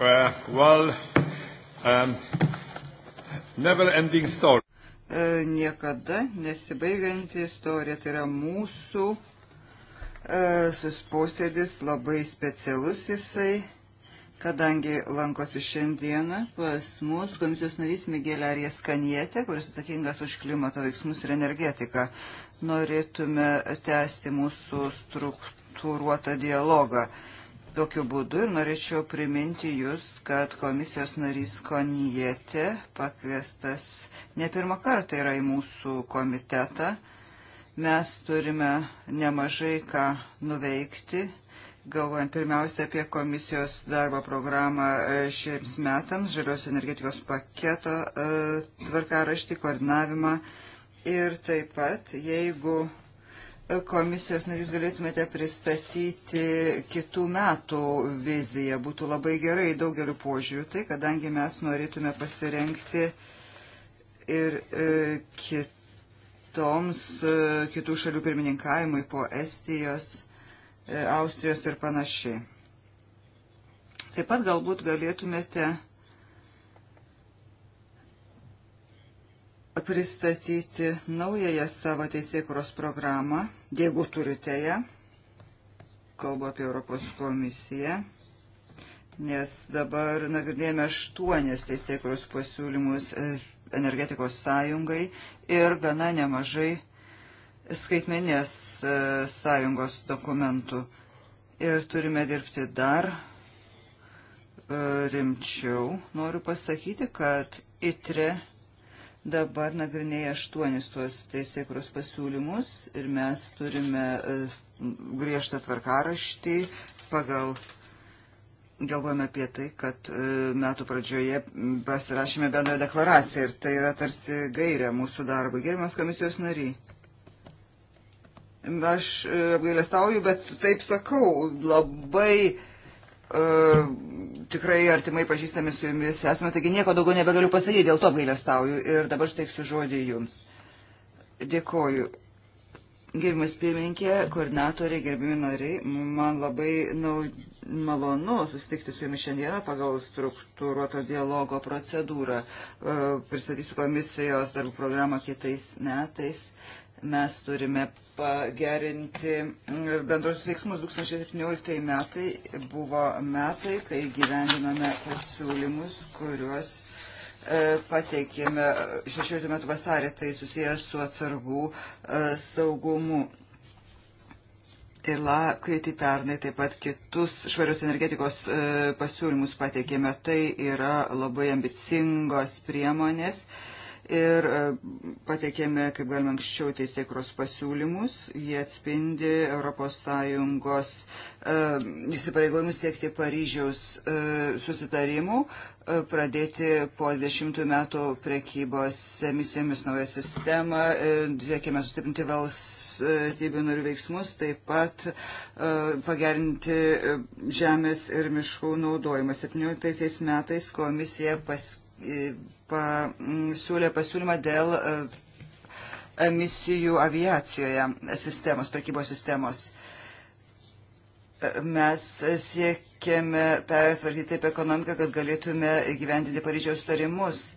Uh, well, um, never-ending story. Uh, niekada nesibaigianti istorija, tai yra mūsų uh, e, susposėdis, labai specialus jisai, kadangi lankosi šiandieną pas mus komisijos narys Migėlė Arijas Kanietė, kuris atsakingas už klimato veiksmus ir energetiką. Norėtume tęsti mūsų struktūruotą dialogą. Uh, tokiu būdu ir norėčiau priminti Jūs, kad komisijos narys Konijėti pakviestas ne pirmą kartą yra į mūsų komitetą. Mes turime nemažai ką nuveikti, galvojant pirmiausia apie komisijos darbo programą e, šiems metams, žalios energetikos paketo e, tvarkaraštį, koordinavimą ir taip pat, jeigu komisijos narius galėtumėte pristatyti kitų metų viziją. Būtų labai gerai daugeliu požiūrių tai, kadangi mes norėtume pasirengti ir e, kitoms, e, kitų šalių pirmininkavimui po Estijos, e, Austrijos ir panašiai. Taip pat galbūt galėtumėte pristatyti naująją savo teisėkuros programą, jeigu turite ją, kalbu apie Europos komisiją, nes dabar nagrinėjame aštuonis teisėkuros pasiūlymus energetikos sąjungai ir gana nemažai skaitmenės e, sąjungos dokumentų. Ir turime dirbti dar e, rimčiau. Noriu pasakyti, kad ITRE dabar nagrinėja aštuonis tuos teisėkros pasiūlymus ir mes turime e, griežtą tvarkaraštį pagal. Galvojame apie tai, kad e, metų pradžioje pasirašėme bendrą deklaraciją ir tai yra tarsi gairė mūsų darbui. Gerimas komisijos nariai. Aš e, apgailestauju, bet taip sakau, labai E, tikrai artimai pažįstami su jumis esame, taigi nieko daugiau nebegaliu pasakyti, dėl to gailestauju ir dabar teiksiu žodį jums. Dėkoju. Gerbimas pirmininkė, koordinatoriai, gerbimi nariai, man labai naud... malonu susitikti su jumis šiandieną pagal struktūruoto dialogo procedūrą. E, pristatysiu komisijos darbų programą kitais metais Mes turime pagerinti bendrosius veiksmus. 2017 metai buvo metai, kai gyvendinome pasiūlymus, kuriuos e, pateikėme 16 metų vasarį, tai susijęs su atsargų e, saugumu. Ir lapkritį pernai taip pat kitus švarios energetikos e, pasiūlymus pateikėme. Tai yra labai ambicingos priemonės. E, ir e, pateikėme, kaip galima anksčiau, teisėkros pasiūlymus. Jie atspindi ES e, įsipareigojimus siekti Paryžiaus e, susitarimų, pradėti po 20 metų prekybos emisijomis naują sistemą, siekėme sustiprinti valstybių narių veiksmus, taip pat pagerinti žemės ir miškų naudojimą. 17 metais komisija paskirti pasiūlė pasiūlymą dėl e, emisijų aviacijoje sistemos, prekybos sistemos. E, mes siekėme pertvarkyti taip ekonomiką, kad galėtume gyventinti Paryžiaus tarimus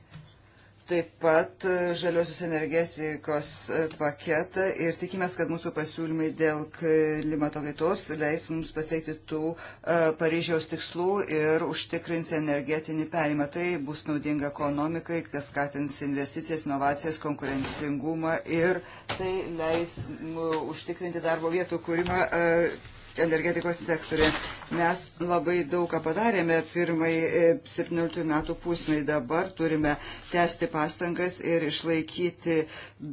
taip pat e, žaliosios energetikos e, paketą ir tikimės, kad mūsų pasiūlymai dėl klimato kaitos leis mums pasiekti tų e, Paryžiaus tikslų ir užtikrins energetinį perimą. Tai bus naudinga ekonomikai, kas skatins investicijas, inovacijas, konkurencingumą ir tai leis užtikrinti darbo vietų kūrimą energetikos sektorė. Mes labai daug ką padarėme pirmai 17 e, metų pusmai. Dabar turime tęsti pastangas ir išlaikyti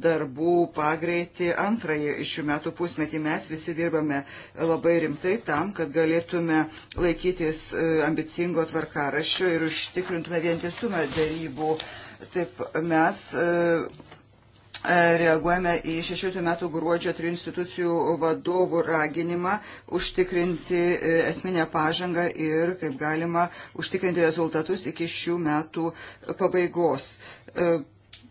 darbų pagreitį antrąjį šių metų pusmetį. Mes visi dirbame labai rimtai tam, kad galėtume laikytis e, ambicingo tvarkarašio ir užtikrintume vientisumą darybų. Taip mes e, E, reaguojame į 16 metų gruodžio trijų institucijų vadovų raginimą užtikrinti e, esminę pažangą ir kaip galima užtikrinti rezultatus iki šių metų pabaigos. E,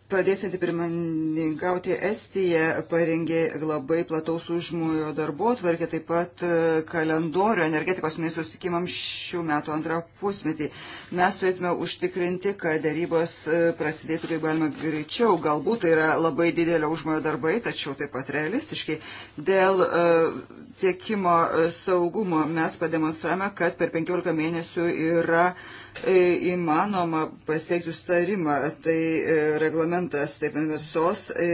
pradėsinti pirmininkauti Estija parengė labai plataus užmūjo darbo tvarkė, taip pat e, kalendorių energetikos ministrų susitikimam šių metų antrą pusmetį. Mes turėtume užtikrinti, kad darybos e, prasidėtų kaip galima greičiau. Galbūt tai yra labai didelio užmojo darbai, tačiau taip pat realistiškai. Dėl uh, tiekimo saugumo mes pademonstravome, kad per 15 mėnesių yra uh, E, įmanoma pasiekti sustarimą. Tai e, reglamentas, taip visos e,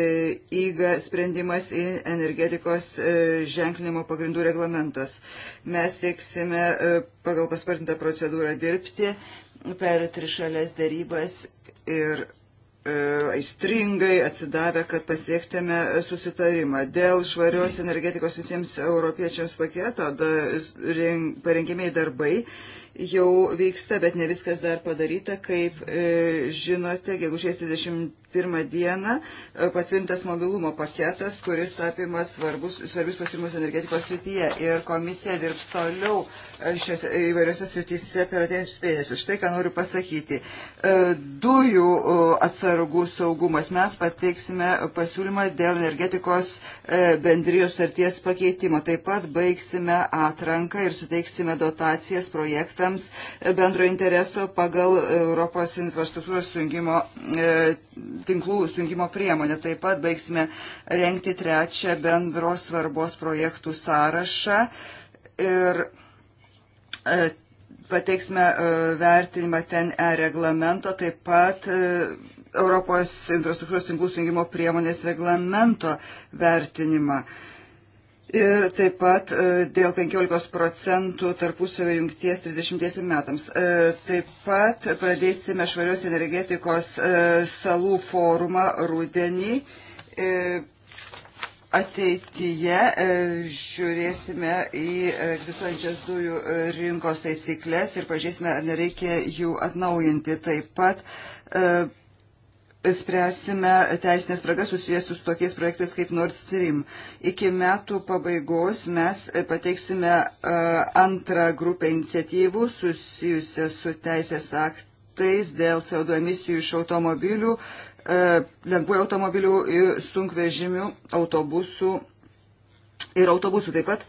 įga sprendimas į energetikos ženklinimo pagrindų reglamentas. Mes sieksime pagal paspartintą procedūrą dirbti per trišalės darybas ir aistringai atsidavę, kad pasiektume susitarimą. Dėl švarios energetikos visiems europiečiams paketo da, parengimiai darbai jau vyksta, bet ne viskas dar padaryta. Kaip e, žinote, gegužės 30 31 dieną e, patvirtintas mobilumo paketas, kuris apima svarbus, svarbius pasiūlymus energetikos srityje. Ir komisija dirbs toliau e, šios įvairiose srityse per ateinančius mėnesius. Štai ką noriu pasakyti. E, dujų atsargų saugumas. Mes pateiksime pasiūlymą dėl energetikos bendrijos sarties pakeitimo. Taip pat baigsime atranką ir suteiksime dotacijas projektams bendro intereso pagal Europos infrastruktūros sujungimo tinklų sujungimo priemonę. Taip pat baigsime renkti trečią bendros svarbos projektų sąrašą ir e, pateiksime e, vertinimą ten e reglamento, taip pat e, Europos infrastruktūros tinklų sujungimo priemonės reglamento vertinimą. Ir taip pat e, dėl 15 procentų tarpusavio jungties 30 metams. E, taip pat pradėsime švarios energetikos e, salų forumą rūdienį. Ateityje žiūrėsime į egzistuojančias dujų rinkos taisyklės ir pažiūrėsime, ar nereikia jų atnaujinti. Taip pat spręsime teisinės spragas susijęs su tokiais projektais kaip Nord Stream. Iki metų pabaigos mes pateiksime e, antrą grupę iniciatyvų susijusią su teisės aktais dėl CO2 emisijų iš automobilių, e, lengvųjų automobilių, sunkvežimių, autobusų ir autobusų taip pat.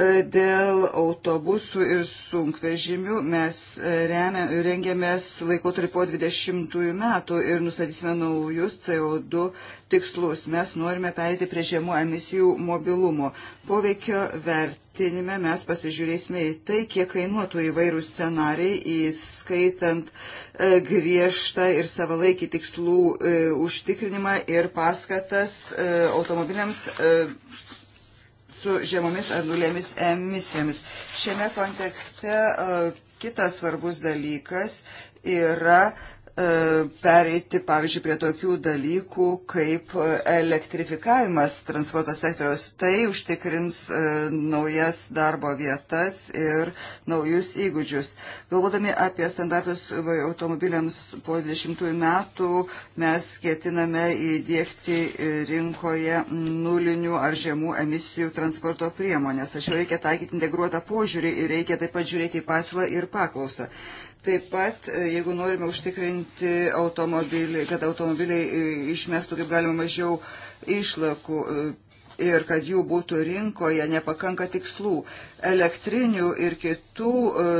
E, dėl autobusų ir sunkvežimių mes e, remiam, rengiamės laikotarpį po 20 metų ir nustatysime naujus CO2 tikslus. Mes norime perėti prie žemų emisijų mobilumo. Poveikio vertinime mes pasižiūrėsime į tai, kiek kainuotų įvairūs scenarijai, įskaitant e, griežtą ir savalaikį tikslų e, užtikrinimą ir paskatas e, automobiliams. E, su žemomis ar nulėmis emisijomis. Šiame kontekste e, kitas svarbus dalykas yra E, pereiti, pavyzdžiui, prie tokių dalykų kaip elektrifikavimas transporto sektoriaus. Tai užtikrins e, naujas darbo vietas ir naujus įgūdžius. Galvodami apie standartus automobiliams po 20 metų, mes ketiname įdėkti rinkoje nulinių ar žemų emisijų transporto priemonės. Tačiau reikia taikyti integruotą požiūrį ir reikia taip pat žiūrėti į pasiūlą ir paklausą. Taip pat, e, jeigu norime užtikrinti, automobilį, kad automobiliai e, išmestų kaip galima mažiau išlakų e, ir kad jų būtų rinkoje, nepakanka tikslų. Elektrinių ir kitų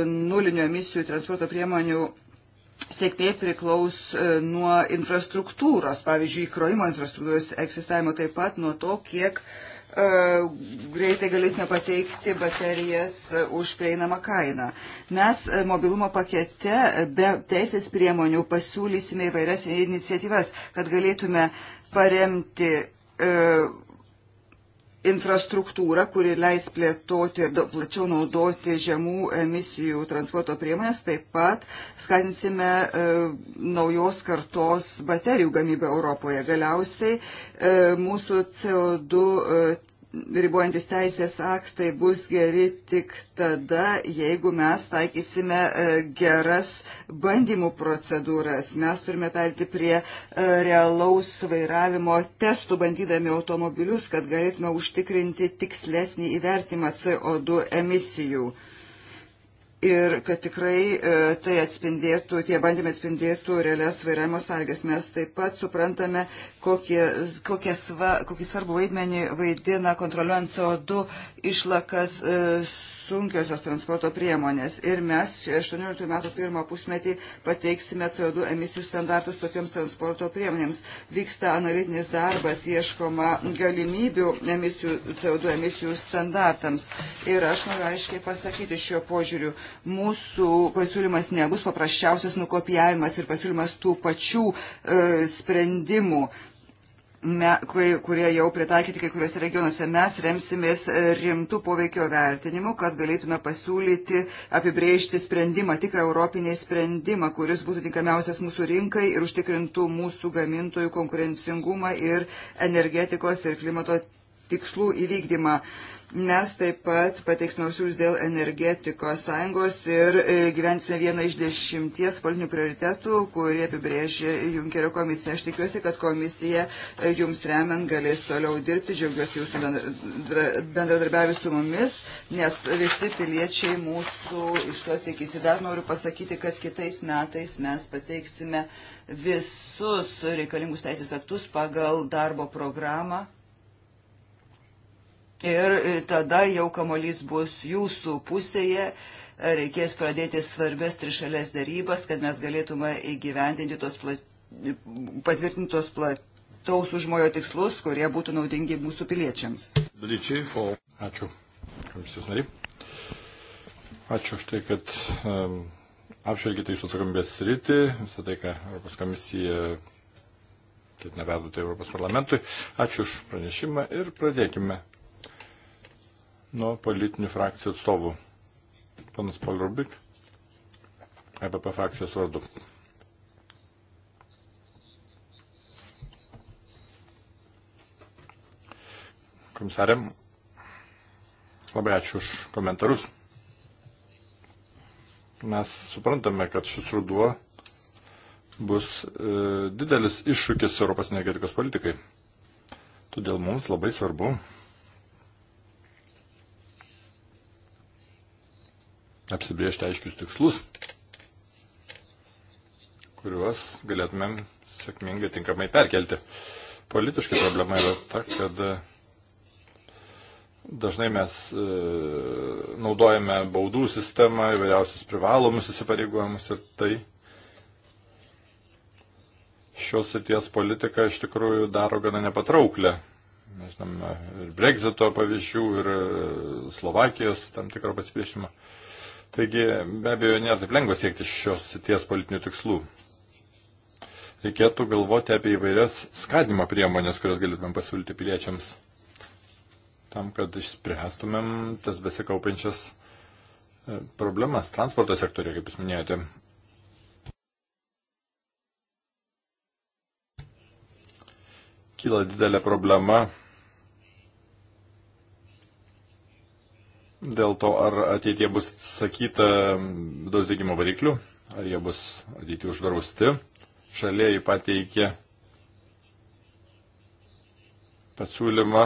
nulinio emisijų transporto priemonių sėkmė priklaus nuo infrastruktūros, pavyzdžiui, įkrojimo infrastruktūros egzistavimo taip pat nuo to, kiek uh, E, greitai galėsime pateikti baterijas e, už prieinamą kainą. Mes e, mobilumo pakete be teisės priemonių pasiūlysime įvairias iniciatyvas, kad galėtume paremti infrastruktūrą, kuri leis plėtoti, plačiau naudoti žemų emisijų transporto priemonės, taip pat skatinsime e, naujos kartos baterijų gamybę Europoje. Galiausiai e, mūsų CO2 e, ribojantis teisės aktai bus geri tik tada, jeigu mes taikysime e, geras bandymų procedūras. Mes turime perti prie e, realaus vairavimo testų bandydami automobilius, kad galėtume užtikrinti tikslesnį įvertimą CO2 emisijų ir kad tikrai e, tai atspindėtų, tie bandymai atspindėtų realias vairavimo sąlygas. Mes taip pat suprantame, kokie, kokie sva, kokį svarbų vaidmenį vaidina kontroliuojant CO2 išlakas e, sunkiosios transporto priemonės. Ir mes 18 metų pirmą pusmetį pateiksime CO2 emisijų standartus tokioms transporto priemonėms. Vyksta analitinis darbas, ieškoma galimybių emisijų, CO2 emisijų standartams. Ir aš noriu aiškiai pasakyti šiuo požiūriu, mūsų pasiūlymas nebus paprasčiausias nukopijavimas ir pasiūlymas tų pačių e, sprendimų me, kurie jau pritaikyti kai kuriuose regionuose. Mes remsimės rimtų poveikio vertinimu, kad galėtume pasiūlyti, apibrėžti sprendimą, tikrą europinį sprendimą, kuris būtų tinkamiausias mūsų rinkai ir užtikrintų mūsų gamintojų konkurencingumą ir energetikos ir klimato tikslų įvykdymą. Uh, Mes taip pat pateiksime siūlys dėl energetikos sąjungos ir e, gyvensime vieną iš dešimties politinių prioritetų, kurie apibrėžė Junkerio komisija. Aš tikiuosi, kad komisija e, jums remiant galės toliau dirbti. Džiaugiuosi jūsų bendradarbiavimu su mumis, nes visi piliečiai mūsų iš to tikisi. Dar noriu pasakyti, kad kitais metais mes pateiksime visus reikalingus teisės aktus pagal darbo programą ir e, tada jau kamolys bus jūsų pusėje e, reikės pradėti svarbės trišalės darybas, kad mes galėtume įgyvendinti tos plat... patvirtintos plataus užmojo tikslus, kurie būtų naudingi mūsų piliečiams. Ačiū. Komisijos nariai. Ačiū už tai, kad um, apšvelgite iš atsakomybės sritį, visą tai, ką Europos komisija ketina perduoti Europos parlamentui. Ačiū už pranešimą ir pradėkime nuo politinių frakcijų atstovų. Panas Pagrobik, EPP frakcijos vardu. Komisarėm, labai ačiū už komentarus. Mes suprantame, kad šis ruduo bus e, didelis iššūkis Europos energetikos politikai. Todėl mums labai svarbu apsibriežti aiškius tikslus, kuriuos galėtumėm sėkmingai tinkamai perkelti. Politiškai problema yra ta, kad e, dažnai mes e, naudojame baudų sistemą, įvairiausius privalomus įsipareigojimus ir tai šios sities politika iš tikrųjų daro gana nepatrauklę. Mes žinome ir Brexito pavyzdžių, ir e, Slovakijos tam tikro pasipriešimo. E, Taigi be abejo nėra taip lengva siekti šios ties politinių tikslų. Reikėtų galvoti apie įvairias skatinimo priemonės, kurias galėtumėm pasiūlyti piliečiams, tam, kad išspręstumėm tas besikaupiančias e, problemas transporto sektorija, kaip jūs minėjote. Kyla didelė problema dėl to, ar ateitie bus sakyta vidaus degimo variklių, ar jie bus ateitie uždrausti. Šalia jį pateikė pasiūlymą,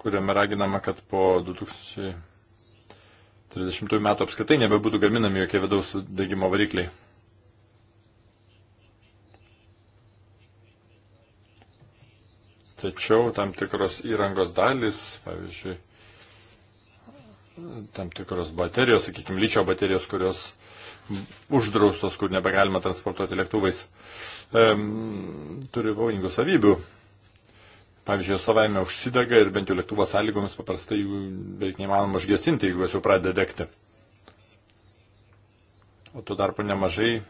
kuriame raginama, kad po 2030 metų apskritai nebebūtų gaminami jokie vidaus degimo varikliai. Tačiau tam tikros įrangos dalis, pavyzdžiui, tam tikros baterijos, sakykime, lyčio baterijos, kurios uždraustos, kur nebegalima transportuoti lėktuvais, e, turi pavojingų savybių. Pavyzdžiui, savaime užsidega ir bent jau lėktuvo sąlygomis paprastai jų beveik neįmanoma užgesinti, jeigu jos jau pradeda degti. O tuo tarpu nemažai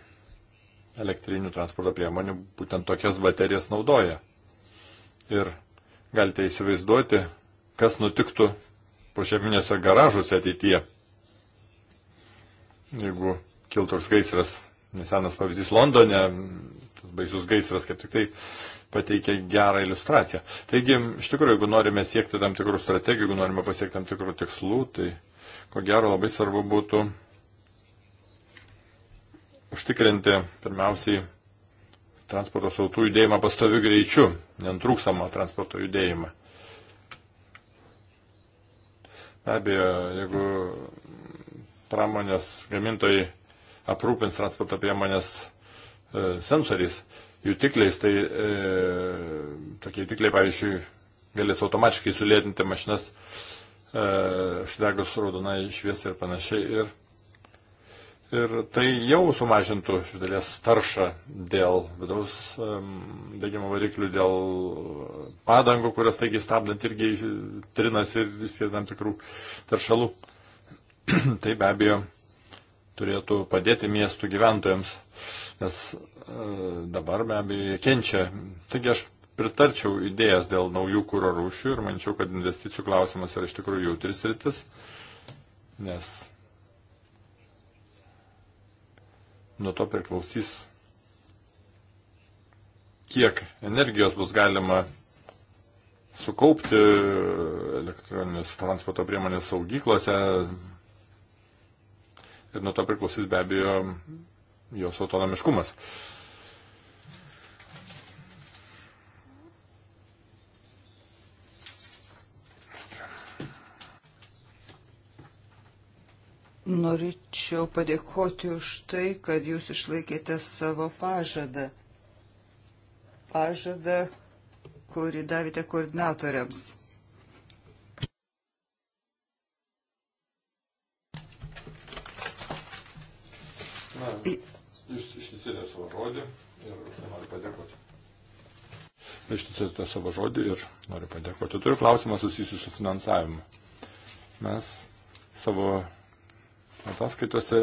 elektrinių transporto priemonių būtent tokias baterijas naudoja. Ir galite įsivaizduoti, kas nutiktų, požeminėse garažuose ateityje. Jeigu kilturs gaisras, nesenas pavyzdys Londone, tas baisus gaisras kaip tik tai pateikia gerą iliustraciją. Taigi, iš tikrųjų, jeigu norime siekti tam tikrų strategijų, jeigu norime pasiekti tam tikrų tikslų, tai ko gero labai svarbu būtų užtikrinti pirmiausiai transporto srautų judėjimą pastoviu greičiu, nenutrūksamą transporto judėjimą. Be abejo, jeigu pramonės gamintojai aprūpins transporto priemonės e, sensoriais, jutikliais, tai e, tokie jutikliai, pavyzdžiui, galės automatiškai sulėtinti mašinas, e, uždegus raudonai šviesai ir panašiai. Ir Ir tai jau sumažintų iš dalies taršą dėl vidaus degimo variklių, dėl padangų, kurios taigi stabdant irgi trinas ir vis tiek tam tikrų taršalų. tai be abejo turėtų padėti miestų gyventojams, nes e, dabar be abejo jie kenčia. Taigi aš pritarčiau idėjas dėl naujų kūro rūšių ir mančiau, kad investicijų klausimas yra iš tikrųjų jautris rytis, nes nuo to priklausys, kiek energijos bus galima sukaupti elektroninės transporto priemonės saugyklose ir nuo to priklausys be abejo jos autonomiškumas. Norėčiau padėkoti už tai, kad jūs išlaikėte savo pažadą. Pažadą, kurį davėte koordinatoriams. Na, jūs ištisėte savo žodį ir tai noriu padėkoti. Ištisėte savo žodį ir noriu padėkoti. Turiu klausimą susijusiu su finansavimu. Mes savo ataskaitose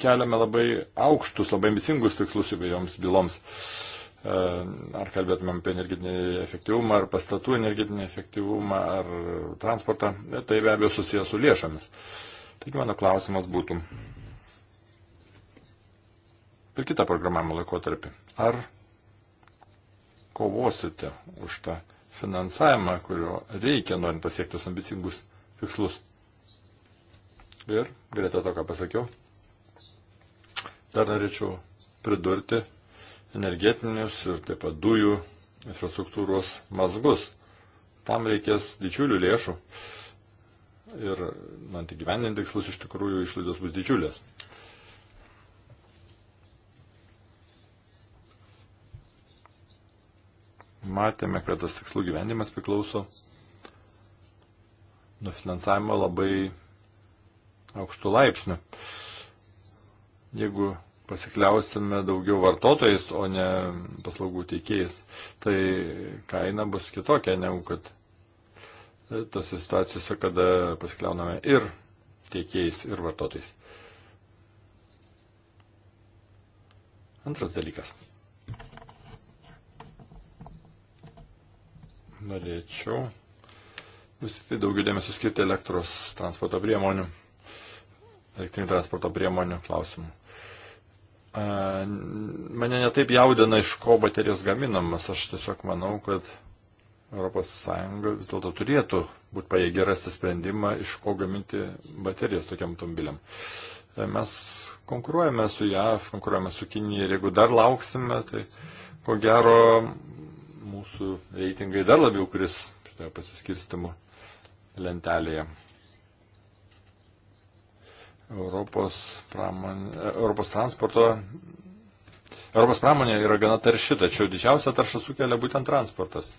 keliame labai aukštus, labai ambicingus tikslus įvairioms byloms. E, ar kalbėtumėm apie energetinį efektyvumą, ar pastatų energetinį efektyvumą, ar transportą, e, tai be abejo susijęs su lėšomis. Taigi mano klausimas būtų per kitą programavimo laikotarpį. Ar kovosite už tą finansavimą, kurio reikia, norint pasiekti tos ambicingus tikslus? Ir greta to, ką pasakiau, dar norėčiau pridurti energetinius ir taip pat dujų infrastruktūros mazgus. Tam reikės didžiulių lėšų ir, man tik gyvenint tikslus, iš tikrųjų išlaidos bus didžiulės. Matėme, kad tas tikslų gyvenimas priklauso nuo finansavimo labai aukštų laipsnių. Jeigu pasikliausime daugiau vartotojais, o ne paslaugų teikėjais, tai kaina bus kitokia negu kad e, tose situacijose, kada pasikliauname ir teikėjais, ir vartotojais. Antras dalykas. Norėčiau vis tik tai daugiau dėmesio skirti elektros transporto priemonių elektrinių transporto priemonių klausimų. E, mane netaip jaudina, iš ko baterijos gaminamas. Aš tiesiog manau, kad ES vis dėlto turėtų būti pajėgi rasti sprendimą, iš ko gaminti baterijas tokiam automobiliam. E, mes konkuruojame su JAV, konkuruojame su Kinija ir jeigu dar lauksime, tai ko gero mūsų reitingai dar labiau kris pasiskirstimo lentelėje. Europos, pramonė, Europos transporto. Europos pramonė yra gana tarši, tačiau didžiausia tarša sukelia būtent transportas.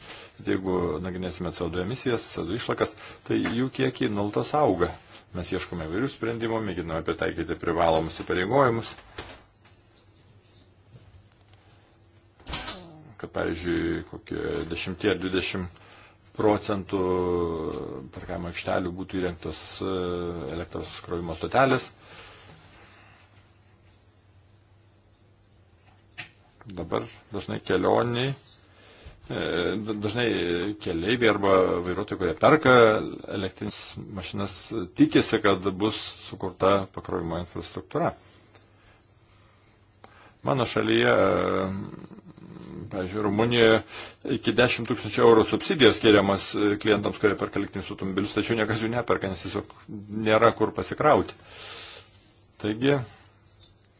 Jeigu nagrinėsime CO2 emisijas, CO2 išlakas, tai jų kiekiai nultas auga. Mes ieškome vairių sprendimų, mėginame pritaikyti privalomus įpareigojimus. Kad, pavyzdžiui, kokie 10 ar 20 procentų parkavimo aikštelių būtų įrengtos e, elektros krovimo stotelės. Dabar dažnai kelioniai, e, dažnai keliaiviai arba vairuotojai, kurie perka elektrinės mašinas, tikisi, kad bus sukurta pakrovimo infrastruktūra. Mano šalyje Pavyzdžiui, Rumunijoje iki 10 tūkstančių eurų subsidijos skiriamas e, klientams, kurie perka elektrinius automobilius, tačiau niekas jų neperka, nes tiesiog nėra kur pasikrauti. Taigi,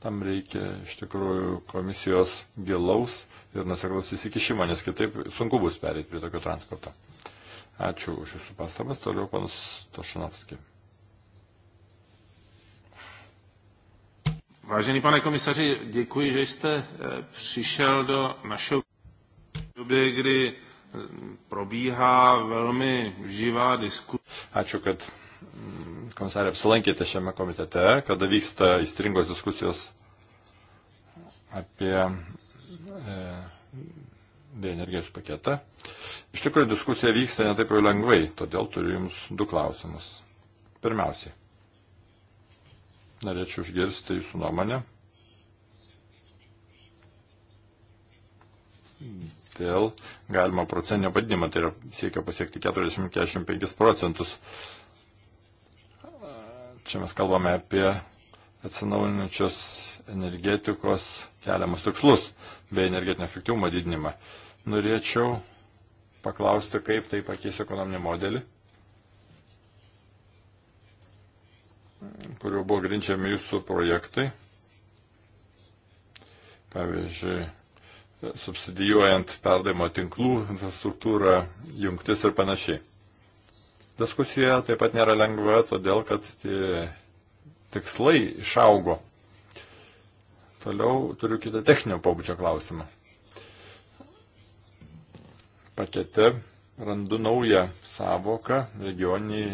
tam reikia iš tikrųjų komisijos gilaus ir nuseklaus įsikišimo, nes kitaip sunku bus perėti prie tokio transporto. Ačiū už Jūsų pastabas. Toliau panas Tošanovskis. Vážený pane komisaři, děkuji, že jste eh, přišel do našeho doby, kdy eh, probíhá velmi živá diskusija. Ačiū, kad mm, komisarė apsilankėte šiame komitete, kada vyksta įstringos diskusijos apie e, eh, energijos paketą. Iš tikrųjų, diskusija vyksta netaip jau lengvai, todėl turiu Jums du klausimus. Pirmiausiai, Norėčiau išgirsti jūsų nuomonę dėl galimo procentinio padidimo, tai yra siekia pasiekti 40-45 procentus. Čia mes kalbame apie atsinaujinančios energetikos keliamus tikslus bei energetinio efektyvumo didinimą. Norėčiau paklausti, kaip tai pakeis ekonominį modelį kuriuo buvo grindžiami jūsų projektai. Pavyzdžiui, subsidijuojant perdavimo tinklų infrastruktūrą, jungtis ir panašiai. Diskusija taip pat nėra lengva, todėl kad tie tikslai išaugo. Toliau turiu kitą techninio pobūdžio klausimą. Pakete randu naują savoką regioniniai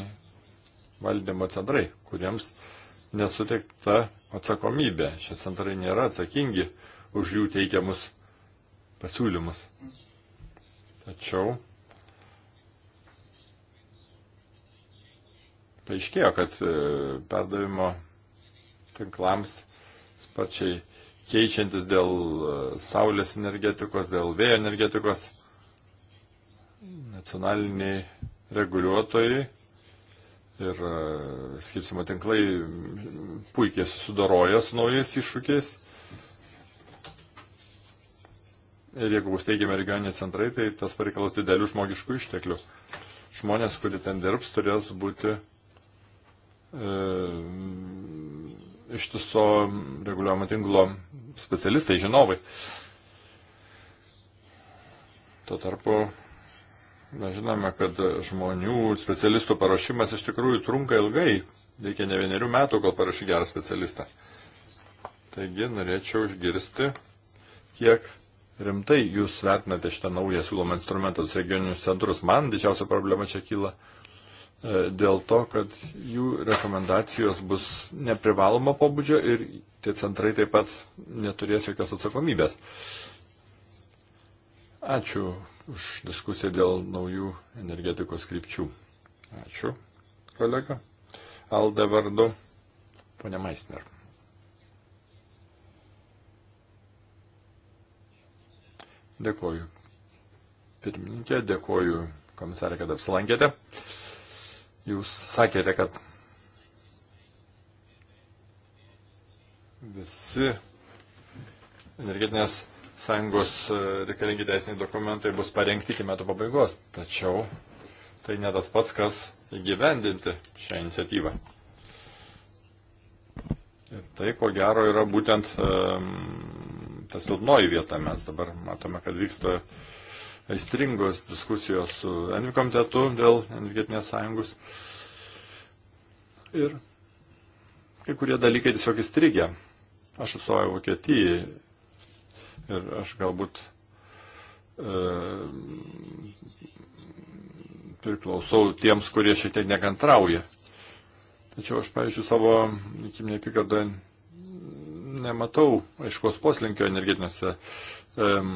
valdymo centrai, kuriems nesuteikta atsakomybė. Šie centrai nėra atsakingi už jų teikiamus pasiūlymus. Tačiau paaiškėjo, kad e, perdavimo tinklams sparčiai keičiantis dėl e, saulės energetikos, dėl vėjo energetikos, nacionaliniai reguliuotojai ir e, skirsimo tinklai puikiai susidoroja su naujais iššūkiais. Ir jeigu bus teigiami regioniniai centrai, tai tas pareikalaus didelių žmogiškų išteklių. Žmonės, kurie ten dirbs, turės būti e, ištiso reguliuojamo tinklo specialistai, žinovai. Tuo tarpu Mes žinome, kad žmonių specialistų paruošimas iš tikrųjų trunka ilgai. Reikia ne vienerių metų, kol paruoši gerą specialistą. Taigi norėčiau išgirsti, kiek rimtai jūs vertinate šitą naują siūlomą instrumentą regioninius centrus. Man didžiausia problema čia kyla e, dėl to, kad jų rekomendacijos bus neprivaloma pobūdžio ir tie centrai taip pat neturės jokios atsakomybės. Ačiū už diskusiją dėl naujų energetikos krypčių. Ačiū, kolega. Alda vardu, ponia Maisner. Dėkoju. Pirmininkė, dėkoju komisarė, kad apsilankėte. Jūs sakėte, kad visi energetinės sąjungos e, reikalingi teisiniai dokumentai bus parengti iki metų pabaigos. Tačiau tai ne tas pats, kas įgyvendinti šią iniciatyvą. Ir tai, ko gero, yra būtent um, ta silpnoji vieta. Mes dabar matome, kad vyksta aistringos diskusijos su Envi komitetu dėl energetinės sąjungos. Ir kai kurie dalykai tiesiog įstrigė. Aš atstovauju Vokietijai Ir aš galbūt e, priklausau tiems, kurie šiek tiek nekantrauja. Tačiau aš, pavyzdžiui, savo rinkiminėje apygardoje nematau aiškos poslinkio energetiniuose um,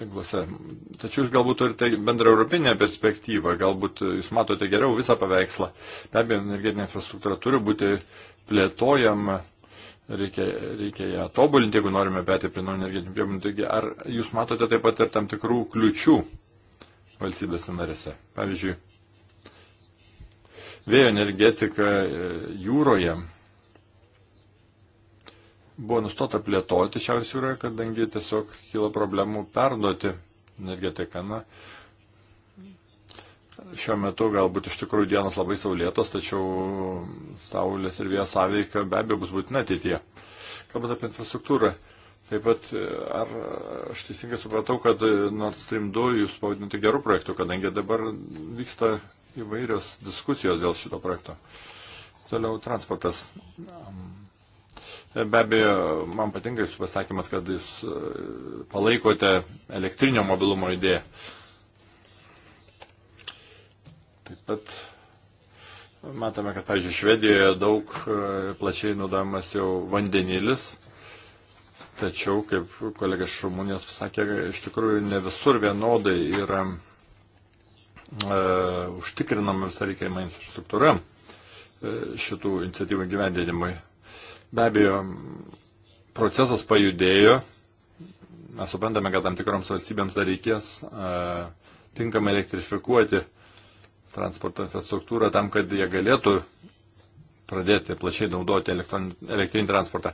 tinkluose. Tačiau jūs galbūt turite bendrą europinę perspektyvą, galbūt jūs matote geriau visą paveikslą. Be abejo, energetinė infrastruktūra turi būti plėtojama reikia, reikia ją tobulinti, jeigu norime perėti prie naujų energetinių priemonių. Taigi, ar jūs matote taip pat ir tam tikrų kliučių valstybės narėse? Pavyzdžiui, vėjo energetika e, jūroje buvo nustota plėtoti Šiaurės jūroje, kadangi tiesiog kilo problemų perduoti energetiką. Na, Šiuo metu galbūt iš tikrųjų dienos labai saulėtos, tačiau saulės ir vėjo sąveika be abejo bus būtina ateityje. Kalbant apie infrastruktūrą, taip pat ar aš teisingai supratau, kad Nord Stream 2 jūs pavadinote gerų projektų, kadangi dabar vyksta įvairios diskusijos dėl šito projekto. Toliau transportas. Be abejo, man patinka jūsų pasakymas, kad jūs palaikote elektrinio mobilumo idėją. Bet matome, kad, pavyzdžiui, Švedijoje daug e, plačiai naudojamas jau vandenilis. Tačiau, kaip kolega iš Rumunijos pasakė, iš tikrųjų ne visur vienodai yra e, užtikrinama visą reikiamą infrastruktūrą e, šitų iniciatyvų gyvendinimui. Be abejo, procesas pajudėjo, mes suprantame, kad tam tikroms valstybėms dar reikės e, tinkamai elektrifikuoti e, transporto infrastruktūrą tam, kad jie galėtų pradėti plačiai naudoti elektrinį transportą.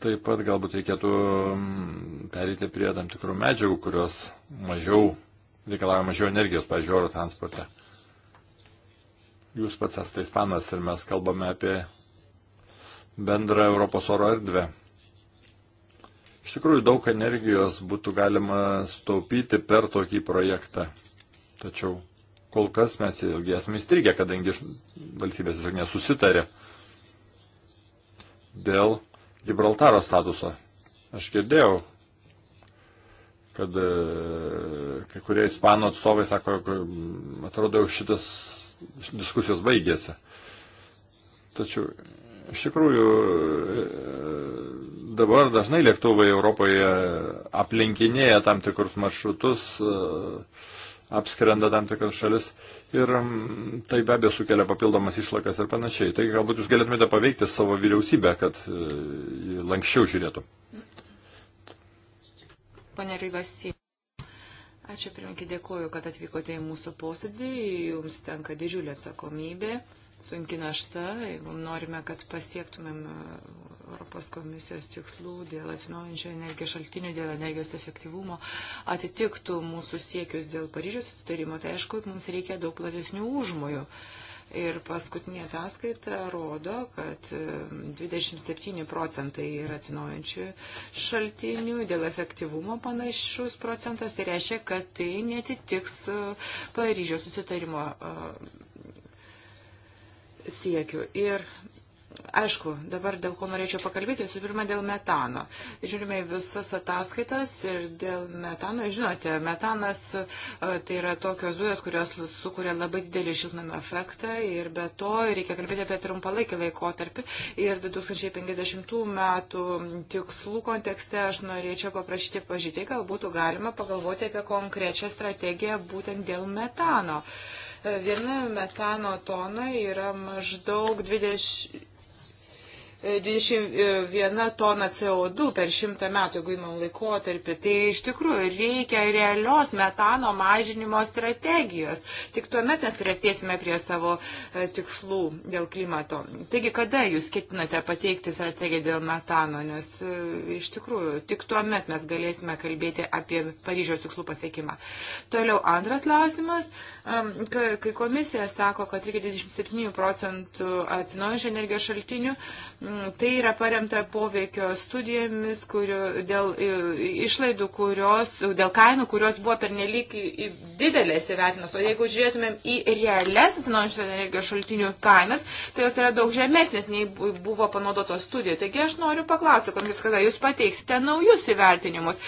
Taip pat galbūt reikėtų mm, perėti prie tam tikrų medžiagų, kurios mažiau reikalauja mažiau energijos, pavyzdžiui, oro transporte. Jūs pats esate ispanas ir mes kalbame apie bendrą Europos oro erdvę. Iš tikrųjų, daug energijos būtų galima staupyti per tokį projektą. Tačiau kol kas mes ilgi esame įstrigę, kadangi valstybės tiesiog nesusitarė dėl Gibraltaro statuso. Aš girdėjau, kad e, kai kurie ispanų atstovai sako, atrodo, jau šitas diskusijos baigėsi. Tačiau iš tikrųjų e, dabar dažnai lėktuvai Europoje aplinkinėja tam tikrus maršrutus. Uh, apskrenda tam tikras šalis ir mm, tai be abejo sukelia papildomas išlakas ir panašiai. Taigi galbūt jūs galėtumėte paveikti savo vyriausybę, kad jį e, lankščiau žiūrėtų. Pane Rygasi, ačiū pirmininkai, dėkuoju, kad atvykote į mūsų posėdį, jums tenka didžiulė atsakomybė sunki našta, jeigu norime, kad pasiektumėm e, Europos komisijos tikslų dėl atsinaujančio energijos šaltinių, dėl energijos efektyvumo, atitiktų mūsų siekius dėl Paryžiaus sutarimo, tai aišku, mums reikia daug platesnių užmojų. Ir paskutinė ataskaita rodo, kad 27 e, procentai yra atsinaujančių šaltinių, dėl efektyvumo panašus procentas, tai reiškia, kad tai netitiks e, Paryžiaus susitarimo siekių. Ir Aišku, dabar dėl ko norėčiau pakalbėti, visų pirma, dėl metano. Žiūrime visas ataskaitas ir dėl metano, žinote, metanas e, tai yra tokios dujos, kurios sukuria labai didelį šiltnamio efektą ir be to reikia kalbėti apie trumpalaikį laikotarpį. Ir 2050 metų tikslų kontekste aš norėčiau paprašyti pažiūrėti, gal būtų galima pagalvoti apie konkrečią strategiją būtent dėl metano. Uh, Viena metano tona yra maždaug 20. 21 e, tona CO2 per šimtą metų, jeigu įmam laikotarpį, tai iš tikrųjų reikia realios metano mažinimo strategijos. Tik tuomet mes prieartėsime prie savo e, tikslų dėl klimato. Taigi, kada jūs ketinate pateikti strategiją dėl metano, nes e, iš tikrųjų tik tuomet mes galėsime kalbėti apie Paryžiaus tikslų pasiekimą. Toliau antras klausimas. Kai komisija sako, kad reikia 27 procentų atsinaujančių energijos šaltinių, tai yra paremta poveikio studijomis kurio, dėl išlaidų, kurios, dėl kainų, kurios buvo pernelyg didelės įvertinos. O jeigu žiūrėtumėm į realias atsinaujančių energijos šaltinių kainas, tai jos yra daug žemesnės nei buvo panaudotos studijoje. Taigi aš noriu paklausti, komis kada jūs pateiksite naujus įvertinimus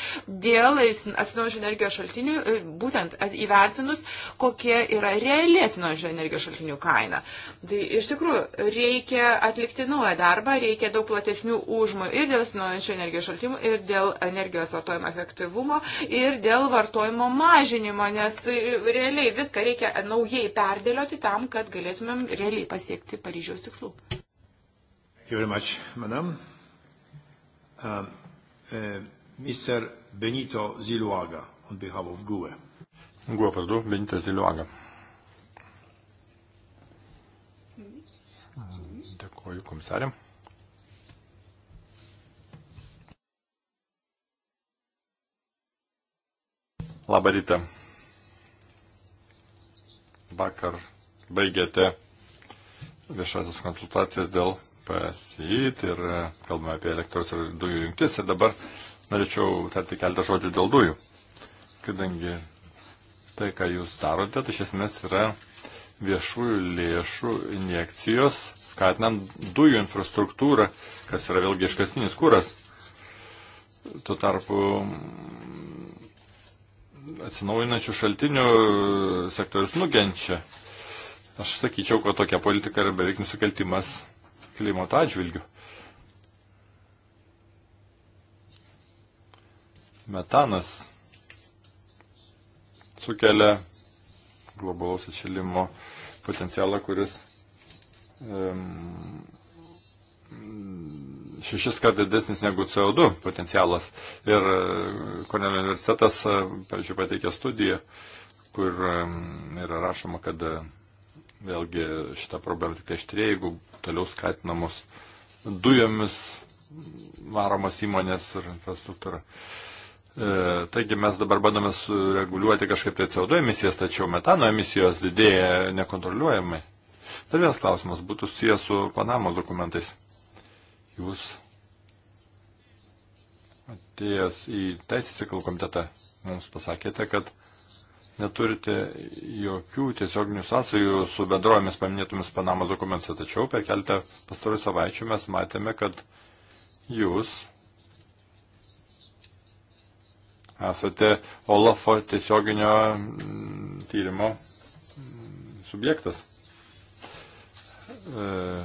dėl atsinaujančių energijos šaltinių, e, būtent įvertinus, kokie kokia yra reali atsinaujinančių energijos šaltinių kaina. Tai iš tikrųjų reikia atlikti naują darbą, reikia daug platesnių užmojų ir dėl atsinaujinančių energijos šaltinių, ir dėl energijos vartojimo efektyvumo, ir dėl vartojimo mažinimo, nes realiai viską reikia naujai perdėlioti tam, kad galėtumėm realiai pasiekti Paryžiaus tikslų. Thank you very much, madam. Um, uh, uh Mr. Benito Ziluaga on behalf of GUE. Guo vardu Benitas Ziliuaga. Dėkuoju komisarėm. Labą rytą. Vakar baigėte viešasias konsultacijas dėl PSI tai ir kalbame apie elektros ir dujų jungtis ir dabar norėčiau tarti keletą žodžių dėl dujų, kadangi tai, ką jūs darote, tai iš esmės yra viešųjų lėšų injekcijos, skatinant dujų infrastruktūrą, kas yra vėlgi iškasinis kūras. Tuo tarpu atsinaujinančių šaltinių sektorius nukenčia. Aš sakyčiau, kad tokia politika yra beveik nusikaltimas klimato atžvilgių. Metanas sukelia globalaus atšilimo potencialą, kuris um, šešis kart didesnis negu CO2 potencialas. Ir e, Kornelio universitetas, e, pavyzdžiui, pateikė studiją, kur yra rašoma, kad e, vėlgi šitą problemą tik tai aštrėja, jeigu toliau skatinamos dujomis varomos įmonės ir infrastruktūra. Uh, E, taigi mes dabar bandome sureguliuoti kažkaip tai CO2 emisijas, tačiau metano emisijos didėja nekontroliuojamai. Dar vienas klausimas būtų susijęs su Panamos dokumentais. Jūs atėjęs į Teisės reikalų komitetą mums pasakėte, kad neturite jokių tiesioginių sąsajų su bendrovėmis paminėtomis Panamos dokumentuose, tačiau per keletą pastarųjų savaičių mes matėme, kad jūs esate Olafo tiesioginio mm, tyrimo mm, subjektas. E,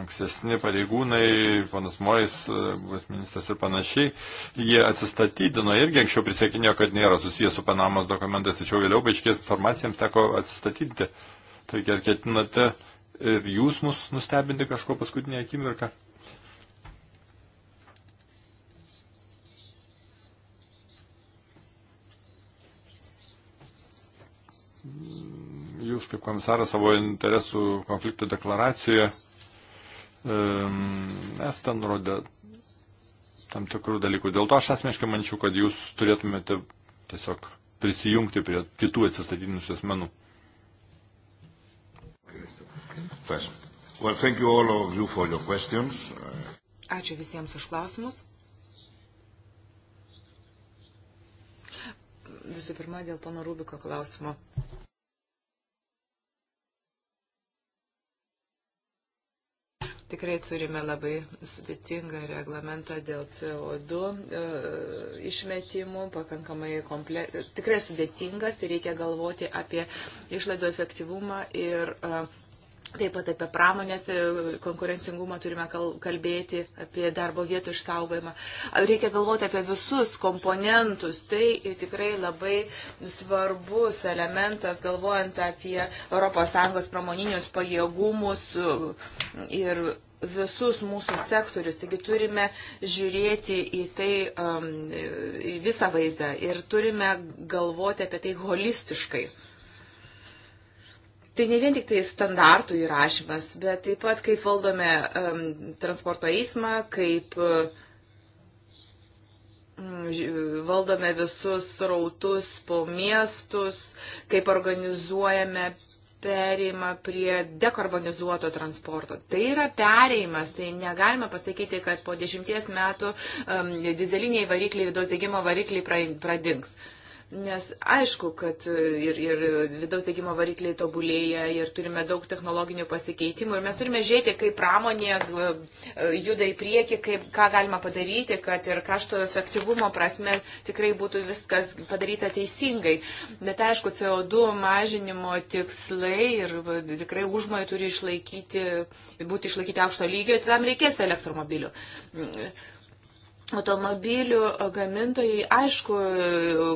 ankstesni pareigūnai, panas Mojas, e, buvęs ministras ir panašiai, jie atsistatydino irgi anksčiau prisiekinėjo, kad nėra susijęs su Panamos dokumentais, tačiau vėliau paaiškės informacijams teko atsistatydinti. Taigi ar ketinate ir jūs mus nustebinti kažko paskutinį akimirką? jūs kaip komisaras savo interesų konflikto deklaracijoje esate nurodę tam tikrų dalykų. Dėl to aš asmeniškai mančiau, kad jūs turėtumėte tiesiog prisijungti prie kitų atsistatydinusių asmenų. Ačiū visiems už klausimus. Visų pirma, dėl pono Rubiko klausimo. Tikrai turime labai sudėtingą reglamentą dėl CO2 e, išmetimų, pakankamai komple... tikrai sudėtingas ir reikia galvoti apie išlaidų efektyvumą ir uh, Taip pat apie pramonės konkurencingumą turime kalbėti, apie darbo vietų išsaugojimą. Reikia galvoti apie visus komponentus. Tai tikrai labai svarbus elementas, galvojant apie ES pramoninius pajėgumus ir visus mūsų sektorius. Taigi turime žiūrėti į tai um, į visą vaizdą ir turime galvoti apie tai holistiškai. Tai ne vien tik tai standartų įrašymas, bet taip pat kaip valdome um, transporto eismą, kaip um, valdome visus rautus po miestus, kaip organizuojame perėjimą prie dekarbonizuoto transporto. Tai yra perėjimas, tai negalime pasakyti, kad po dešimties metų um, dizeliniai varikliai, vidaus degimo varikliai pradings. Uh, Nes aišku, kad ir, ir vidaus degimo varikliai tobulėja ir turime daug technologinių pasikeitimų ir mes turime žiūrėti, kaip pramonė e, juda į priekį, kaip, ką galima padaryti, kad ir kašto efektyvumo prasme tikrai būtų viskas padaryta teisingai. Bet aišku, CO2 mažinimo tikslai ir tikrai užmojai turi išlaikyti, būti išlaikyti aukšto lygio ir tam reikės elektromobilių automobilių e, gamintojai, aišku,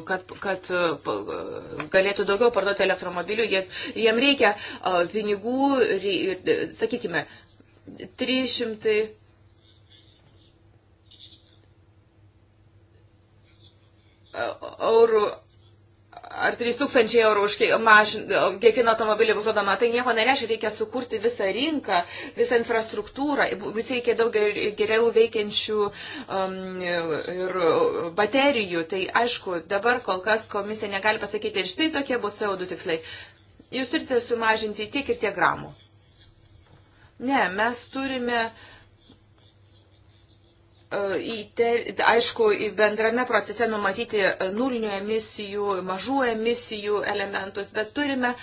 kad, kad e, e, galėtų daugiau parduoti elektromobilių, jie, jiem reikia pinigų, rei, sakykime, 300. eurų ar 3000 eurų už kiekvieną automobilį bus duodama, tai nieko nereiškia, reikia sukurti visą rinką, visą infrastruktūrą, vis reikia daug geriau veikiančių um, ir baterijų. Tai aišku, dabar kol kas komisija negali pasakyti ir štai tokie bus CO2 tikslai. Jūs turite sumažinti tiek ir tiek gramų. Ne, mes turime uh, aišku, bendrame procese numatyti nulinių emisijų, mažų emisijų elementus, bet turime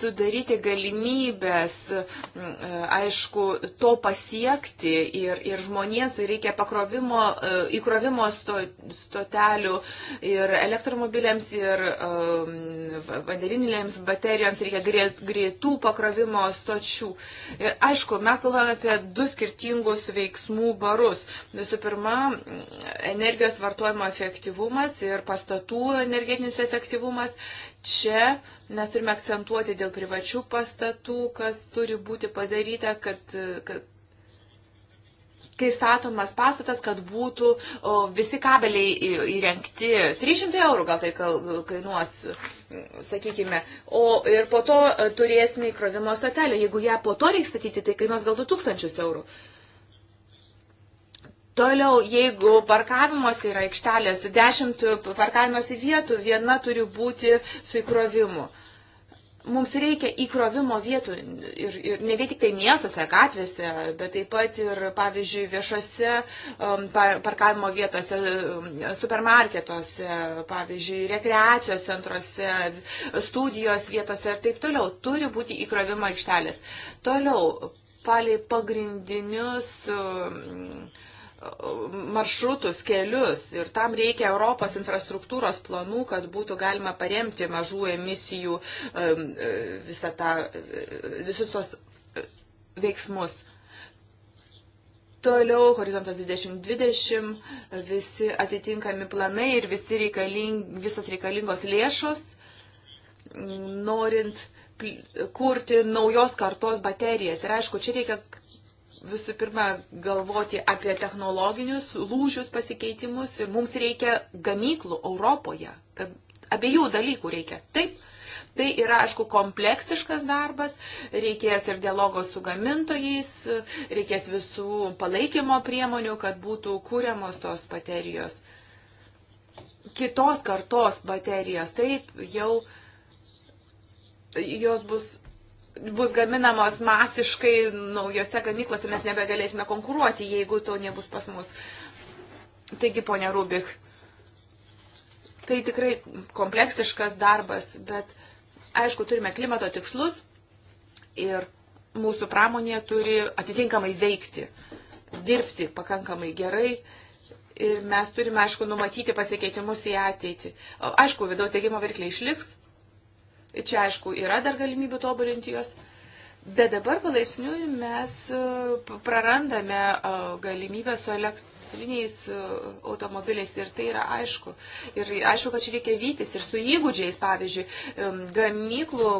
sudaryti galimybės, aišku, to pasiekti ir, ir žmonėms reikia pakrovimo, e, įkrovimo stotelių ir elektromobiliams ir vandeninėms baterijoms reikia greitų pakrovimo stočių. Ir aišku, mes kalbame apie du skirtingus veiksmų barus. Visų Visų pirma, energijos vartojimo efektyvumas ir pastatų energetinis efektyvumas. Čia mes turime akcentuoti dėl privačių pastatų, kas turi būti padaryta, kad, kad kai statomas pastatas, kad būtų o, visi kabeliai įrengti. 300 eurų gal tai kainuos, sakykime. O ir po to e, turėsime įkrovimo stotelę. Jeigu ją po to reiks statyti, tai kainuos gal 2000 eurų. Uh, Toliau, jeigu parkavimas tai yra aikštelės, dešimt parkavimas vietų, viena turi būti su įkrovimu. Mums reikia įkrovimo vietų ir, ir ne vien tik tai miestuose, gatvėse, bet taip pat ir, pavyzdžiui, viešose um, parkavimo vietose, um, supermarketuose, pavyzdžiui, rekreacijos centruose, studijos vietose ir taip toliau. Turi būti įkrovimo aikštelės. Toliau, palai pagrindinius. Um, maršrutus, kelius ir tam reikia Europos infrastruktūros planų, kad būtų galima paremti mažų emisijų um, visą tą, visus tos uh, veiksmus. Toliau horizontas 2020, visi atitinkami planai ir visi reikaling, visos reikalingos lėšos, norint kurti naujos kartos baterijas. Ir aišku, čia reikia visų pirma galvoti apie technologinius lūžius pasikeitimus ir mums reikia gamyklų Europoje, kad abiejų dalykų reikia. Taip, Tai yra, aišku, kompleksiškas darbas, reikės ir dialogo su gamintojais, reikės visų palaikymo priemonių, kad būtų kūriamos tos baterijos. Kitos kartos baterijos, taip, jau jos bus bus gaminamos masiškai naujose gamyklose, mes nebegalėsime konkuruoti, jeigu to nebus pas mus. Taigi, ponia Rubik, tai tikrai kompleksiškas darbas, bet aišku, turime klimato tikslus ir mūsų pramonė turi atitinkamai veikti, dirbti pakankamai gerai. Ir mes turime, aišku, numatyti pasikeitimus į ateitį. Aišku, vidaus degimo virkliai išliks, Čia, aišku, yra dar galimybių tobulinti juos. Bet dabar palaipsniui mes e, prarandame e, galimybę su elektriniais e, automobiliais ir tai yra aišku. Ir aišku, kad čia reikia vytis ir su įgūdžiais, pavyzdžiui, gamyklų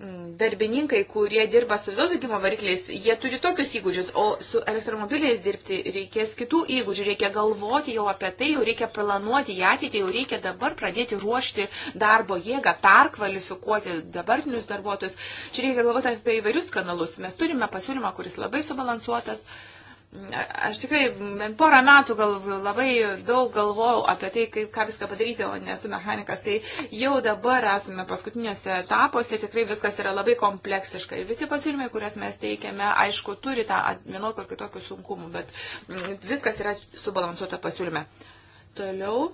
darbininkai, kurie dirba su vidaus degimo varikliais, jie turi tokius įgūdžius, o su elektromobiliais dirbti reikės kitų įgūdžių, reikia galvoti jau apie tai, jau reikia planuoti į ateitį, jau reikia dabar pradėti ruošti darbo jėgą, perkvalifikuoti dabartinius darbuotojus. Čia reikia galvoti apie įvairius kanalus. Mes turime pasiūlymą, kuris labai subalansuotas. Uh, Aš tikrai bent porą metų gal, labai daug galvojau apie tai, kaip, ką viską padaryti, o nesu mechanikas. Tai jau dabar esame paskutiniuose etapuose ir tikrai viskas yra labai kompleksiška. Ir visi pasiūlymai, kuriuos mes teikiame, aišku, turi tą vienokį ar kitokį sunkumų, bet mm, viskas yra subalansuota pasiūlyme. Toliau.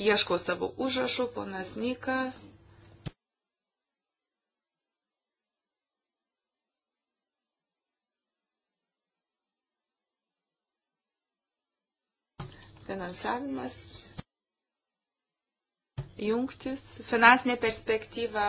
Ieškau savo užrašų, ponas Nika. finansavimas, jungtis, finansinė perspektyva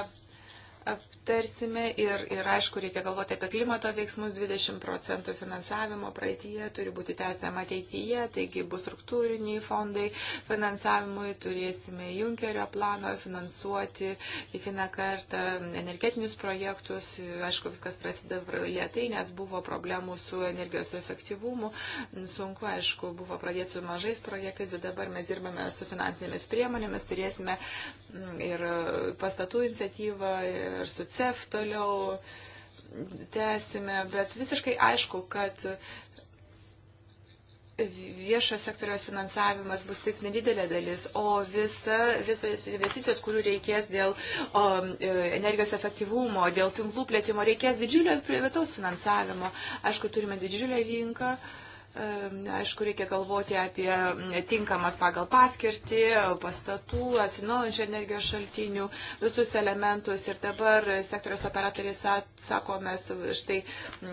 aptarsime ir, ir aišku, reikia galvoti apie klimato veiksmus, 20 procentų finansavimo praeitie turi būti tęsiama ateityje, taigi bus struktūriniai fondai finansavimui, turėsime Junkerio plano finansuoti kiekvieną kartą energetinius projektus, aišku, viskas prasideda lietai, nes buvo problemų su energijos efektyvumu, sunku, aišku, buvo pradėti su mažais projektais, bet dabar mes dirbame su finansinėmis priemonėmis, turėsime mm, ir pastatų iniciatyvą. Ir ir su CEF toliau tęsime, bet visiškai aišku, kad viešo sektoriaus finansavimas bus tik nedidelė dalis, o visa, visos investicijos, kurių reikės dėl o, e, energijos efektyvumo, dėl tinklų plėtimo, reikės didžiulio privataus finansavimo. Aišku, turime didžiulę rinką. O, Aišku, reikia galvoti apie tinkamas pagal paskirtį, pastatų, atsinaujančių energijos šaltinių, visus elementus. Ir dabar sektoriaus operatoriai sako, mes štai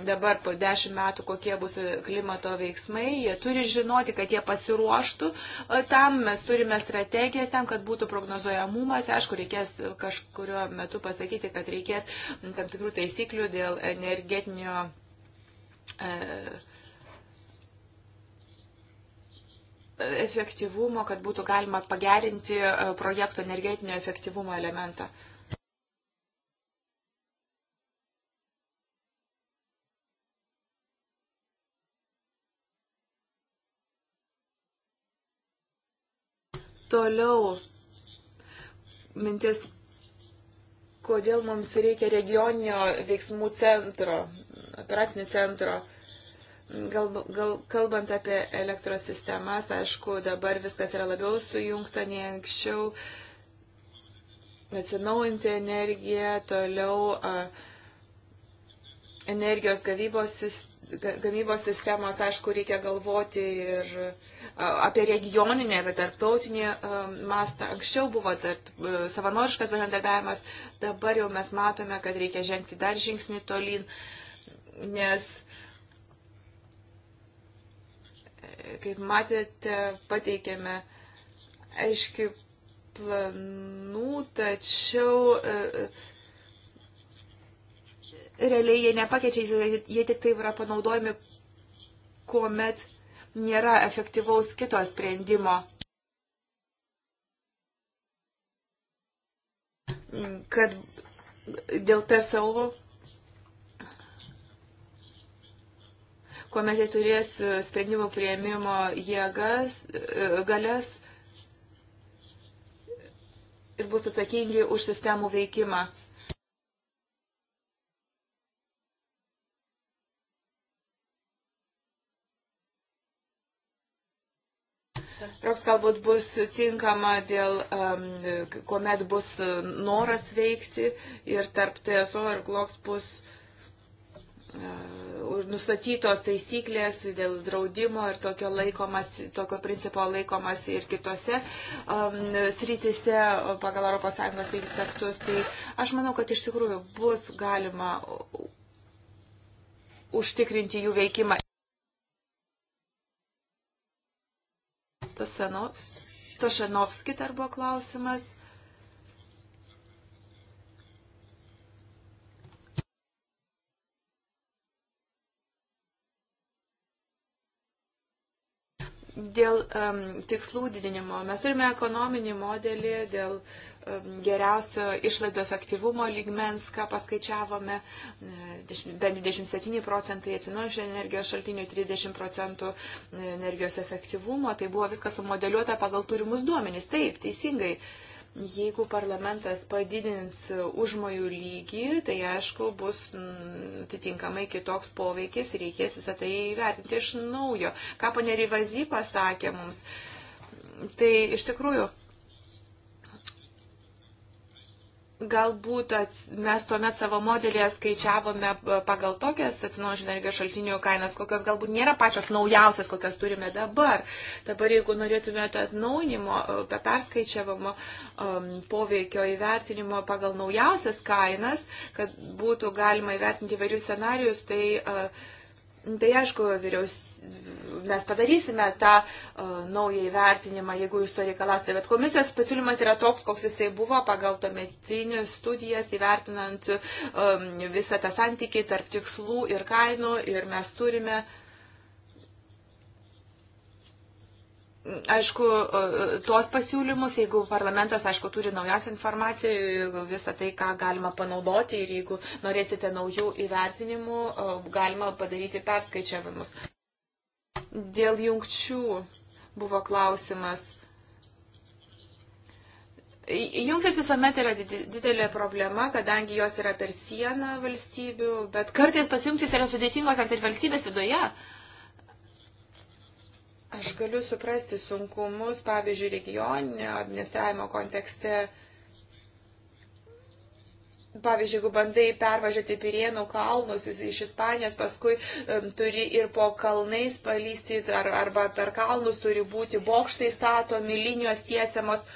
dabar po dešimt metų, kokie bus klimato veiksmai. Jie turi žinoti, kad jie pasiruoštų e, tam, mes turime strategijas tam, kad būtų prognozuojamumas. Aišku, reikės kažkurio metu pasakyti, kad reikės tam tikrų taisyklių dėl energetinio. E, efektyvumo, kad būtų galima pagerinti e, projekto energetinio efektyvumo elementą. Toliau mintis, kodėl mums reikia regioninio veiksmų centro, operacinio centro. Uh, Gal, gal, kalbant apie elektros sistemas, aišku, dabar viskas yra labiau sujungta nei anksčiau. Atsinaujinti energiją, toliau a, energijos gavybos, gamybos sistemos, aišku, reikia galvoti ir apie regioninę, bet tarptautinį mastą. Anksčiau buvo tarp, savanoriškas bendradarbiavimas, dabar jau mes matome, kad reikia žengti dar žingsnį tolyn, nes Kaip matėte, pateikėme aiškių planų, tačiau e, e, realiai jie nepakeičia, jie tik taip yra panaudojami, kuomet nėra efektyvaus kito sprendimo. Kad dėl TSO kuomet jie turės e, sprendimų prieimimo jėgas, e, galės ir bus atsakingi už sistemų veikimą. Roks galbūt bus tinkama dėl, um, kuomet bus e, noras veikti ir tarp TSO ir GLOX bus uh, nustatytos taisyklės dėl draudimo ir tokio, laikomas, tokio principo laikomas ir kitose um, srityse pagal ES teisės aktus. Tai aš manau, kad iš tikrųjų bus galima užtikrinti jų veikimą. Tosenovski dar buvo klausimas. Dėl um, tikslų didinimo mes turime ekonominį modelį dėl um, geriausio išlaidų efektyvumo lygmens, ką paskaičiavome, bent 27 procentai atsinaujančių energijos šaltinių, 30 procentų energijos efektyvumo, tai buvo viskas sumodeliuota pagal turimus duomenys. Taip, teisingai. Uh, Jeigu parlamentas padidins užmojų lygį, tai aišku, bus mm, atitinkamai kitoks poveikis ir reikės visą tai įvertinti iš naujo. Ką ponė Rivazy pasakė mums, tai iš tikrųjų Galbūt ats, mes tuomet savo modelėje skaičiavome pagal tokias atsinaujinančių energijos šaltinių kainas, kokios galbūt nėra pačios naujausios, kokias turime dabar. Dabar jeigu norėtumėte atnaujinimo, e, perskaičiavimo um, poveikio įvertinimo pagal naujausias kainas, kad būtų galima įvertinti įvairius scenarius, tai uh, Tai aišku, vyriaus, mes padarysime tą uh, naują įvertinimą, jeigu jūs to reikalasite, bet komisijos pasiūlymas yra toks, koks jisai buvo pagal tuometinius studijas, įvertinant um, visą tą santykį tarp tikslų ir kainų ir mes turime uh, Aišku, tuos pasiūlymus, jeigu parlamentas, aišku, turi naujas informaciją, visą tai, ką galima panaudoti ir jeigu norėsite naujų įvertinimų, galima padaryti perskaičiavimus. Dėl jungčių buvo klausimas. Jungtis visuomet yra didelė problema, kadangi jos yra per sieną valstybių, bet kartais tos jungtis yra sudėtingos net ir valstybės viduje. Uh, Aš galiu suprasti sunkumus, pavyzdžiui, regioninio administravimo kontekste. Pavyzdžiui, jeigu bandai pervažiuoti Pirienų kalnus iš Ispanijos, paskui um, turi ir po kalnais palysti, ar, arba per kalnus turi būti bokštai statomi, linijos tiesiamos.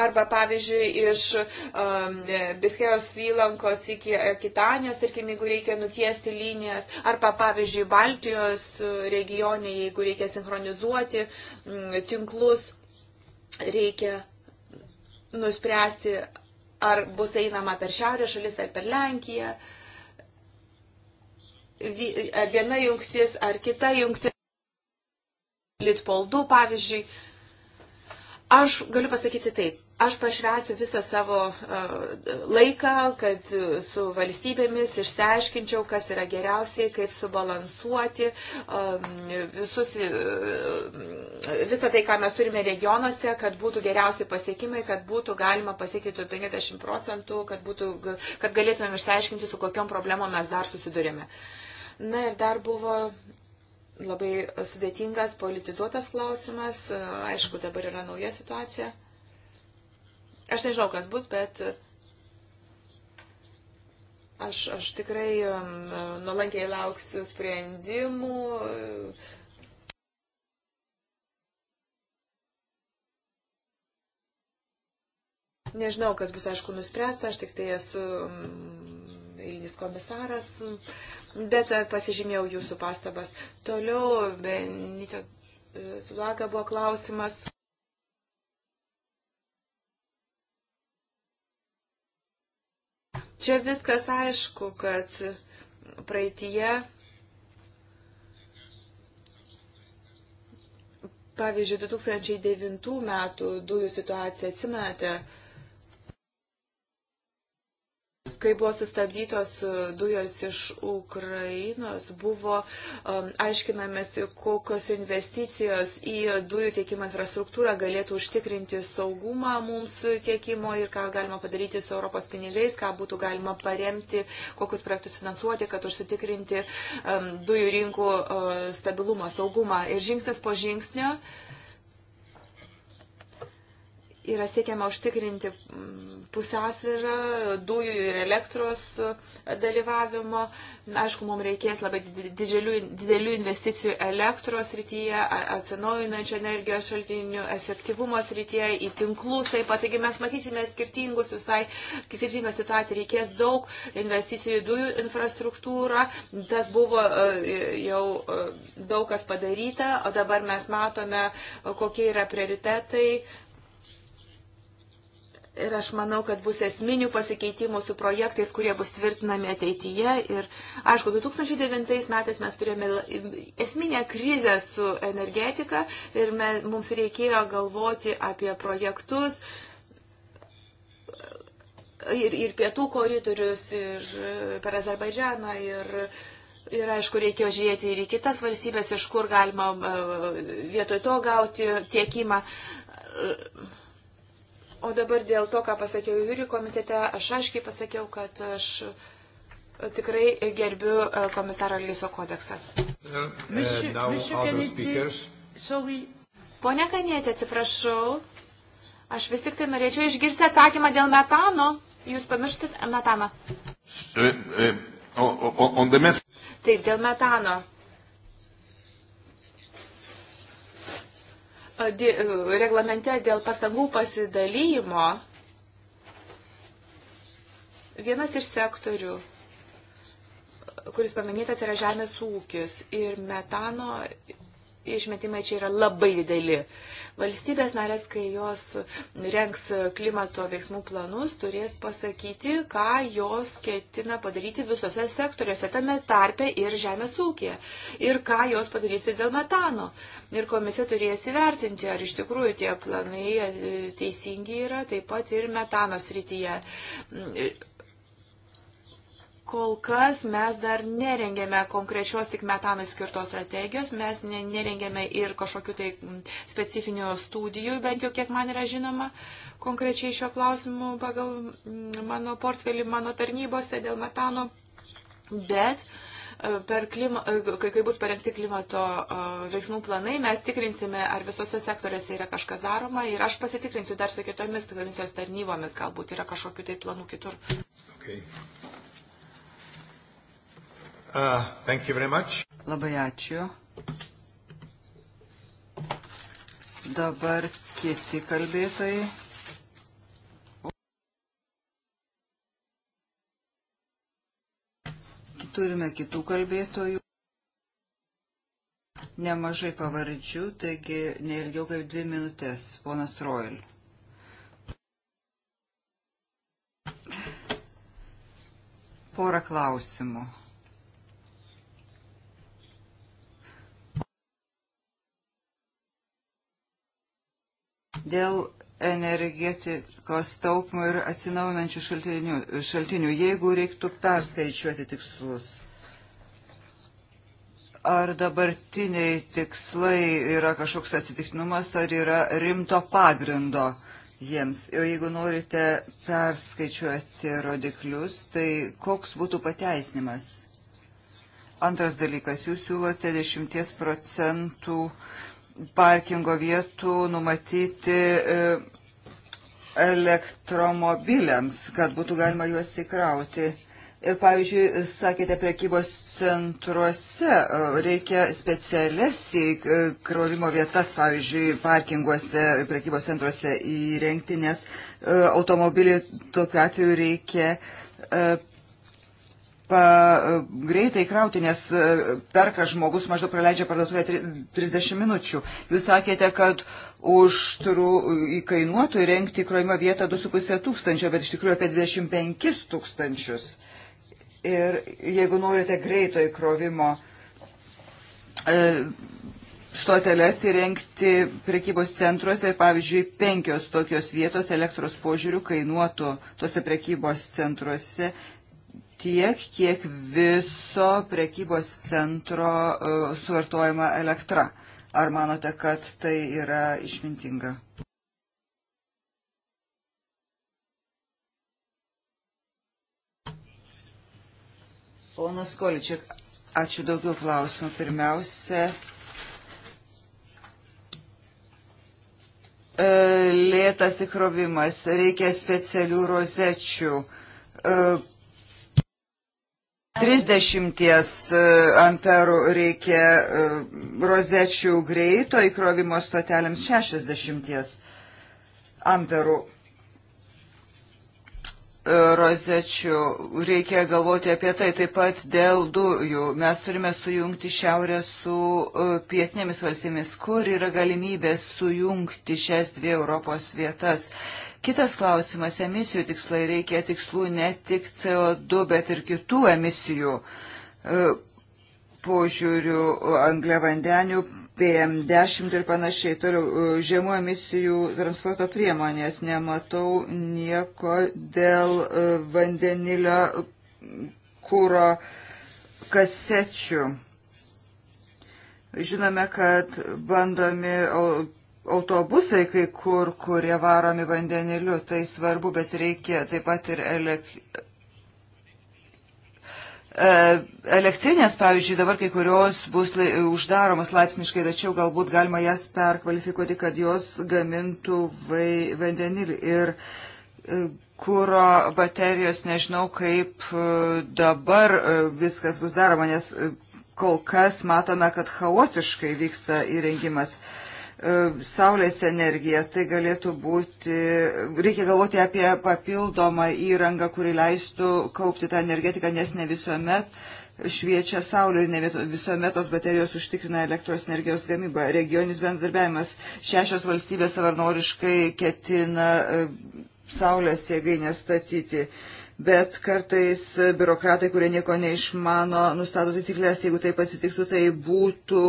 Arba, pavyzdžiui, iš um, Biskėjos įlankos iki e, Kitanijos, tarkim, jeigu reikia nutiesti linijas, arba, pavyzdžiui, Baltijos e, regione, jeigu reikia sinchronizuoti m, mm, tinklus, reikia nuspręsti, ar bus einama per Šiaurės šalis ar per Lenkiją, ar e, viena jungtis, ar kita jungtis, Litpol 2, pavyzdžiui. Aš galiu pasakyti taip, aš pašvesiu visą savo uh, laiką, kad e, su valstybėmis išsiaiškinčiau, kas yra geriausiai, kaip subalansuoti um, visus, uh, visą tai, ką mes turime regionuose, kad būtų geriausi pasiekimai, kad būtų galima pasiekti 50 procentų, kad, būtų, kad galėtumėm išsiaiškinti, su kokiam problemom mes dar susidurime. Na ir dar buvo labai sudėtingas, politizuotas klausimas. Aišku, dabar yra nauja situacija. Aš nežinau, kas bus, bet aš, aš tikrai um, nuolankiai lauksiu sprendimų. Nežinau, kas bus, aišku, nuspręsta, aš tik tai esu um, eilinis komisaras, Bet e, pasižymėjau jūsų pastabas. Toliau, Benito e, Zulaga buvo klausimas. Čia viskas aišku, kad praeitie, pavyzdžiui, 2009 metų dujų situaciją atsimenate, kai buvo sustabdytos e, dujos iš Ukrainos, buvo um, aiškinamasi, kokios investicijos į dujų tiekimo infrastruktūrą galėtų užtikrinti saugumą mums tiekimo ir ką galima padaryti su Europos pinigais, ką būtų galima paremti, kokius projektus finansuoti, kad užsitikrinti um, dujų rinkų uh, stabilumą, saugumą. Ir žingsnis po žingsnio uh, yra siekiama užtikrinti mm, pusiausvyrą dujų ir elektros e, dalyvavimo. Aišku, mums reikės labai didelių, didelių investicijų elektros rytyje, atsinaujinančio energijos šaltinių, efektyvumo srityje, į tinklus taip pat. Taigi mes matysime skirtingus visai, skirtingą situaciją. Reikės daug investicijų į dujų infrastruktūrą. Tas buvo e, jau e, daug kas padaryta, o dabar mes matome, kokie yra prioritetai Ir aš manau, kad bus esminių pasikeitimų su projektais, kurie bus tvirtinami ateityje. Ir aišku, 2009 metais mes turėjome esminę krizę su energetika ir me, mums reikėjo galvoti apie projektus. Ir, ir pietų koridorius, ir per Azerbaidžianą, ir Ir aišku, reikėjo žiūrėti ir į kitas valstybės, iš kur galima e, vietoj to gauti tiekimą. O dabar dėl to, ką pasakiau Jūri komitete, aš aiškiai pasakiau, kad aš tikrai gerbiu e, komisaro Lyso kodeksą. Uh, uh, Pone Kanėtė, atsiprašau, aš vis tik tai norėčiau išgirsti atsakymą dėl metano. Jūs pamirštat metaną. E, e, Taip, dėl metano. reglamente dėl pastangų pasidalymo vienas iš sektorių, kuris paminėtas, yra žemės ūkis ir metano išmetimai čia yra labai dideli. Uh, Valstybės narės, kai jos renks klimato veiksmų planus, turės pasakyti, ką jos ketina padaryti visose sektoriuose, tame tarpe ir žemės ūkėje, ir ką jos padarys dėl metano. Ir komisija turės įvertinti, ar iš tikrųjų tie planai e, teisingi yra, taip pat ir metano srityje Kol kas mes dar nerengėme konkrečios tik metanui skirtos strategijos, mes nerengėme ir kažkokių tai specifinių studijų, bent jau kiek man yra žinoma, konkrečiai šio klausimu pagal mano portfelį, mano tarnybose dėl metano. Bet e, per klima, e, kai, kai bus parengti klimato e, veiksmų planai, mes tikrinsime, ar visose sektoriuose yra kažkas daroma ir aš pasitikrinsiu dar su kitomis komisijos tarnybomis, galbūt yra kažkokių tai planų kitur. Okay. Uh, Labai ačiū. Dabar kiti kalbėtojai. Turime kitų kalbėtojų. Nemažai pavardžių, taigi neilgiau kaip dvi minutės. Ponas Roil. Porą klausimų. dėl energetikos taupimo ir atsinaunančių šaltinių, šaltinių, jeigu reiktų perskaičiuoti tikslus. Ar dabartiniai tikslai yra kažkoks atsitiktinumas, ar yra rimto pagrindo jiems? O jeigu norite perskaičiuoti rodiklius, tai koks būtų pateisnimas? Antras dalykas, jūs siūlote 10 procentų uh, parkingo vietų numatyti e, elektromobiliams, kad būtų galima juos įkrauti. Ir, pavyzdžiui, sakėte, prekybos centruose e, reikia specialias įkrovimo e, vietas, pavyzdžiui, parkinguose, prekybos centruose įrengti, nes automobilį tokiu atveju reikia pa, greitai krauti, nes e, perka žmogus maždaug praleidžia parduotuvę 30 minučių. Jūs sakėte, kad užtru įkainuotų įrengti krojimo vietą 2,5 tūkstančio, bet iš tikrųjų apie 25 tūkstančius. Ir jeigu norite greito įkrovimo e, stoteles įrengti prekybos centruose ir pavyzdžiui penkios tokios vietos elektros požiūrių kainuotų tose prekybos centruose tiek, kiek viso prekybos centro e, suvartojama elektra. Ar manote, kad tai yra išmintinga? Ponas Količiak, ačiū daugiau klausimų. Pirmiausia, e, lėtas įkrovimas, reikia specialių rozečių, e, 30 e, amperų reikia e, rozečių greito įkrovimo stotelėms 60 amperų e, rozečių. Reikia galvoti apie tai taip pat dėl dujų. Mes turime sujungti šiaurę su pietinėmis valstybėmis, kur yra galimybė sujungti šias dvi Europos vietas. Kitas klausimas - emisijų tikslai. Reikia tikslų ne tik CO2, bet ir kitų emisijų e, požiūrių angliavandenių PM10 ir panašiai. Toliau e, žemų emisijų transporto priemonės. Nematau nieko dėl e, vandenilio kūro kasečių. Žinome, kad bandomi autobusai kai kur, kurie varomi vandeniliu, tai svarbu, bet reikia taip pat ir elek... E, elektrinės, pavyzdžiui, dabar kai kurios bus lai... uždaromas laipsniškai, tačiau galbūt galima jas perkvalifikuoti, kad jos gamintų vai... vandenilį. Ir e, kūro baterijos, nežinau, kaip e, dabar viskas bus daroma, nes kol kas matome, kad chaotiškai vyksta įrengimas. E, saulės energija, tai galėtų būti, reikia galvoti apie papildomą įrangą, kuri leistų kaupti tą energetiką, nes ne visuomet šviečia saulė ir ne visuomet tos baterijos užtikrina elektros energijos gamybą. Regionis bendradarbiavimas šešios valstybės savanoriškai ketina e, saulės jėgainę statyti. Uh, bet kartais biurokratai, kurie nieko neišmano, nustato taisyklės, jeigu taip atsitiktų, tai būtų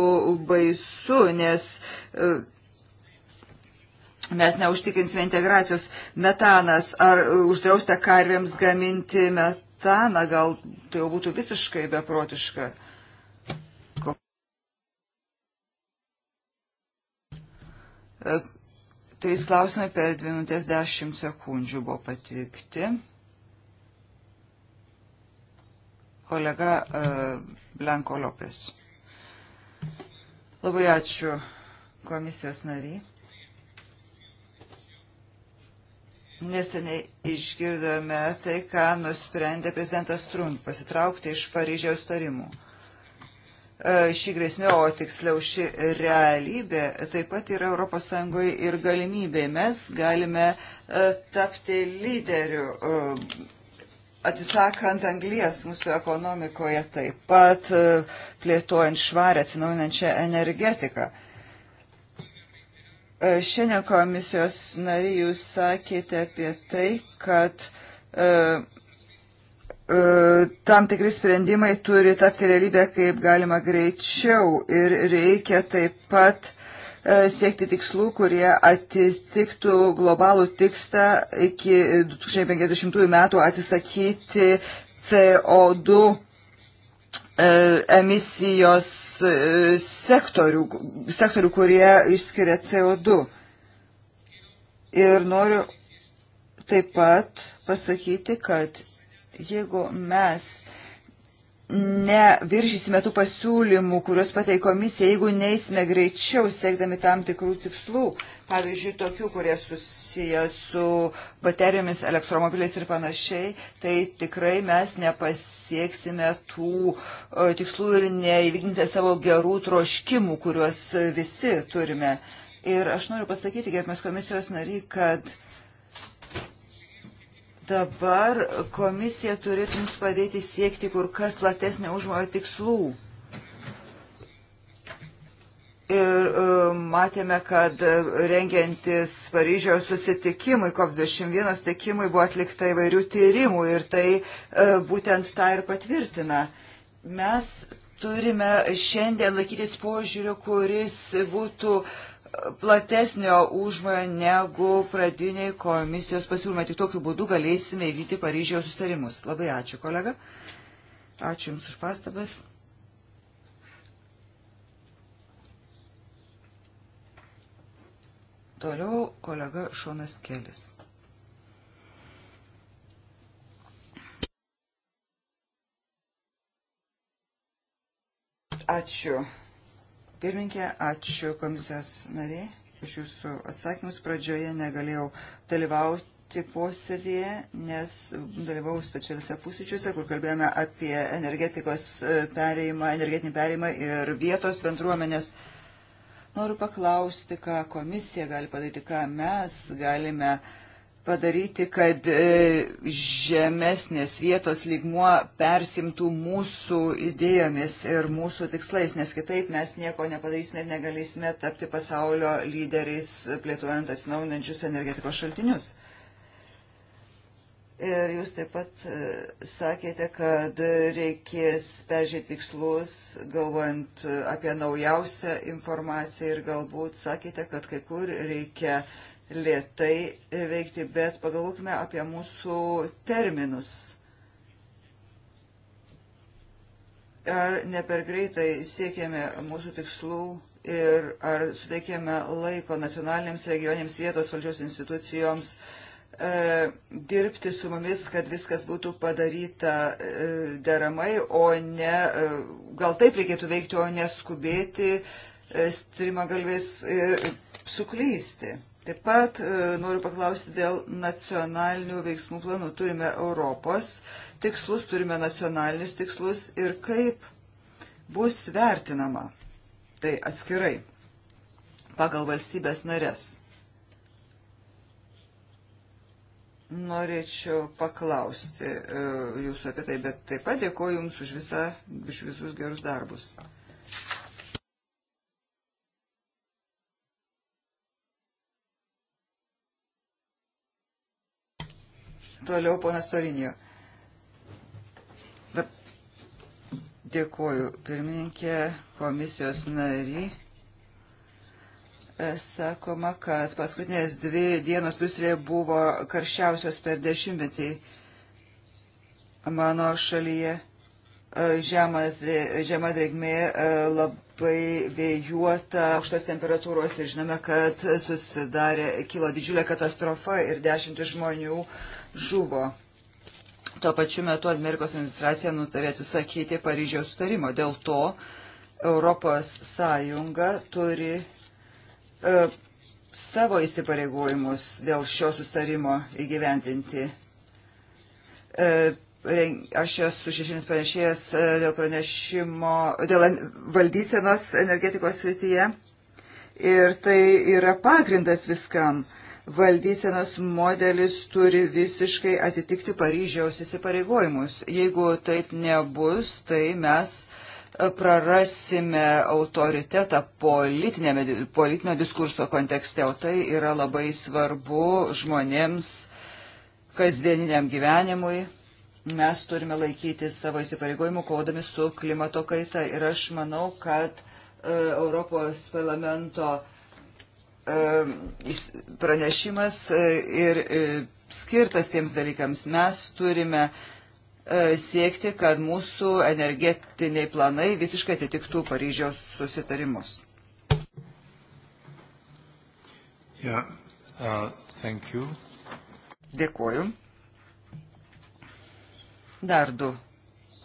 baisu, nes e, mes neužtikrinsime integracijos. Metanas, ar uždrausta karvėms gaminti metaną, gal tai jau būtų visiškai beprotiška. E, trys klausimai per 2 minutės 10 sekundžių buvo patikti. kolega e, Blanko Lopės. Labai ačiū komisijos nariai. Neseniai išgirdome tai, ką nusprendė prezidentas Trump pasitraukti iš Paryžiaus tarimų. E, Šį grėsmę, o tiksliau ši realybė, taip pat yra ES ir galimybė. Mes galime e, tapti lyderių atsisakant anglijas mūsų ekonomikoje, taip pat e, plėtojant švarę atsinaujinančią energetiką. E, šiandien komisijos nariai jūs sakėte apie tai, kad e, e, tam tikri sprendimai turi tapti realybę kaip galima greičiau ir reikia taip pat E, siekti tikslų, kurie atitiktų globalų tikstą iki 2050 metų atsisakyti CO2 e, emisijos e, sektorių, sektorių kurie išskiria CO2. Ir noriu taip pat pasakyti, kad jeigu mes uh, neviršysime tų pasiūlymų, kuriuos patei komisija, jeigu neįsime greičiau siekdami tam tikrų tikslų, pavyzdžiui, tokių, kurie susiję su baterijomis, elektromobiliais ir panašiai, tai tikrai mes nepasieksime tų e, tikslų ir neįvykdinti savo gerų troškimų, kuriuos visi turime. Ir aš noriu pasakyti, gerbiamas komisijos nariai, kad Dabar komisija turėtų mums padėti siekti kur kas platesnio užmojo tikslų. Ir e, matėme, kad rengiantis Paryžiaus susitikimui, COP21 susitikimui buvo atlikta įvairių tyrimų ir tai e, būtent tą ir patvirtina. Mes turime šiandien laikytis požiūrių, kuris būtų uh, platesnio užmojo negu pradiniai komisijos pasiūlymai. Tik tokiu būdu galėsime įvykti Paryžiaus sustarimus. Labai ačiū, kolega. Ačiū Jums už pastabas. Toliau kolega Šonas Kelis. Ačiū. Pirminkė, ačiū komisijos nariai už jūsų atsakymus. Pradžioje negalėjau dalyvauti posėdėje, nes dalyvau specialiuose pusryčiuose, kur kalbėjome apie energetikos e, perėjimą, energetinį perėjimą ir vietos bendruomenės. Noriu paklausti, ką komisija gali padaryti, ką mes galime padaryti padaryti, kad e, žemesnės vietos lygmuo persimtų mūsų idėjomis ir mūsų tikslais, nes kitaip mes nieko nepadarysime ir negalėsime tapti pasaulio lyderiais plėtojant atsinaujinančius energetikos šaltinius. Ir jūs taip pat e, sakėte, kad reikės pežiūrėti tikslus, galvojant apie naujausią informaciją ir galbūt sakėte, kad kai kur reikia lietai veikti, bet pagalvokime apie mūsų terminus. Ar ne per greitai siekėme mūsų tikslų ir ar suteikėme laiko nacionalinėms regionėms vietos valdžios institucijoms e, dirbti su mumis, kad viskas būtų padaryta e, deramai, o ne, e, gal taip reikėtų veikti, o neskubėti, e, strima galvės ir suklysti. E, Taip pat e, noriu paklausti dėl nacionalinių veiksmų planų. Turime Europos tikslus, turime nacionalinius tikslus ir kaip bus vertinama tai atskirai pagal valstybės narės. Norėčiau paklausti e, jūsų apie tai, bet taip pat dėkoju Jums už, visą, už visus gerus darbus. Toliau ponas Sorinio. Dėkuoju pirmininkė komisijos nariai. E, sakoma, kad paskutinės dvi dienos Briuselėje buvo karščiausios per dešimtmetį mano šalyje. E, žemas, žema drėgmė e, labai vėjuota, aukštos temperatūros ir žinome, kad susidarė, kilo didžiulė katastrofa ir dešimt žmonių uh, žuvo. Tuo pačiu metu Amerikos administracija nutarė atsisakyti Paryžiaus sutarimo. Dėl to Europos Sąjunga turi e, savo įsipareigojimus dėl šio sustarimo įgyvendinti. E, aš esu šešinis pranešėjas e, dėl pranešimo, dėl valdysenos energetikos srityje ir tai yra pagrindas viskam. E, valdysenos modelis turi visiškai atitikti Paryžiaus įsipareigojimus. Jeigu taip nebus, tai mes e, prarasime autoritetą politinio diskurso kontekste, o tai yra labai svarbu žmonėms kasdieniniam gyvenimui. Mes turime laikyti savo įsipareigojimų, kovodami su klimato kaita. Ir aš manau, kad e, Europos parlamento uh, pranešimas e, ir e, skirtas tiems dalykams. Mes turime e, siekti, kad mūsų energetiniai planai visiškai atitiktų Paryžiaus susitarimus. Yeah. Uh, thank you. Dėkuoju. Dar du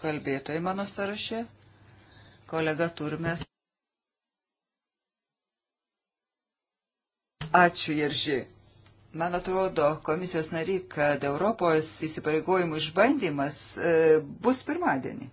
kalbėtojai mano sąraše. Kolega Turmes. Ačiū, Jerži. Man atrodo, komisijos nari, kad Europos įsipareigojimų išbandymas e, bus pirmadienį.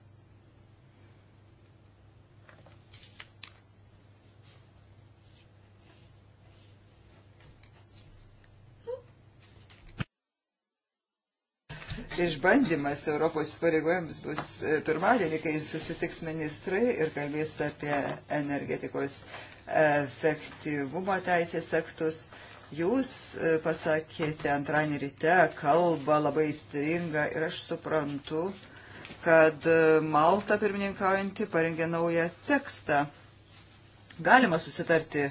Išbandymas Europos įsipareigojimams bus e, pirmadienį, kai susitiks ministrai ir kalbės apie energetikos efektyvumo teisės aktus. Jūs e, pasakėte antrąjį ryte, kalba labai įstringa ir aš suprantu, kad e, Malta pirmininkaujanti parengė naują tekstą. Galima susitarti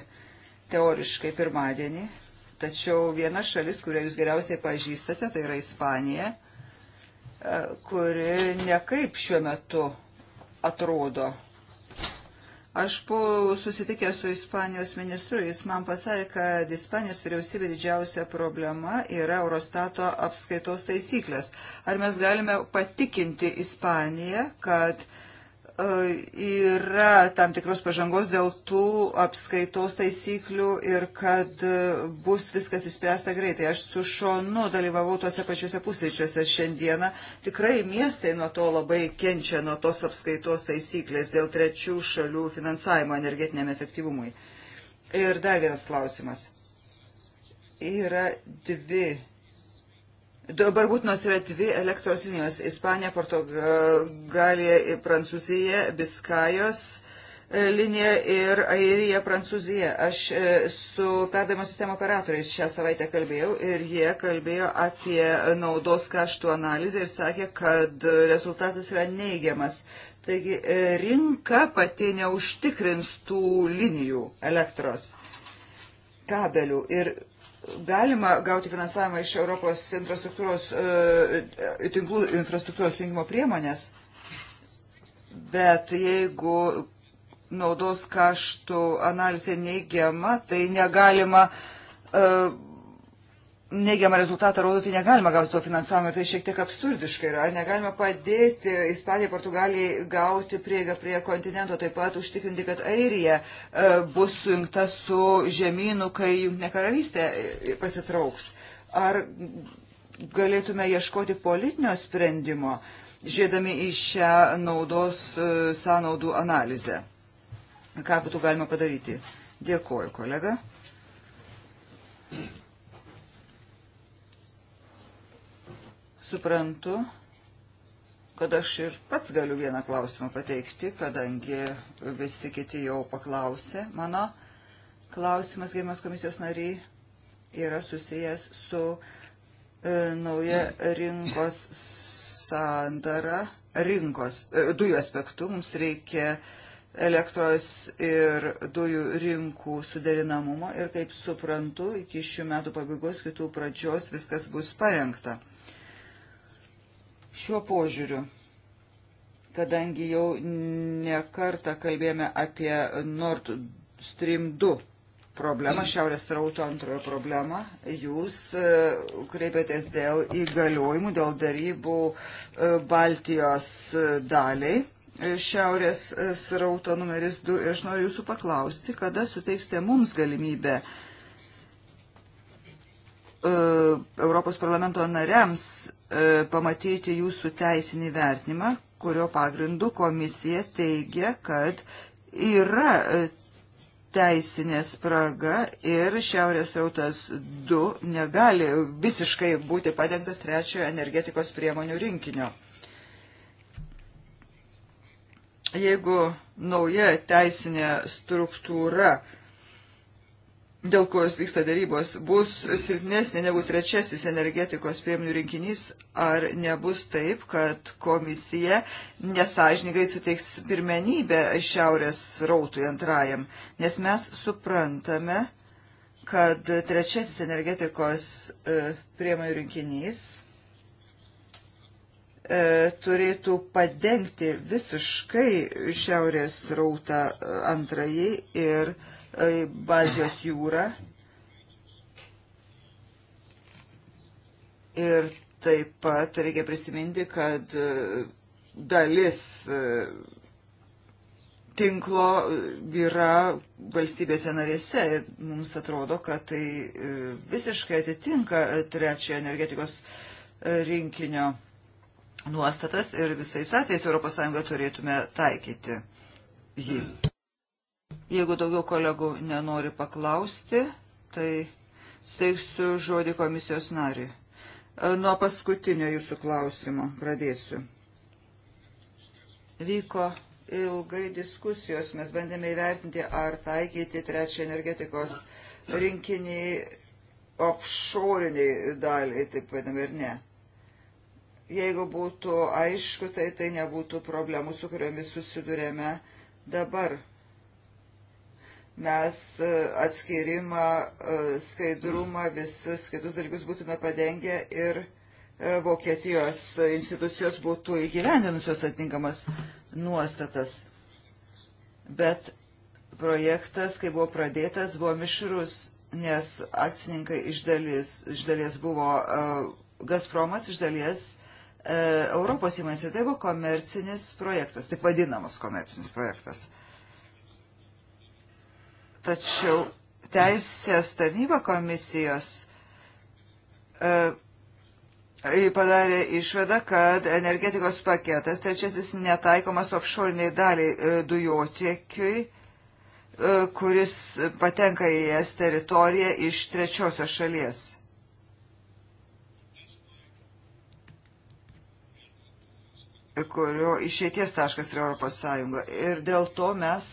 teoriškai pirmadienį, tačiau viena šalis, kurią jūs geriausiai pažįstate, tai yra Ispanija, e, kuri nekaip šiuo metu atrodo Aš buvau susitikęs su Ispanijos ministru, jis man pasakė, kad Ispanijos vyriausybė didžiausia problema yra Eurostato apskaitos taisyklės. Ar mes galime patikinti Ispaniją, kad yra tam tikros pažangos dėl tų apskaitos taisyklių ir kad bus viskas išspręsta greitai. Aš su šonu dalyvavau tose pačiuose pusryčiuose šiandieną. Tikrai miestai nuo to labai kenčia, nuo tos apskaitos taisyklės dėl trečių šalių finansavimo energetiniam efektyvumui. Ir dar vienas klausimas. Yra dvi Dabar būtinos yra dvi elektros linijos - Ispanija, Portugalija ir Prancūzija, Biskajos e, linija ir Airija, Prancūzija. Aš e, su perdavimo sistemo operatoriais šią savaitę kalbėjau ir jie kalbėjo apie naudos kaštų analizę ir sakė, kad rezultatas yra neigiamas. Taigi e, rinka pati neužtikrins tų linijų elektros kabelių ir galima gauti finansavimą iš Europos infrastruktūros, e, tinklų infrastruktūros jungimo priemonės, bet jeigu naudos kaštų analizė neigiama, tai negalima uh, neigiamą rezultatą rodo, tai negalima gauti to finansavimo ir tai šiek tiek absurdiška yra. Negalima padėti Ispanijai, Portugalijai gauti prieigą prie kontinento, taip pat užtikrinti, kad Airija e, bus sujungta su žemynu, kai Junktinė karalystė e, pasitrauks. Ar galėtume ieškoti politinio sprendimo, žiedami į šią naudos e, sąnaudų analizę? Ką būtų galima padaryti? Dėkoju, kolega. Thank you. Suprantu, kad aš ir pats galiu vieną klausimą pateikti, kadangi visi kiti jau paklausė. Mano klausimas, gerimas komisijos nariai, yra susijęs su e, nauja rinkos sandara, rinkos, e, dujų aspektų. Mums reikia elektros ir dujų rinkų suderinamumo ir, kaip suprantu, iki šių metų pabaigos, kitų pradžios viskas bus parengta šiuo požiūriu, kadangi jau nekartą kalbėjome apie Nord Stream 2 problemą, Šiaurės rauto antrojo problemą. Jūs e, kreipėtės dėl įgaliojimų, dėl darybų e, Baltijos e, daliai. Šiaurės srauto numeris 2 ir aš noriu jūsų paklausti, kada suteiksite mums galimybę Europos parlamento nariams E, pamatyti jūsų teisinį vertinimą, kurio pagrindu komisija teigia, kad yra e, teisinė spraga ir Šiaurės rautas 2 negali visiškai būti padengtas trečiojo energetikos priemonių rinkinio. Jeigu nauja teisinė struktūra uh, dėl ko vyksta darybos, bus silpnesnė negu trečiasis energetikos priemonių rinkinys, ar nebus taip, kad komisija nesažininkai suteiks pirmenybę šiaurės rautui antrajam, nes mes suprantame, kad trečiasis energetikos e, priemonių rinkinys e, turėtų padengti visiškai šiaurės rautą e, antrajai ir antrajai Baltijos jūrą. Ir taip pat reikia prisiminti, kad e, dalis e, tinklo e, yra valstybėse narėse ir mums atrodo, kad tai visiškai atitinka trečiojo energetikos rinkinio nuostatas ir visais atvejais ES turėtume taikyti jį. Jeigu daugiau kolegų nenori paklausti, tai steiksiu žodį komisijos nariui. E, nuo paskutinio jūsų klausimo pradėsiu. Vyko ilgai diskusijos, mes bandėme įvertinti, ar taikyti trečią energetikos rinkinį offshoriniai daliai, taip vadinam, ir ne. Jeigu būtų aišku, tai tai nebūtų problemų, su kuriomis susidurėme dabar mes e, atskirimą, e, skaidrumą, visus kitus dalykus būtume padengę ir e, Vokietijos institucijos būtų įgyvendinusios atitinkamas nuostatas. Bet projektas, kai buvo pradėtas, buvo mišrus, nes akcininkai iš dalies, iš dalies buvo uh, Gazpromas, iš dalies uh, Europos įmonės. Tai buvo komercinis projektas, taip vadinamas komercinis projektas. Tačiau teisės tarnyba komisijos e, padarė išvadą, kad energetikos paketas trečiasis netaikomas offshoriniai daliai e, dujotiekiui, e, kuris patenka į es teritoriją iš trečiosios šalies. kurio išeities taškas yra Europos Sąjunga. Ir dėl to mes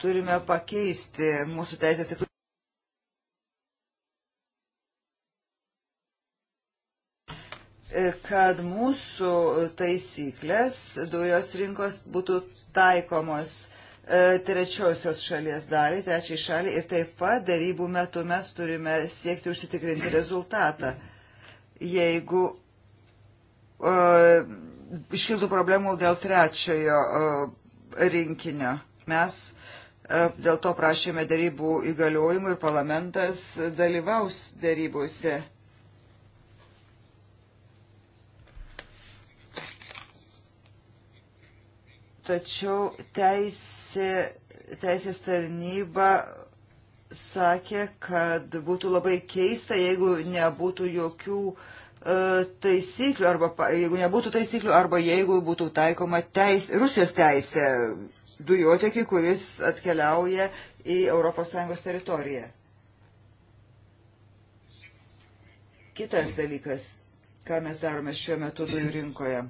turime pakeisti mūsų teisės aktus. kad mūsų taisyklės dujos rinkos būtų taikomos e, trečiosios šalies dalį, trečiai šaliai ir taip pat darybų metu mes turime siekti užsitikrinti rezultatą. Jeigu uh, iškiltų problemų dėl trečiojo uh, rinkinio, mes uh, E, dėl to prašėme darybų įgaliojimų ir parlamentas dalyvaus darybose. Tačiau teisė, teisės tarnyba sakė, kad būtų labai keista, jeigu nebūtų jokių e, taisyklių arba jeigu nebūtų taisyklių arba jeigu būtų taikoma teis, Rusijos teisė dujotekį, kuris atkeliauja į ES teritoriją. Kitas dalykas, ką mes darome šiuo metu dujų rinkoje.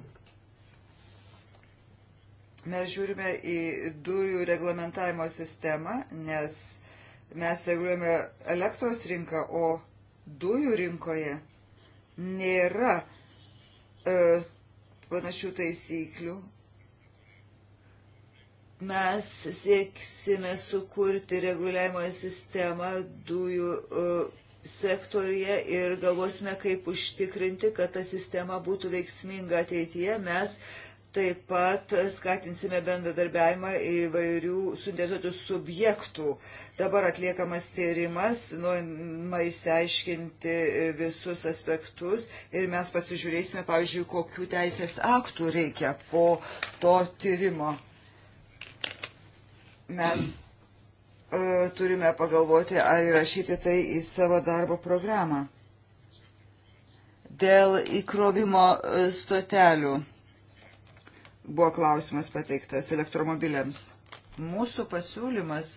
Mes žiūrime į dujų reglamentavimo sistemą, nes mes reguliuojame elektros rinką, o dujų rinkoje nėra e, panašių taisyklių, Mes sieksime sukurti reguliavimo sistemą dujų e, sektorija ir galvosime, kaip užtikrinti, kad ta sistema būtų veiksminga ateityje. Mes taip pat skatinsime bendradarbiavimą įvairių sudėtotų subjektų. Dabar atliekamas tyrimas, norima išsiaiškinti visus aspektus ir mes pasižiūrėsime, pavyzdžiui, kokiu teisės aktų reikia po to tyrimo mes e, turime pagalvoti, ar įrašyti tai į savo darbo programą. Dėl įkrovimo e, stotelių buvo klausimas pateiktas elektromobiliams. Mūsų pasiūlymas,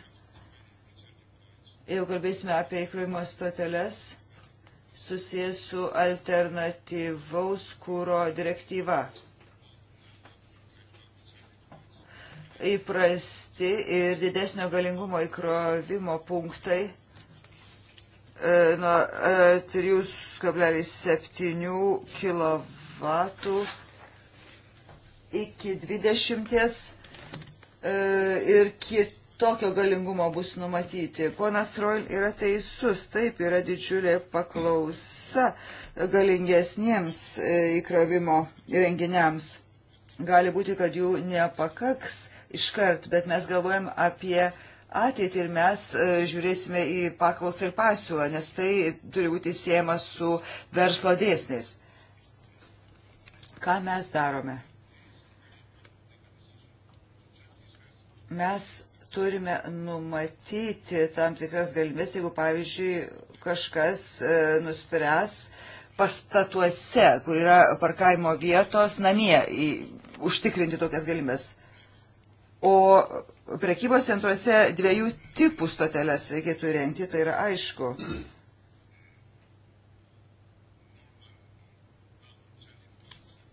jeigu kalbėsime apie įkrovimo stoteles, susijęs su alternatyvaus kūro direktyva įprasti ir didesnio galingumo įkrovimo punktai e, nuo 3,7 e, kW iki 20 e, ir kitokio galingumo bus numatyti. Ponas Troil yra teisus, taip yra didžiulė paklausa galingesniems įkrovimo įrenginiams. Gali būti, kad jų nepakaks iškart, bet mes galvojam apie ateitį ir mes e, žiūrėsime į paklausą ir pasiūlą, nes tai turi būti siejama su verslo dėsniais. Ką mes darome? Mes turime numatyti tam tikras galimybės, jeigu, pavyzdžiui, kažkas e, nuspręs pastatuose, kur yra parkavimo vietos namie, į, užtikrinti tokias galimybės O prekybos centruose dviejų tipų stoteles reikėtų įrengti, tai yra aišku.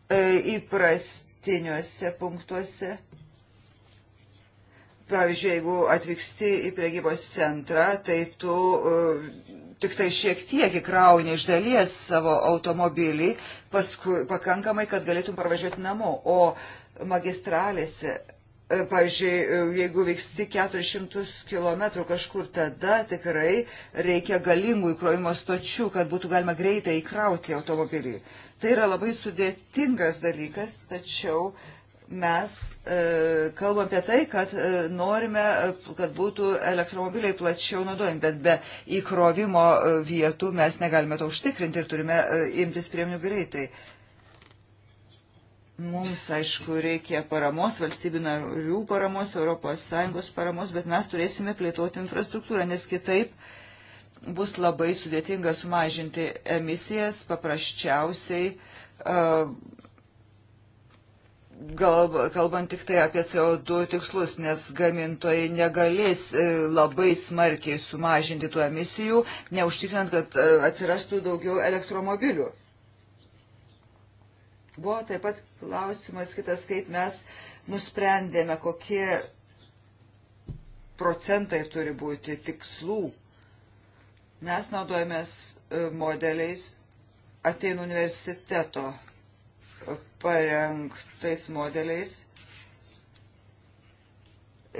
E, įprastiniuose punktuose. Pavyzdžiui, jeigu atvyksti į prekybos centrą, tai tu uh, tik tai šiek tiek įkrauni iš dalies savo automobilį, paskui pakankamai, kad galėtum parvažiuoti namo. O magistralėse E, pavyzdžiui, e, jeigu vyksti 400 km kažkur tada, tikrai reikia galingų įkrovimo stočių, kad būtų galima greitai įkrauti automobilį. Tai yra labai sudėtingas dalykas, tačiau mes e, kalbam apie tai, kad e, norime, e, kad būtų elektromobiliai plačiau naudojami, bet be įkrovimo vietų mes negalime to užtikrinti ir turime e, imtis priemonių greitai. E, Mums, aišku, reikia paramos, valstybių narių paramos, ES paramos, bet mes turėsime plėtoti infrastruktūrą, nes kitaip bus labai sudėtinga sumažinti emisijas paprasčiausiai, uh, kalbant tik tai apie CO2 tikslus, nes gamintojai negalės uh, labai smarkiai sumažinti tų emisijų, neužtikrinant, kad uh, atsirastų daugiau elektromobilių. Buvo taip pat klausimas kitas, kaip mes nusprendėme, kokie procentai turi būti tikslų. Mes naudojamės e, modeliais ateinu universiteto e, parengtais modeliais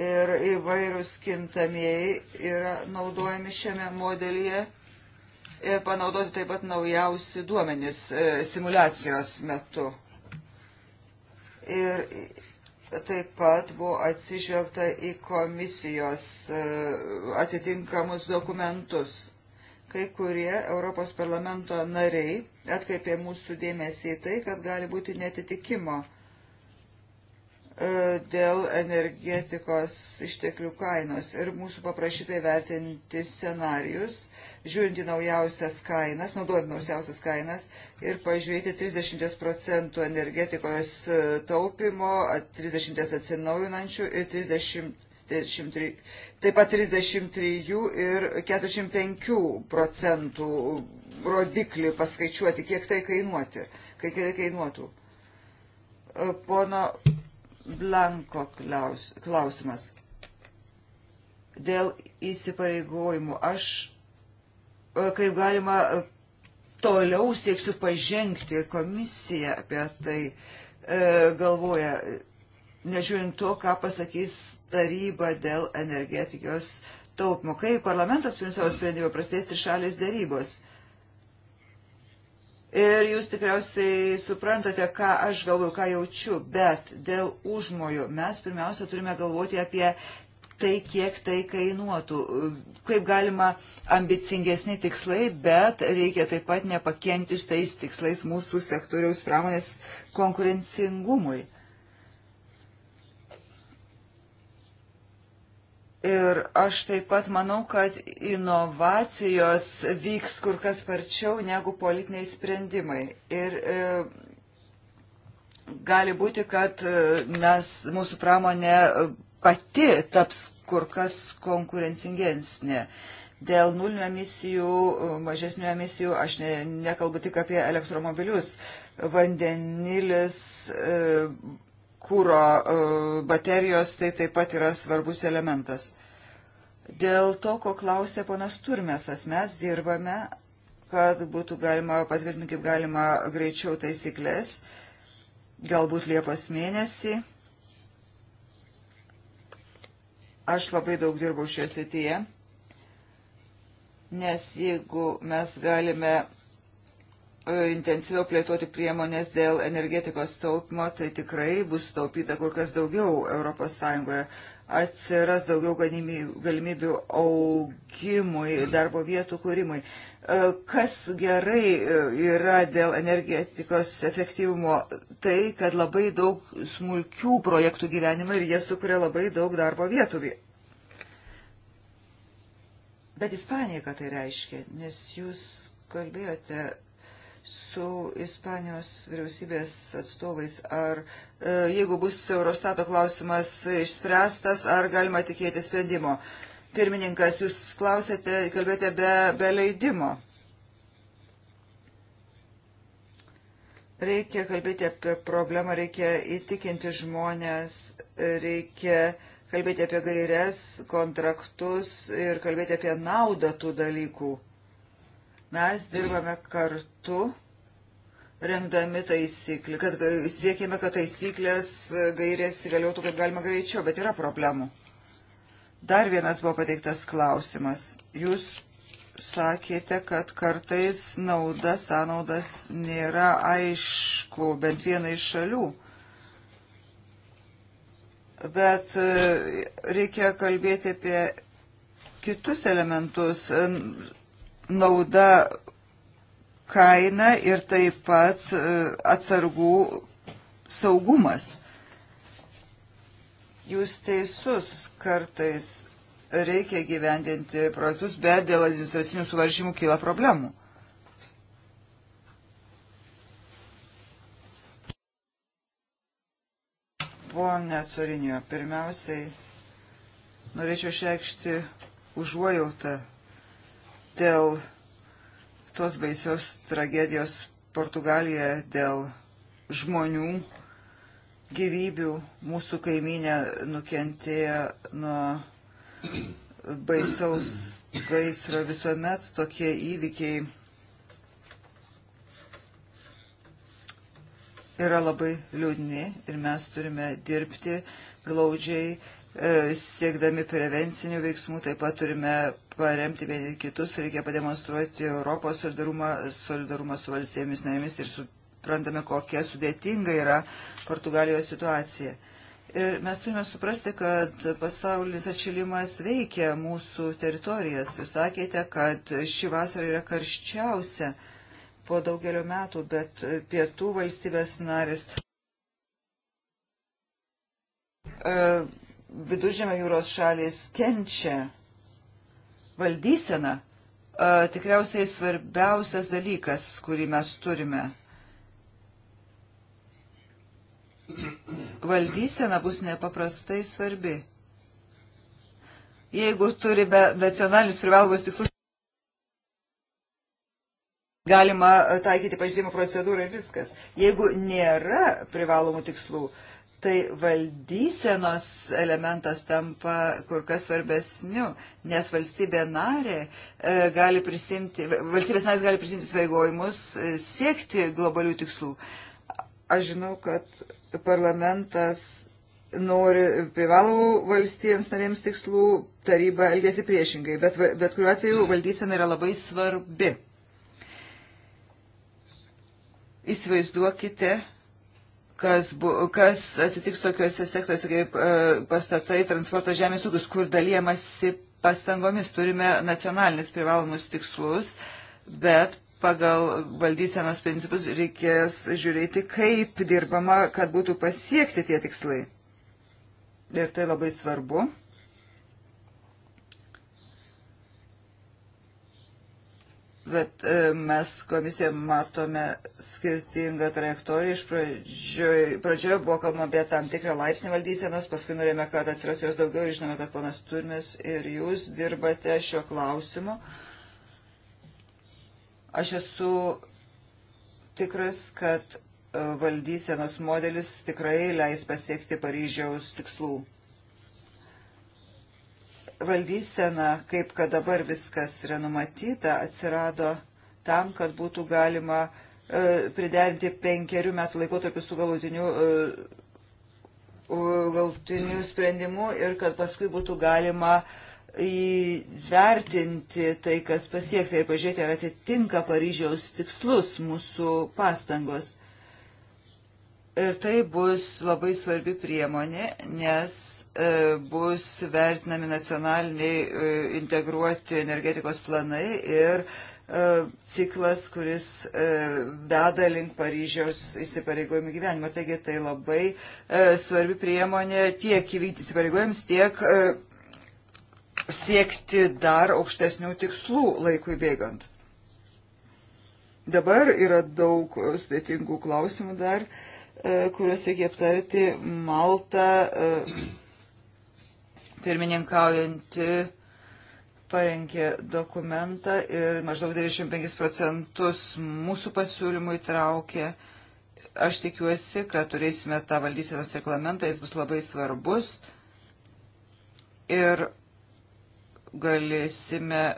ir įvairūs kintamieji yra naudojami šiame modelyje E, panaudoti taip pat naujausi duomenys e, simulacijos metu. Ir taip pat buvo atsižvelgta į komisijos e, atitinkamus dokumentus. Kai kurie Europos parlamento nariai atkreipė mūsų dėmesį į tai, kad gali būti netitikimo E, dėl energetikos išteklių kainos ir mūsų paprašytai vertinti scenarius, žiūrinti naujausias kainas, naudojant naujausias kainas ir pažiūrėti 30 procentų energetikos e, taupimo, 30 atsinaujinančių ir 30. 33, taip pat 33 ir 45 procentų rodiklį paskaičiuoti, kiek tai kainuoti, kiek tai kainuotų. E, pono Blanko klaus, klausimas. Dėl įsipareigojimų aš e, kaip galima e, toliau sieksiu pažengti ir komisija apie tai e, galvoja, nežiūrint to, ką pasakys taryba dėl energetikos taupimo. Kai parlamentas prims savo sprendimą, prasidės trišalės darybos. Ir jūs tikriausiai suprantate, ką aš galvoju, ką jaučiu, bet dėl užmojų mes pirmiausia turime galvoti apie tai, kiek tai kainuotų, kaip galima ambicingesni tikslai, bet reikia taip pat nepakenti šitais tikslais mūsų sektoriaus pramonės konkurencingumui. Ir aš taip pat manau, kad inovacijos vyks kur kas sparčiau negu politiniai sprendimai. Ir e, gali būti, kad e, mes, mūsų pramonė pati taps kur kas konkurencingesnė. Dėl nulinių emisijų, mažesnių emisijų, aš ne, nekalbu tik apie elektromobilius, vandenilis, e, kūro e, baterijos, tai taip pat yra svarbus elementas. Dėl to, ko klausė ponas Turmesas, mes dirbame, kad būtų galima patvirtinti kaip galima greičiau taisyklės, galbūt Liepos mėnesį. Aš labai daug dirbau šioje srityje, nes jeigu mes galime intensyviau plėtoti priemonės dėl energetikos taupimo, tai tikrai bus taupyta kur kas daugiau ES. Atsiras daugiau galimybių augimui, darbo vietų kūrimui. E, kas gerai e, yra dėl energetikos efektyvumo, tai kad labai daug smulkių projektų gyvenimą ir jie sukuria labai daug darbo vietų Bet Ispanija, ką tai reiškia, nes jūs kalbėjote su Ispanijos vyriausybės atstovais, ar e, jeigu bus Eurostato klausimas išspręstas, ar galima tikėti sprendimo. Pirmininkas, jūs klausėte, kalbėjote be, be leidimo. Reikia kalbėti apie problemą, reikia įtikinti žmonės, reikia kalbėti apie gairias, kontraktus ir kalbėti apie naudą tų dalykų Mes dirbame kartu rengdami taisyklį, kad siekėme, kad taisyklės e, gairės įgaliotų kaip galima greičiau, bet yra problemų. Dar vienas buvo pateiktas klausimas. Jūs sakėte, kad kartais nauda, sąnaudas nėra aišku, bent vienai iš šalių. Bet e, reikia kalbėti apie kitus elementus nauda kaina ir taip pat e, atsargų saugumas. Jūs teisus kartais reikia gyvendinti projektus, bet dėl administracinių suvaržymų kyla problemų. Pone Corinio, pirmiausiai norėčiau išreikšti užuojautą dėl tos baisios tragedijos Portugalijoje, dėl žmonių gyvybių mūsų kaiminė nukentėjo nuo baisaus gaisro visuomet tokie įvykiai yra labai liūdni ir mes turime dirbti glaudžiai e, siekdami prevencinių veiksmų, taip pat turime paremti vieni kitus, reikia pademonstruoti Europos solidarumą, solidarumą su valstybėmis narėmis ir suprantame, kokia sudėtinga yra Portugalijos situacija. Ir mes turime suprasti, kad pasaulis atšilimas veikia mūsų teritorijas. Jūs sakėte, kad ši vasara yra karščiausia po daugelio metų, bet pietų valstybės narės. E, viduržėmio jūros šalis kenčia valdysena tikriausiai svarbiausias dalykas, kurį mes turime. Valdysena bus nepaprastai svarbi. Jeigu turime nacionalinius privalomus tikslus, galima taikyti pažymimo procedūrą ir viskas. Jeigu nėra privalomų tikslų, uh, tai valdysenos elementas tampa kur kas svarbesniu, nes valstybė narė e, gali prisimti, valstybės narės gali prisimti svaigojimus, e, siekti globalių tikslų. Aš žinau, kad parlamentas nori privalomų valstybėms narėms tikslų, taryba elgesi priešingai, bet, bet kuriuo atveju valdysena yra labai svarbi. Įsivaizduokite, kas, bu, kas atsitiks tokiuose sektoriuose kaip e, pastatai, transportas, žemės ūkis, kur dalyjamasi pastangomis. Turime nacionalinis privalomus tikslus, bet pagal valdysenos principus reikės žiūrėti, kaip dirbama, kad būtų pasiekti tie tikslai. Ir tai labai svarbu. Bet e, mes komisijoje matome skirtingą trajektoriją. Iš pradžioje, pradžioje buvo kalbama apie tam tikrą laipsnį valdysenos, paskui norėjome, kad atsiras jos daugiau ir žinome, kad ponas Turmes ir jūs dirbate šiuo klausimu. Aš esu tikras, kad e, valdysenos modelis tikrai leis pasiekti Paryžiaus tikslų valdysena, kaip kad dabar viskas yra numatyta, atsirado tam, kad būtų galima e, priderinti penkerių metų laikotarpį su galutiniu, e, galutiniu sprendimu ir kad paskui būtų galima įvertinti tai, kas pasiekta ir pažiūrėti, ar atitinka Paryžiaus tikslus mūsų pastangos. Ir tai bus labai svarbi priemonė, nes E, bus vertinami nacionaliniai e, integruoti energetikos planai ir e, ciklas, kuris veda link Paryžiaus įsipareigojimų gyvenimą. Taigi tai labai svarbi priemonė tiek įvykti įsipareigojimams, tiek siekti dar aukštesnių tikslų laikui bėgant. Dabar yra daug sudėtingų klausimų dar, kuriuos reikia aptarti. Malta pirmininkaujanti parengė dokumentą ir maždaug 95 procentus mūsų pasiūlymų įtraukė. Aš tikiuosi, kad turėsime tą valdysenos reglamentą, jis bus labai svarbus ir galėsime e,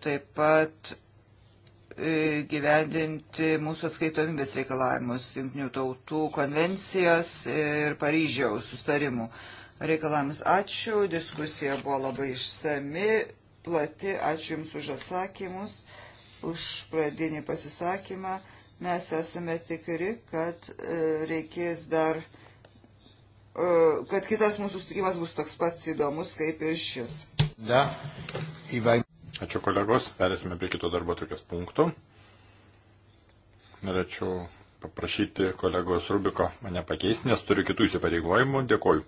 taip pat e, gyvendinti mūsų atskaitomybės reikalavimus Junktinių tautų konvencijos ir Paryžiaus sustarimų reikalavimus. Ačiū, diskusija buvo labai išsami, plati, ačiū Jums už atsakymus, už pradinį pasisakymą. Mes esame tikri, kad e, reikės dar, e, kad kitas mūsų sutikimas bus toks pats įdomus kaip ir šis. Da, įvaim. Ačiū kolegos, perėsime prie kito darbo tokias punktų. Norėčiau paprašyti kolegos Rubiko mane pakeisti, nes turiu kitų įsipareigojimų. Dėkoju.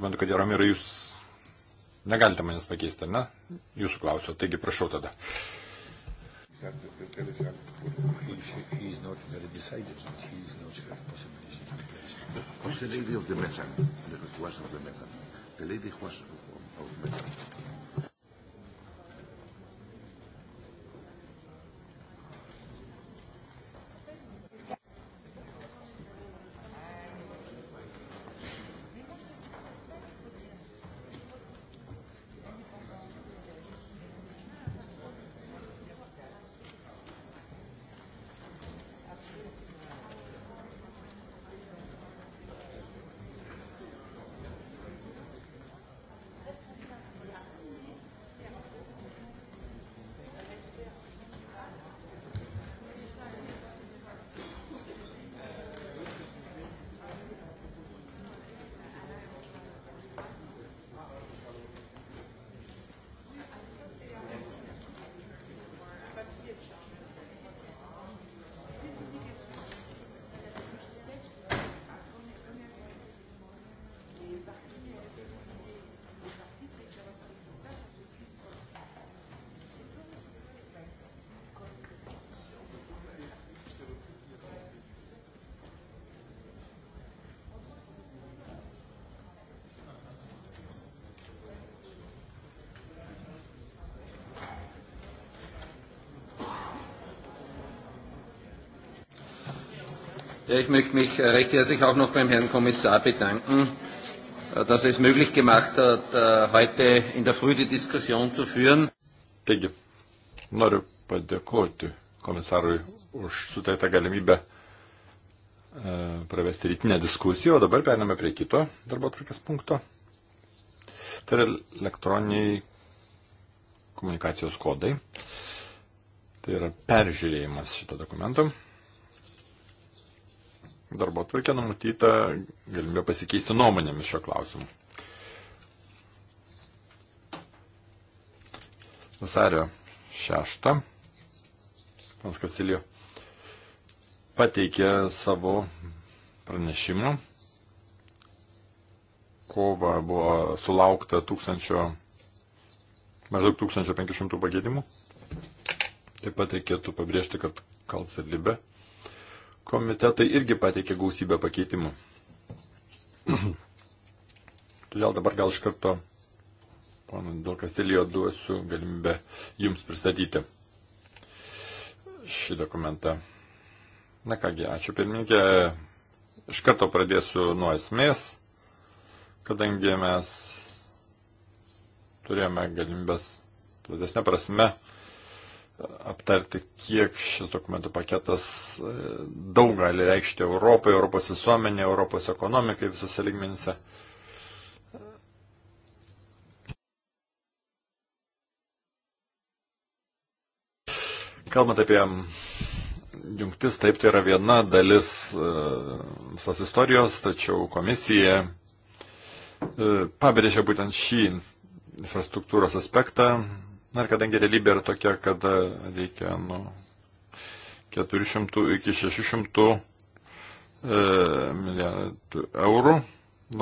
suprantu, kad Jaromira, jūs negalite manęs pakeisti, ne? Jūsų klausiu, taigi prašau tada. Who's the lady of the methane? The, was of the methane. The lady was of methane. Ja, ich möchte mich recht herzlich auch noch beim Herrn Kommissar bedanken, äh, dass er es möglich gemacht hat, äh, heute in der Früh die Diskussion zu führen. Taigi, noriu padėkoti komisarui už suteiktą galimybę e, pravesti rytinę diskusiją, o dabar perėmėme prie kito darbo atvarkės punkto. Tai yra elektroniniai komunikacijos kodai. Tai yra peržiūrėjimas šito dokumento darbo tvarkė numatyta galimybė pasikeisti nuomonėmis šio klausimu. Vasario 6. Pans Kasilijo pateikė savo pranešimą. Kova buvo sulaukta tūkstančio, maždaug 1500 pakeitimų. Taip pat reikėtų pabrėžti, kad Kalts ir Libe komitetai irgi pateikė gausybę pakeitimų. Todėl dabar gal iš karto, panu Dėl Kastilijo, duosiu galimybę jums pristatyti šį dokumentą. Na kągi, ačiū pirmininkė. Iš karto pradėsiu nuo esmės, kadangi mes turėjome galimybės platesnė prasme aptarti, kiek šis dokumentų paketas e, daug gali reikšti Europai, Europos visuomenė, Europos ekonomikai visose lygmenyse. Kalbant apie jungtis, taip tai yra viena dalis e, visos istorijos, tačiau komisija e, pabrėžia būtent šį infrastruktūros aspektą, Na ir kadangi realybė yra tokia, kad e, reikia nuo 400 iki 600 e, milijardų eurų,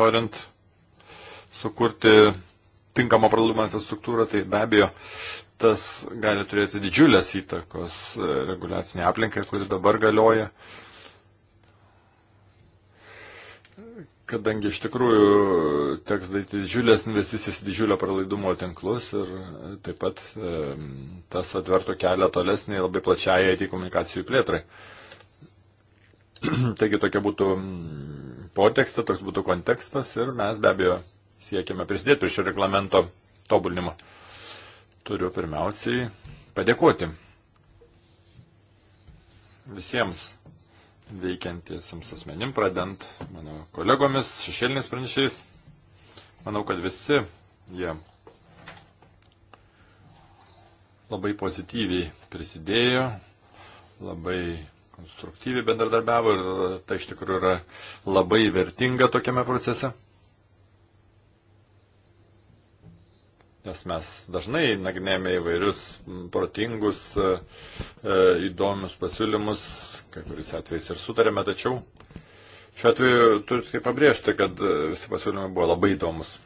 norint sukurti tinkamą pralaidumą infrastruktūrą, tai be abejo tas gali turėti didžiulės įtakos e, reguliaciniai aplinkai, kuri dabar galioja. E, kadangi iš tikrųjų teks daryti didžiulės investicijas, didžiulio pralaidumo tinklus ir taip pat e, tas atvertų kelią tolesnį labai plačiai IT komunikacijų plėtrai. Taigi tokia būtų potekstė, toks būtų kontekstas ir mes be abejo siekiame prisidėti prie šio reglamento tobulinimo. Turiu pirmiausiai padėkoti visiems veikiantiesiems asmenim, pradant mano kolegomis, šešėliniais pranešiais. Manau, kad visi jie labai pozityviai prisidėjo, labai konstruktyviai bendradarbiavo ir tai iš tikrųjų yra labai vertinga tokiame procese. nes mes dažnai nagrinėjame įvairius protingus, e, e, įdomius pasiūlymus, kai kuris atvejais ir sutarėme, tačiau šiuo atveju turiu tai pabrėžti, kad e, visi pasiūlymai buvo labai įdomus.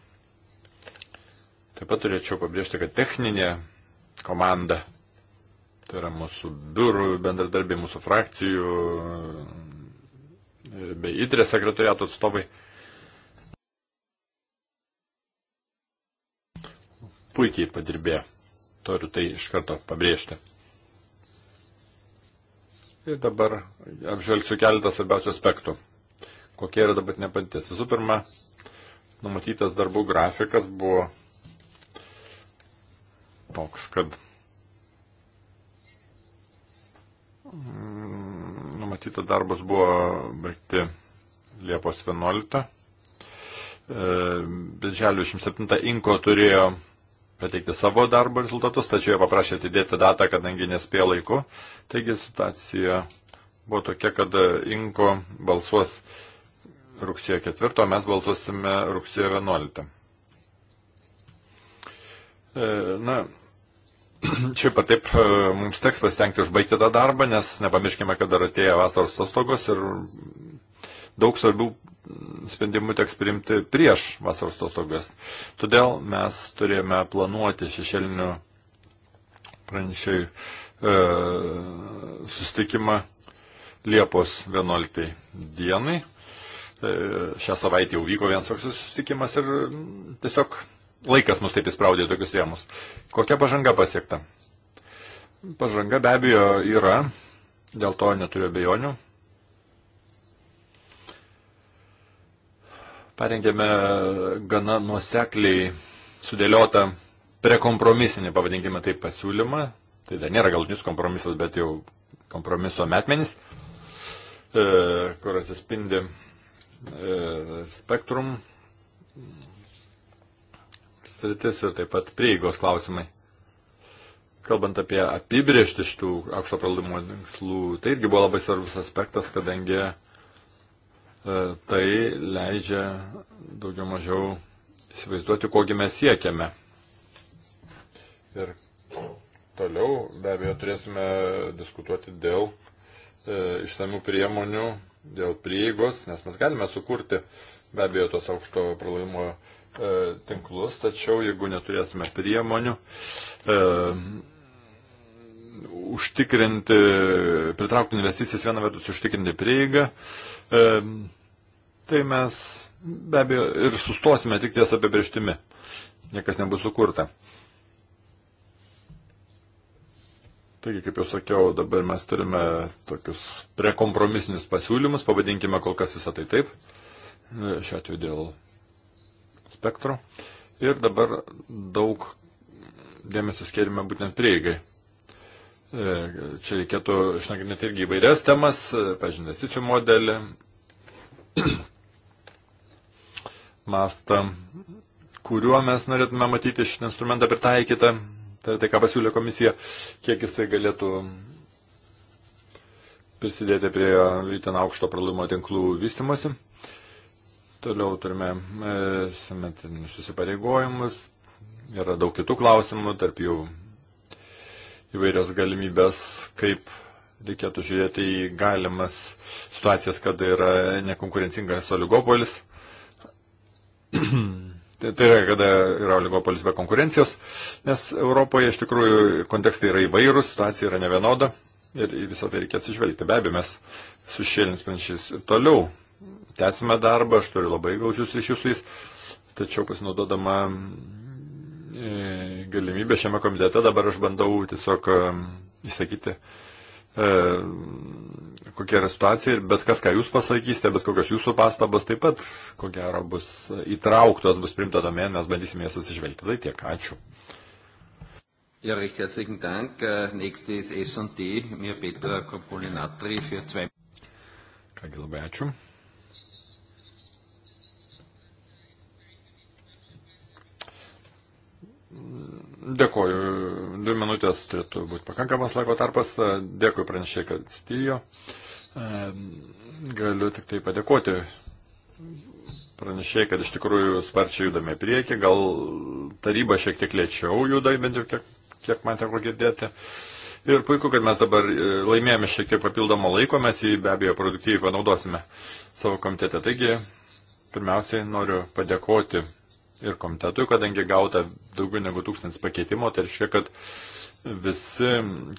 Taip pat turėčiau pabrėžti, kad techninė komanda, tai yra mūsų biurų bendradarbiai, mūsų frakcijų bei įtrės sekretoriato atstovai, puikiai padirbėjo. Turiu tai iš karto pabrėžti. Ir dabar apžvelgsiu keletą svarbiausių aspektų. Kokia yra dabar nepadėtis? Visų pirma, numatytas darbų grafikas buvo toks, kad mm, numatyta darbas buvo baigti Liepos 11. E, Birželio 27 Inko turėjo pateikti savo darbo rezultatus, tačiau jie paprašė atidėti datą, kadangi nespėjo laiku. Taigi situacija buvo tokia, kad Inko balsuos rugsėjo 4, o mes balsuosime rugsėjo 11. E, na, šiaip pat taip e, mums teks pasitengti užbaigti tą darbą, nes nepamirškime, kad dar atėjo vasaros atostogos ir daug svarbių sprendimų teks priimti prieš vasaros atostogas. Todėl mes turėjome planuoti šešėlinių pranešėjų e, susitikimą Liepos 11 dienai. E, šią savaitę jau vyko vienas toks susitikimas ir tiesiog laikas mus taip įspraudė tokius rėmus. Kokia pažanga pasiekta? Pažanga be abejo yra, dėl to neturiu bejonių. parengėme gana nuosekliai sudėliotą prekompromisinį, pavadinkime tai, pasiūlymą. Tai dar nėra galutinis kompromisas, bet jau kompromiso metmenis, e, kur atsispindi e, spektrum sritis ir taip pat prieigos klausimai. Kalbant apie apibriežtį šitų aukšto pralaidumo tikslų, tai irgi buvo labai svarbus aspektas, kadangi E, tai leidžia daugiau mažiau įsivaizduoti, kogi mes siekiame. Ir toliau be abejo turėsime diskutuoti dėl e, išsamių priemonių, dėl prieigos, nes mes galime sukurti be abejo tos aukšto pralaimimo e, tinklus, tačiau jeigu neturėsime priemonių, e, užtikrinti, pritraukti investicijas vieną vertus užtikrinti prieigą, e, e, tai mes be abejo ir sustosime tik ties apibrieštimi. Niekas nebus sukurta. Taigi, kaip jau sakiau, dabar mes turime tokius prekompromisinius pasiūlymus, pavadinkime kol kas visą tai taip, e, šiuo atveju dėl spektro. Ir dabar daug dėmesio skirime būtent prieigai. E, čia reikėtų išnagrinėti irgi įvairias temas, e, pažiūrėjau, investicijų modelį, mastą, kuriuo mes norėtume matyti šitą instrumentą pritaikytą, tai, tai ką pasiūlė komisija, kiek jisai galėtų prisidėti prie itin aukšto pralaimo tinklų vystimosi. Toliau turime e, semetrinius susipareigojimus, yra daug kitų klausimų, tarp jų įvairios galimybės, kaip reikėtų žiūrėti į galimas situacijas, kada yra nekonkurencingas oligopolis. Tai, tai yra, kada yra oligopolis be konkurencijos, nes Europoje iš tikrųjų kontekstai yra įvairūs, situacija yra nevienoda ir į visą tai reikia atsižvelgti. Be abejo, mes su šėlins panašiais toliau tęsime darbą, aš turiu labai gaužius ryšius su jais, tačiau pasinaudodama e, galimybę šiame komitete dabar aš bandau tiesiog įsakyti e, e kokia yra situacija ir bet kas, ką jūs pasakysite, bet kokios jūsų pastabos taip pat, ko gero, bus įtrauktos, bus primta domen, mes bandysime jas atsižvelgti. Tai tiek, ačiū. Ja, recht herzlichen Dank. Äh, nächste ist S&D, mir Petra Kopolinatri für zwei. Kągi labai ačiū. Dėkoju. Dvi minutės turėtų būti pakankamas laiko tarpas. Dėkui pranešė, kad stijo. Galiu tik tai padėkoti pranešėjai, kad iš tikrųjų sparčiai judame prieki, gal taryba šiek tiek lėčiau juda, bent jau kiek, kiek man teko girdėti. Ir puiku, kad mes dabar e, laimėjome šiek tiek papildomą laiko, mes jį be abejo produktyviai panaudosime savo komitete. Taigi, pirmiausiai noriu padėkoti ir komitetui, kadangi gauta daugiau negu tūkstantis pakeitimo, tai reiškia, kad uh, visi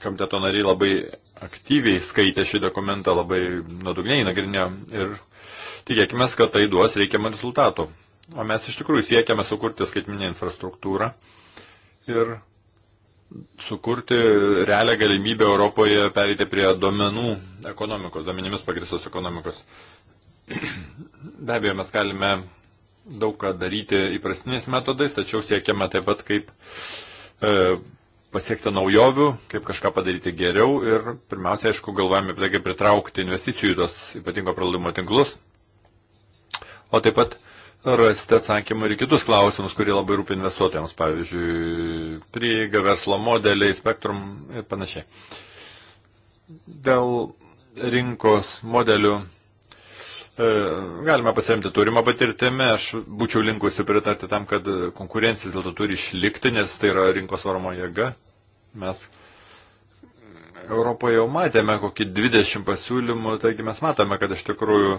komiteto nariai labai aktyviai skaitė šį dokumentą, labai nuodugniai nagrinėjo ir tikėkime, kad tai duos reikiamą rezultatų. O mes iš tikrųjų siekiame sukurti skaitminę infrastruktūrą ir sukurti realią galimybę Europoje pereiti prie domenų ekonomikos, domenimis pagristos ekonomikos. Be abejo, mes galime daug ką daryti įprastiniais metodais, tačiau siekiame taip pat kaip e, pasiekti naujovių, kaip kažką padaryti geriau ir pirmiausia, aišku, galvojame apie tai, kaip pritraukti investicijų į tos ypatingo pralaidimo tinklus. O taip pat rasite atsakymą ir kitus klausimus, kurie labai rūpi investuotojams, pavyzdžiui, prieiga, verslo modeliai, spektrum ir panašiai. Dėl rinkos modelių E, galima pasiemti turimą patirtimį, aš būčiau linkusi pritarti tam, kad konkurencija dėl to turi išlikti, nes tai yra rinkos varomo jėga. Mes Europoje jau matėme kokį 20 pasiūlymų, taigi mes matome, kad iš tikrųjų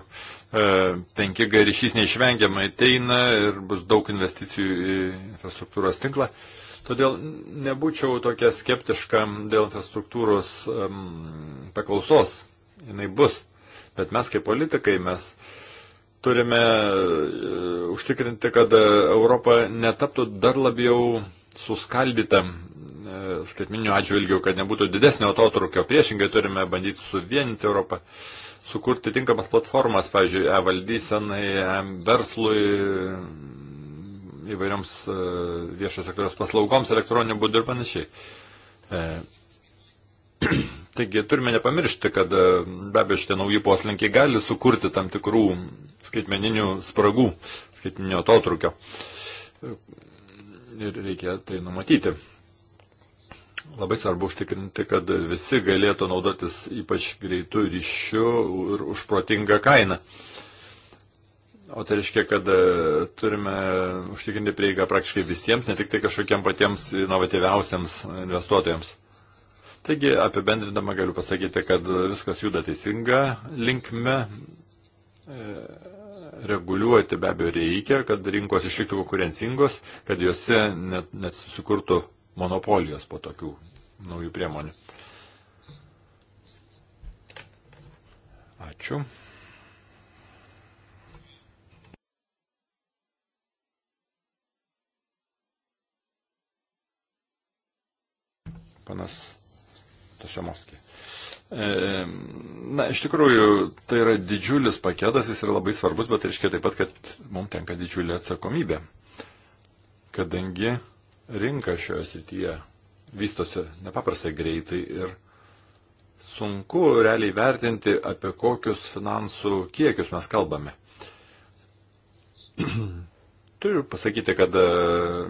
5G e, ryšys neišvengiamai ateina ir bus daug investicijų į infrastruktūros tinklą. Todėl nebūčiau tokia skeptiška dėl infrastruktūros paklausos. Jis bus Bet mes kaip politikai mes turime e, užtikrinti, kad Europa netaptų dar labiau suskaldytą e, skaitminių atžvilgių, kad nebūtų didesnio atotrukio. Priešingai turime bandyti suvienyti Europą, sukurti tinkamas platformas, pavyzdžiui, e-valdysenai, verslui, įvairioms e, viešo sektoriaus paslaugoms elektroniniu būdu ir panašiai. Taigi turime nepamiršti, kad e, be abejo šitie nauji poslinkiai gali sukurti tam tikrų skaitmeninių spragų, skaitmeninio atotrukio. E, ir reikia tai numatyti. Labai svarbu užtikrinti, kad visi galėtų naudotis ypač greitų ryšių ir užprotingą kainą. O tai reiškia, kad e, turime užtikrinti prieigą praktiškai visiems, ne tik tai kažkokiems patiems inovatyviausiams investuotojams. Taigi, apibendrindama galiu pasakyti, kad viskas juda teisinga linkme. E, Reguliuoti be abejo reikia, kad rinkos išliktų konkurencingos, kad juose net, net susikurtų monopolijos po tokių naujų priemonių. Ačiū. Panas Tošemovskį. E, na, iš tikrųjų, tai yra didžiulis paketas, jis yra labai svarbus, bet reiškia taip pat, kad mums tenka didžiulė atsakomybė, kadangi rinka šioje srityje vystosi nepaprastai greitai ir sunku realiai vertinti, apie kokius finansų kiekius mes kalbame. Turiu pasakyti, kad e,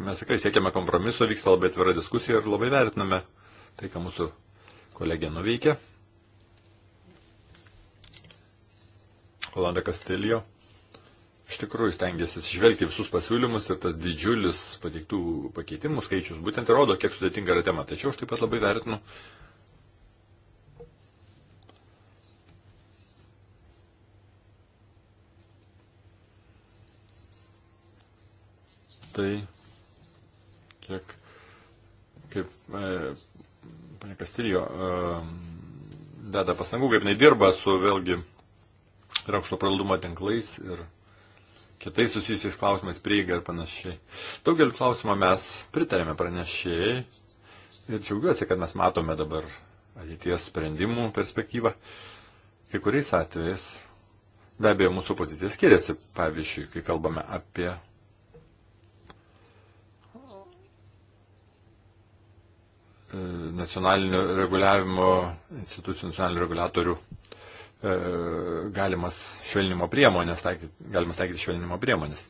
mes tikrai siekiame kompromiso, vyksta labai atvira diskusija ir labai vertiname tai, ką mūsų kolegė nuveikė. Olanda Kastelio iš tikrųjų stengiasi išvelgti visus pasiūlymus ir tas didžiulis pateiktų pakeitimų skaičius būtent rodo, kiek sudėtinga yra tema. Tačiau aš taip pat labai vertinu. Tai kiek kaip e, Pane Kastilijo ehm, deda pasangų, kaip jinai dirba su vėlgi raukšto pralaidumo tinklais ir kitais susijusiais klausimais prieiga ir panašiai. Daugeliu klausimų mes pritarėme pranešėjai ir džiaugiuosi, kad mes matome dabar ateities sprendimų perspektyvą. Kai kuriais atvejais be abejo mūsų pozicija skiriasi, pavyzdžiui, kai kalbame apie E, nacionalinio reguliavimo institucijų, nacionalinių reguliatorių e, galimas švelnimo priemonės, taikyt, galimas taikyti švelnimo priemonės.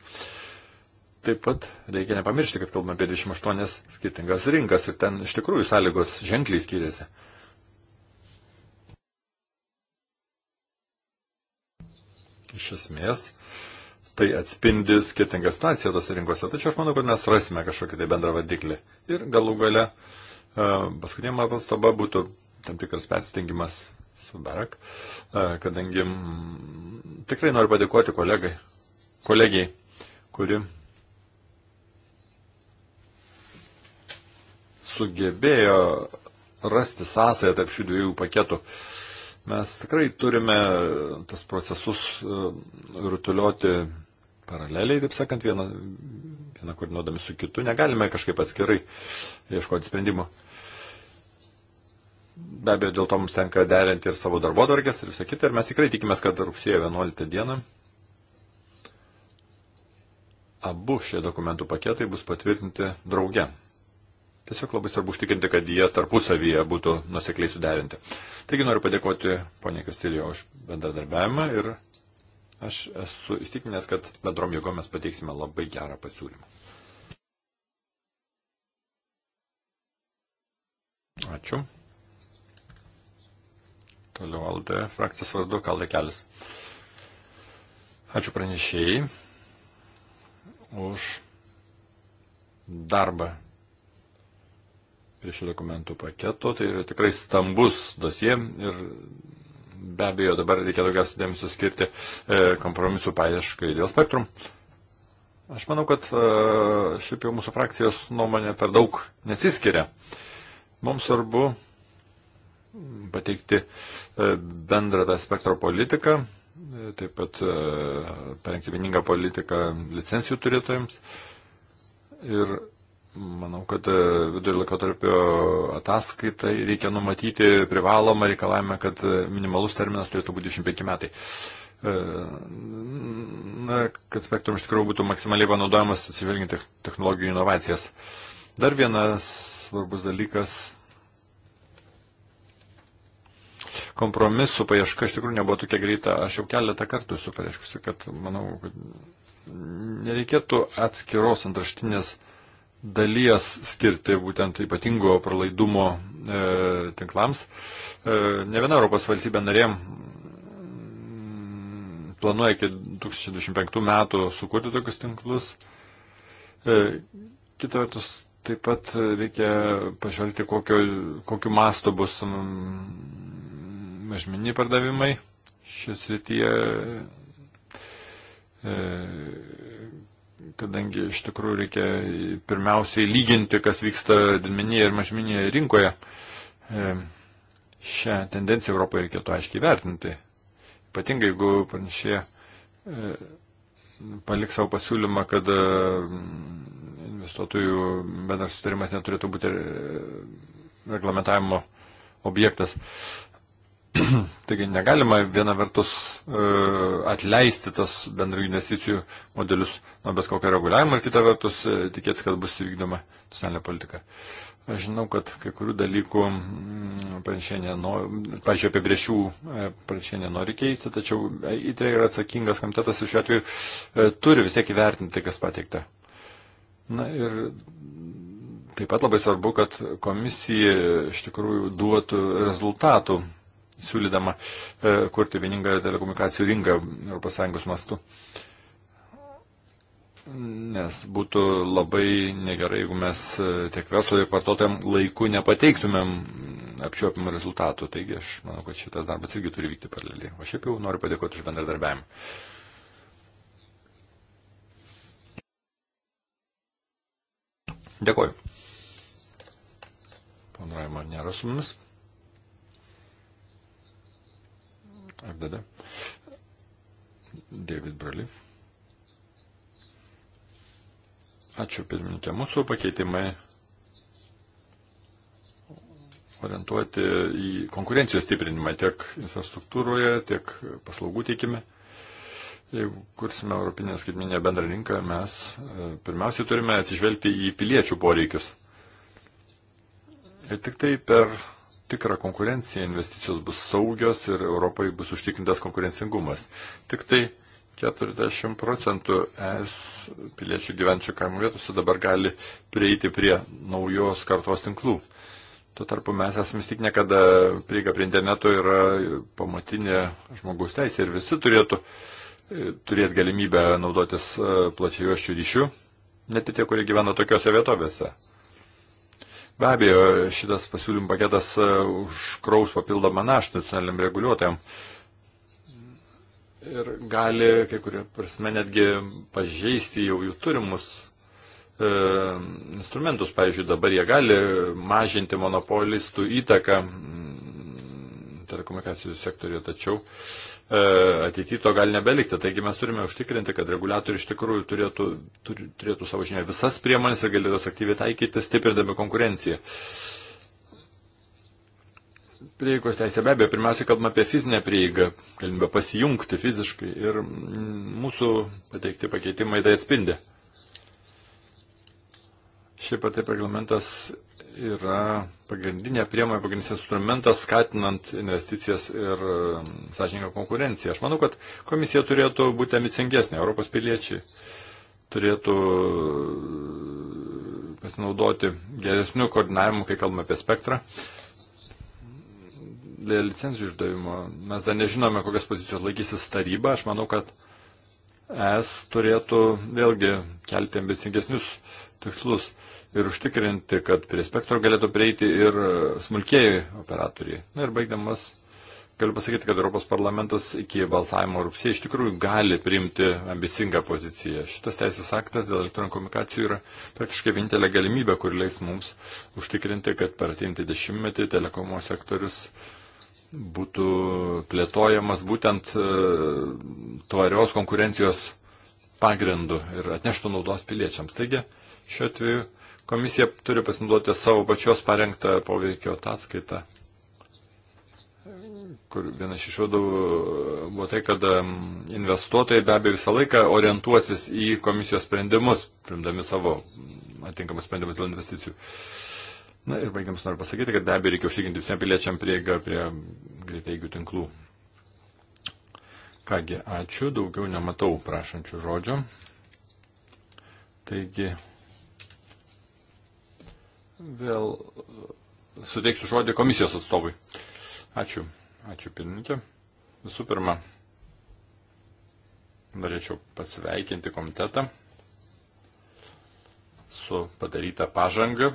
Taip pat reikia nepamiršti, kad kalbame apie 28 skirtingas rinkas ir ten iš tikrųjų sąlygos ženkliai skiriasi. Iš esmės, tai atspindi skirtingą situaciją tose rinkose, tačiau aš manau, kad mes rasime kažkokį tai bendrą vardiklį. Ir galų gale uh, Paskutinė mano pastaba būtų tam tikras persistengimas su Berak, kadangi tikrai noriu padėkoti kolegai, kolegijai, kuri sugebėjo rasti sąsąją tarp šių dviejų paketų. Mes tikrai turime tas procesus rutulioti paraleliai, taip sakant, vieną, vieną koordinuodami su kitu. Negalime kažkaip atskirai ieškoti sprendimo. Be abejo, dėl to mums tenka derinti ir savo darbo dargės ir visą kitą. Ir mes tikrai tikimės, kad rugsėjo 11 dieną abu šie dokumentų paketai bus patvirtinti drauge. Tiesiog labai svarbu užtikrinti, kad jie tarpusavyje būtų nusekliai suderinti. Taigi noriu padėkoti ponė Kastilijo už bendradarbiavimą ir aš esu įstikinęs, kad bendrom jėgom mes pateiksime labai gerą pasiūlymą. Ačiū. Toliau Alde frakcijos vardu Kaldekelis. Ačiū pranešėjai už darbą prie šio dokumentų paketo. Tai yra tikrai stambus dosie ir be abejo dabar reikia daugiausiai dėmesio skirti e, kompromisų paieškai dėl spektrum. Aš manau, kad e, šiaip jau mūsų frakcijos nuomonė per daug nesiskiria. Mums svarbu pateikti e, bendrą tą spektro politiką, e, taip pat e, parengti vieningą politiką licencijų turėtojams. Ir manau, kad vidurio laikotarpio ataskaitai reikia numatyti privalomą reikalavimą, kad minimalus terminas turėtų būti 25 metai. Na, kad spektrum iš tikrųjų būtų maksimaliai panaudojamas atsivilginti technologijų inovacijas. Dar vienas svarbus dalykas kompromisų paieška iš tikrųjų nebuvo tokia greita. Aš jau keletą kartų esu pareiškusi, kad manau, kad nereikėtų atskiros antraštinės dalies skirti būtent ypatingo pralaidumo e, tinklams. E, ne viena Europos valstybė narėm mm, planuoja iki 2025 metų sukurti tokius tinklus. E, kita vertus, taip pat reikia pažvelgti, kokio, kokiu mastu bus mm, mažmeniai pardavimai. Šis rytyje, e, kadangi iš tikrųjų reikia pirmiausiai lyginti, kas vyksta didmeninėje ir mažmeninėje rinkoje, e, šią tendenciją Europoje reikėtų aiškiai vertinti. Ypatingai, jeigu pranešė e, palik savo pasiūlymą, kad investuotojų bendras sutarimas neturėtų būti reglamentavimo objektas. Taigi negalima viena vertus e, atleisti tos bendrų investicijų modelius nuo bet kokio reguliavimo ir kita vertus e, tikėtis, kad bus įvykdoma socialinė politika. Aš žinau, kad kai kurių dalykų, pažiūrėjau, apibriešių pranešė nenori keisti, tačiau e, įtrė yra atsakingas komitetas ir šiuo atveju turi vis tiek įvertinti, kas pateikta. Na ir taip pat labai svarbu, kad komisija iš tikrųjų duotų rezultatų siūlydama e, kurti vieningą telekomunikacijų rinką ES mastu. Nes būtų labai negerai, jeigu mes e, tiek verslo, tiek vartotojams laiku nepateiktumėm apčiuopimų rezultatų. Taigi aš manau, kad šitas darbas irgi turi vykti paraleliai. O šiaip jau noriu padėkoti už bendradarbiavimą. Dėkuoju. Pono Raimo nėra su mumis. FDD, David Braliv. Ačiū, pirmininkė. Mūsų pakeitimai orientuoti į konkurencijos stiprinimą tiek infrastruktūroje, tiek paslaugų teikime. Jeigu kursime Europinę skaitminę bendrą rinką, mes e, pirmiausiai turime atsižvelgti į piliečių poreikius. Ir tik tai per tikrą konkurenciją, investicijos bus saugios ir Europai bus užtikrintas konkurencingumas. Tik tai 40 procentų es piliečių gyvenčių kaimo vietose dabar gali prieiti prie naujos kartos tinklų. Tuo tarpu mes esame įstikinę, kad prieiga prie interneto yra pamatinė žmogaus teisė ir visi turėtų e, turėti galimybę naudotis e, plačiojuošių ryšių, net ir tie, kurie gyvena tokiose vietovėse. Be abejo, šitas pasiūlymų paketas e, užkraus papildomą naštą nacionaliniam reguliuotojam. Ir gali, kai kurie prasme, netgi pažeisti jau jų turimus e, instrumentus. Pavyzdžiui, dabar jie gali mažinti monopolistų įtaką mm, telekomunikacijų sektoriuje, tačiau e, E, ateityje to gali nebelikti. Taigi mes turime užtikrinti, kad reguliatoriai iš tikrųjų turėtų, turi, turėtų savo žinia visas priemonės ir galėtų aktyviai taikyti, stiprindami konkurenciją. Prieigos teisė be abejo, pirmiausia, kalbame apie fizinę prieigą, galimybę pasijungti fiziškai ir mm, mūsų pateikti pakeitimai tai atspindi. Šiaip ar taip reglamentas yra pagrindinė priemonė, pagrindinis instrumentas skatinant investicijas ir um, sąžininką konkurenciją. Aš manau, kad komisija turėtų būti ambicingesnė, Europos piliečiai turėtų uh, pasinaudoti geresnių koordinavimų, kai kalbame apie spektrą. Dėl licencijų išdavimo mes dar nežinome, kokias pozicijos laikysis taryba. Aš manau, kad es turėtų vėlgi kelti ambicingesnius tikslus ir užtikrinti, kad prie spektro galėtų prieiti ir smulkėjai operatoriai. Na ir baigdamas, galiu pasakyti, kad Europos parlamentas iki balsavimo rugsėje iš tikrųjų gali priimti ambicingą poziciją. Šitas teisės aktas dėl elektroninių komunikacijų yra praktiškai vienintelė galimybė, kuri leis mums užtikrinti, kad per ateinti dešimtmetį telekomo sektorius būtų plėtojamas būtent e, tvarios konkurencijos pagrindu ir atneštų naudos piliečiams. Taigi, šiuo atveju Komisija turi pasinaudoti savo pačios parengtą poveikio ataskaitą, kur viena iš išvadų buvo tai, kad investuotojai be abejo visą laiką orientuosis į komisijos sprendimus, primdami savo atinkamus sprendimus dėl investicijų. Na ir baigiams noriu pasakyti, kad be abejo reikia užtikrinti visiems piliečiam prieigą prie greitaigių tinklų. Kągi, ačiū, daugiau nematau prašančių žodžio. Taigi. Vėl e, suteiksiu žodį komisijos atstovui. Ačiū. Ačiū pirmininkė. Visų pirma, norėčiau pasveikinti komitetą su padaryta pažanga,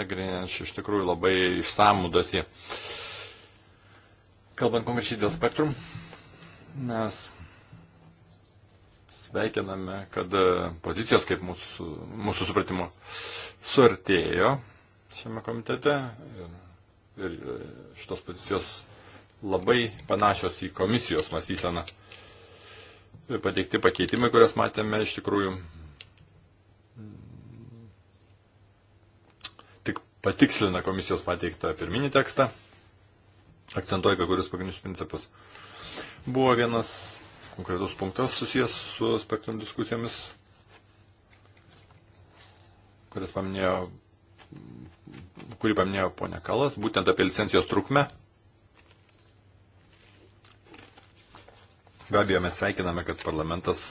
nagrinėjant iš tikrųjų labai išsamų dosį. Kalbant konkrečiai dėl spektrum, mes sveikiname, kad e, pozicijos, kaip mūsų, mūsų supratimu, suartėjo šiame komitete ir, ir e, šitos pozicijos labai panašios į komisijos mąstyseną. Pateikti pakeitimai, kurias matėme, iš tikrųjų mm, tik patikslina komisijos pateiktą pirminį tekstą, akcentuoja kai kurius pagrindinius principus. Buvo vienas konkretus punktas susijęs su spektrum diskusijomis, kuris paminėjo, kurį paminėjo ponia Kalas, būtent apie licencijos trukmę. Be abejo, mes sveikiname, kad parlamentas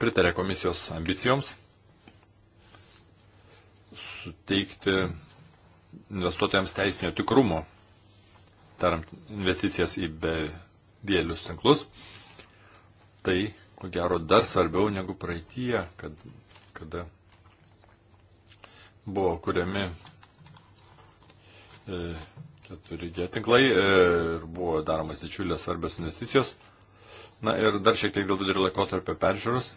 pritarė komisijos ambicijoms suteikti investuotojams teisinio tikrumo, tarant investicijas į be dėlius tinklus, tai, ko gero, dar svarbiau negu praeitie, kad, kada buvo kuriami e, 4G tinklai e, ir buvo daromas didžiulės svarbios investicijos. Na ir dar šiek tiek dėl vidurio laikotarpio peržiūros.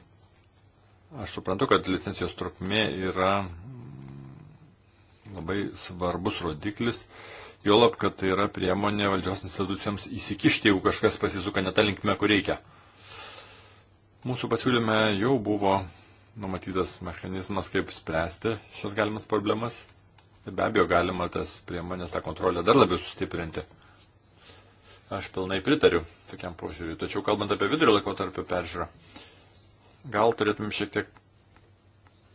Aš suprantu, kad licencijos trukmė yra mm, labai svarbus rodiklis. E, Jolab, kad tai yra priemonė valdžios institucijoms įsikišti, jeigu kažkas pasisuka ne tą linkmę, kur reikia. Mūsų pasiūlyme jau buvo numatytas mechanizmas, kaip spręsti šias galimas problemas. Ir be abejo, galima tas priemonės, tą kontrolę dar labiau sustiprinti. Aš pilnai pritariu tokiam požiūriui. Tačiau kalbant apie vidurio laikotarpio peržiūrą, gal turėtumėm šiek tiek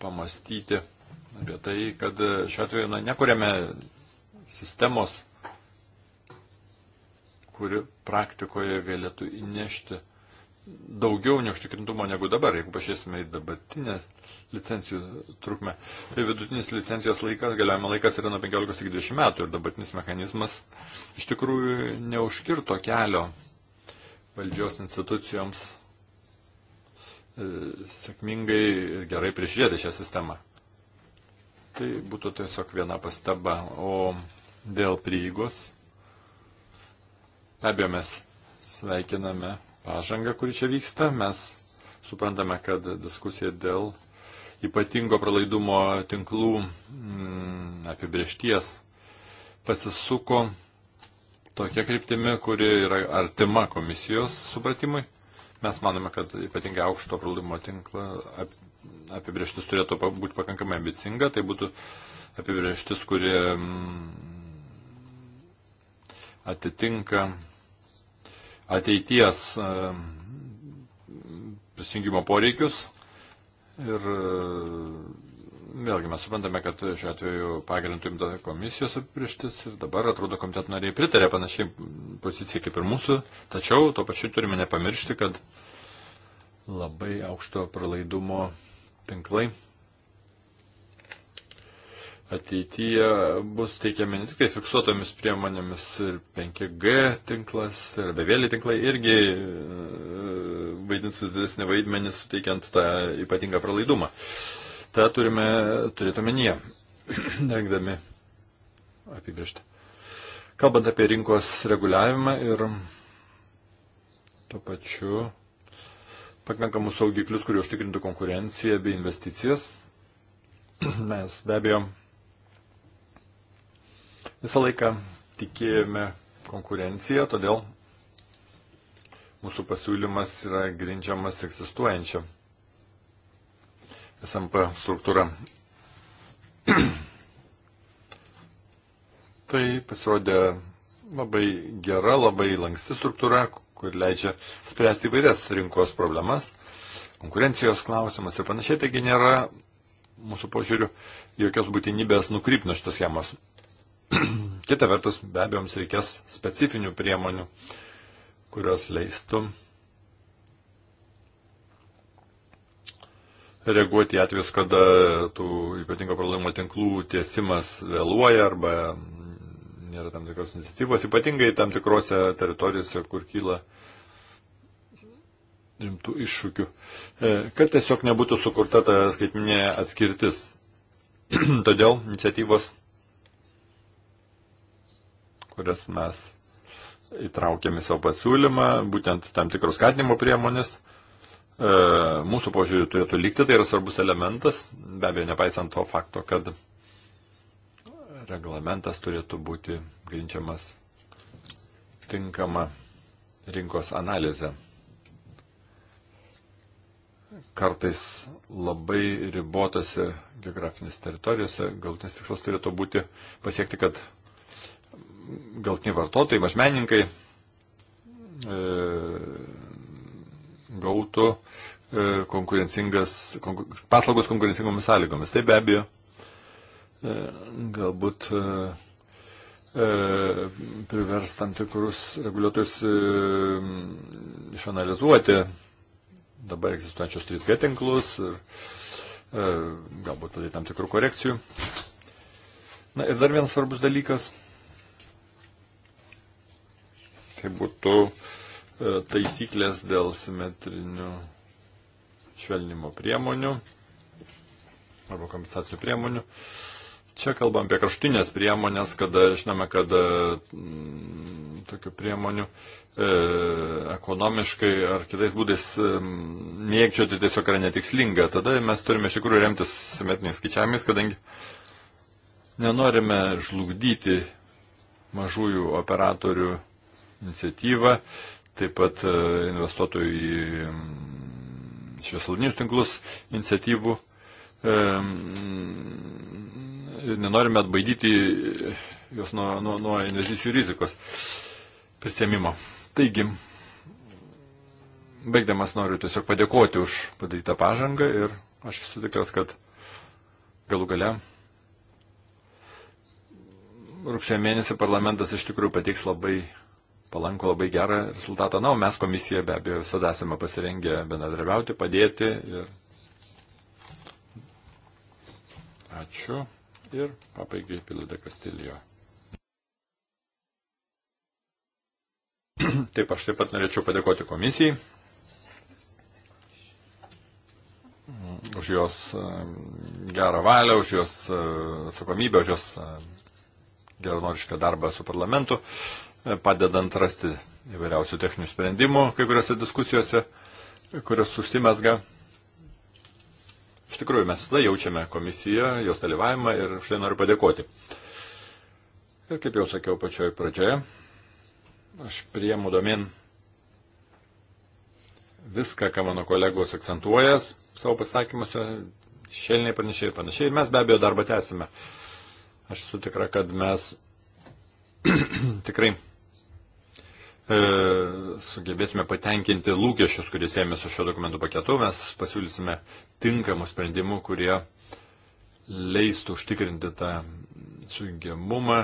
pamastyti apie tai, kad šiuo atveju na, nekuriame sistemos, kuri praktikoje galėtų įnešti daugiau neužtikrintumo negu dabar, jeigu pažiūrėsime į dabartinę licencijų trukmę. Tai vidutinis licencijos laikas, galiojimo laikas yra nuo 15 iki 20 metų ir dabartinis mechanizmas iš tikrųjų neužkirto kelio valdžios institucijoms e, sėkmingai ir gerai prižiūrėti šią sistemą. Tai būtų tiesiog viena pastaba. O dėl prieigos. Be abejo, mes sveikiname pažangą, kuri čia vyksta. Mes suprantame, kad diskusija dėl ypatingo pralaidumo tinklų m, mm, apibriešties pasisuko tokia kryptimi, kuri yra artima komisijos supratimui. Mes manome, kad ypatingai aukšto pralaidumo tinklą ap, apibrieštis turėtų būti pakankamai ambicinga. Tai būtų apibrieštis, kuri m, mm, atitinka ateities e, prisijungimo poreikius. Ir e, vėlgi mes suprantame, kad šiuo atveju pagrindų imta komisijos apibrištis ir dabar atrodo komitetų nariai pritarė panašiai pozicijai kaip ir mūsų, tačiau tuo pačiu turime nepamiršti, kad labai aukšto pralaidumo tinklai ateityje bus teikiami ne tik tai fiksuotomis priemonėmis ir 5G tinklas ir bevėliai tinklai irgi e, vaidins vis didesnį vaidmenį suteikiant tą ypatingą pralaidumą. Ta turime turėti omenyje, rengdami apibriežtą. Kalbant apie rinkos reguliavimą ir tuo pačiu pakankamus saugiklius, kurie užtikrintų konkurenciją bei investicijas, mes be abejo Visą laiką tikėjome konkurenciją, todėl mūsų pasiūlymas yra grindžiamas egzistuojančia SMP struktūra. tai pasirodė labai gera, labai lanksti struktūra, kur leidžia spręsti įvairias rinkos problemas, konkurencijos klausimas ir panašiai. Taigi nėra mūsų požiūrių jokios būtinybės nukrypti nuo šitos schemos. Kita vertus, be abejo, mums reikės specifinių priemonių, kurios leistų reaguoti į atvejus, kada tų ypatingo pralaimimo tinklų tiesimas vėluoja arba nėra tam tikros iniciatyvos, ypatingai tam tikrose teritorijose, kur kyla rimtų iššūkių, e, kad tiesiog nebūtų sukurta ta skaitminė atskirtis. Todėl iniciatyvos kurias mes įtraukėme savo pasiūlymą, būtent tam tikros skatinimo priemonės. E, mūsų požiūrį turėtų likti, tai yra svarbus elementas, be abejo, nepaisant to fakto, kad reglamentas turėtų būti grindžiamas tinkama rinkos analizė. Kartais labai ribotose geografinės teritorijose galutinis tikslas turėtų būti pasiekti, kad galtiniai vartotojai, mažmeninkai e, gautų e, konkurencingas, konkur, paslaugos konkurencingomis sąlygomis. Tai be abejo, e, galbūt e, e privers tam tikrus reguliuotojus e, išanalizuoti dabar egzistuojančius 3G tinklus ir e, galbūt padaryti tam tikrų korekcijų. Na ir dar vienas svarbus dalykas Tai būtų e, taisyklės dėl simetrinių švelnimo priemonių arba kompensacinių priemonių. Čia kalbam apie kraštinės priemonės, kada žinome, kad e, m, tokių priemonių e, ekonomiškai ar kitais būdais e, mėgčioti tiesiog yra netikslinga. Tada mes turime iš tikrųjų remtis simetriniais skaičiavimais, kadangi nenorime žlugdyti mažųjų operatorių iniciatyvą, taip pat e, investuotojų į mm, šviesalinius tinklus iniciatyvų. E, mm, nenorime atbaidyti jos nuo, nuo, nuo investicijų rizikos prisėmimo. Taigi, baigdamas noriu tiesiog padėkoti už padarytą pažangą ir aš esu tikras, kad galų gale rugsėjo mėnesį parlamentas iš tikrųjų pateiks labai palanko labai gerą rezultatą. Na, o mes komisija be abejo visada esame pasirengę bendradarbiauti, padėti. Ir... Ačiū. Ir pabaigai Pilidė Kastilijo. Taip, aš taip pat norėčiau padėkoti komisijai už jos e, gerą valią, už jos e, atsakomybę, už jos e, geronorišką darbą su parlamentu. Uh, padedant rasti įvairiausių techninių sprendimų kai kuriuose diskusijose, kurios užsimesga. Iš tikrųjų, mes visada jaučiame komisiją, jos dalyvavimą ir už tai noriu padėkoti. Ir kaip jau sakiau pačioj pradžioje, aš priemu domin viską, ką mano kolegos akcentuoja savo pasakymuose, šelniai panašiai ir panašiai. Mes be abejo darbą tęsime. Aš esu tikra, kad mes tikrai E, sugebėsime patenkinti lūkesčius, kurie sėmė su šio dokumentų paketu, mes pasiūlysime tinkamų sprendimų, kurie leistų užtikrinti tą sujungiamumą,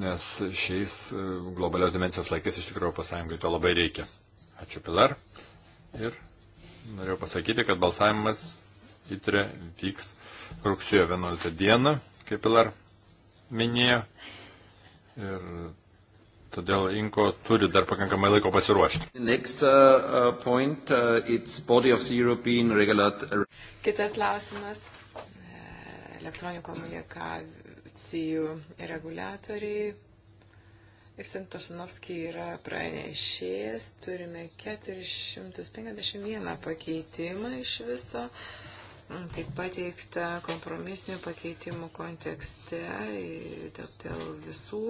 nes šiais e, globalios dimensijos laikais iš tikrųjų pasąjungai to labai reikia. Ačiū Pilar. Ir norėjau pasakyti, kad balsavimas įtre vyks rugsėjo 11 dieną, kaip Pilar minėjo. Ir todėl Inko turi dar pakankamai laiko pasiruošti. Next, uh, uh point, uh, Kitas klausimas. Elektroninių komunikacijų reguliatoriai. Ir Santošinovskiai yra pranešėjas. Turime 451 pakeitimą iš viso. Uh, taip pateikta kompromisinių pakeitimų kontekste dėl, dėl visų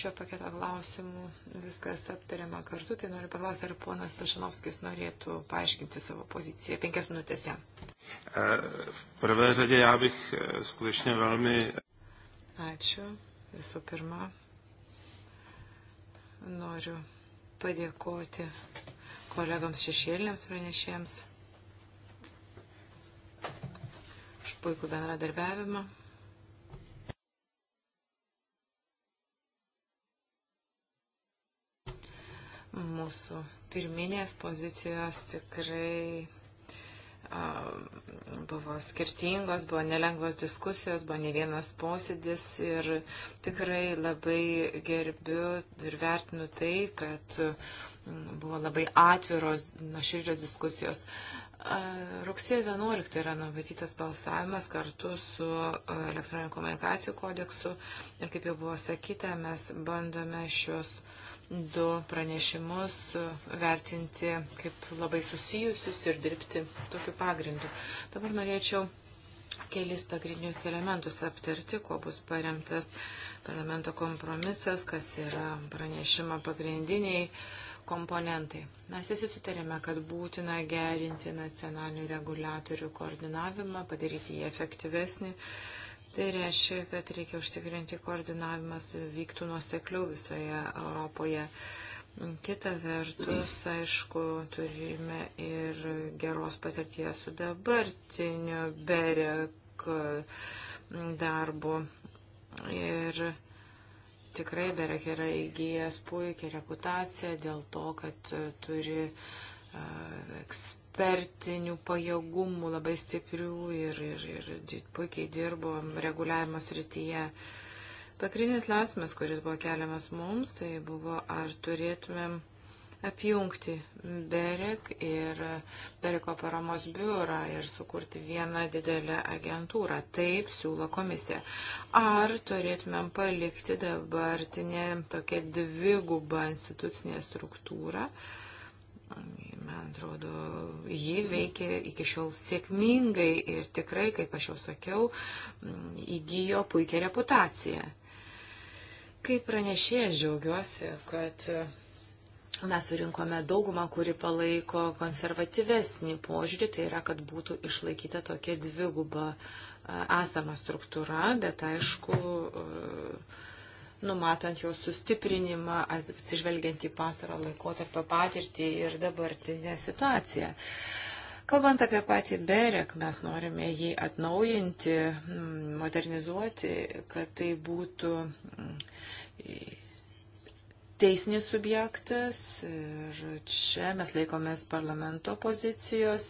šio paketo klausimų viskas aptariama kartu. Tai noriu paklausti, ar ponas Tošanovskis norėtų paaiškinti savo poziciją penkias minutėse. Prvé řadě já bych e, skutečně velmi. Ačiū. Visų pirma, noriu padėkoti kolegams šešėliniams pranešėjams už puikų bendradarbiavimą. Mūsų pirminės pozicijos tikrai buvo skirtingos, buvo nelengvos diskusijos, buvo ne vienas posėdis ir tikrai labai gerbiu ir vertinu tai, kad buvo labai atviros nuoširdžios diskusijos. Uh, Rugsėjo 11 yra numatytas balsavimas kartu su elektroninių komunikacijų kodeksu ir kaip jau buvo sakyta, mes bandome šios du pranešimus vertinti kaip labai susijusius ir dirbti tokiu pagrindu. Dabar norėčiau kelis pagrindinius elementus aptarti, kuo bus paremtas parlamento kompromisas, kas yra pranešimo pagrindiniai komponentai. Mes visi sutarėme, kad būtina gerinti nacionalinių reguliatorių koordinavimą, padaryti jį efektyvesnį. Tai reiškia, kad reikia užtikrinti koordinavimas vyktų nuosekliau visoje Europoje. Kita vertus, aišku, turime ir geros patirties su dabartiniu BEREK darbu. Ir Tikrai Berek yra įgyjęs puikią reputaciją dėl to, kad e, turi e, ekspertinių pajėgumų labai stiprių ir, ir, ir puikiai dirbo reguliavimo srityje. Pakrinis klausimas, kuris buvo keliamas mums, tai buvo, ar turėtumėm apjungti Berek ir Bereko paramos biurą ir sukurti vieną didelę agentūrą. Taip siūlo komisija. Ar turėtumėm palikti dabartinę tokią dvigubą institucinę struktūrą? Man atrodo, ji veikia iki šiol sėkmingai ir tikrai, kaip aš jau sakiau, įgyjo puikią reputaciją. Kaip pranešėjas džiaugiuosi, kad Mes surinkome daugumą, kuri palaiko konservatyvesnį požiūrį, tai yra, kad būtų išlaikyta tokia dviguba esama struktūra, bet aišku, numatant jos sustiprinimą, atsižvelgiant į pasarą laikotarpio patirtį ir dabartinę situaciją. Kalbant apie patį Berek, mes norime jį atnaujinti, modernizuoti, kad tai būtų teisinis subjektas ir čia mes laikomės parlamento pozicijos,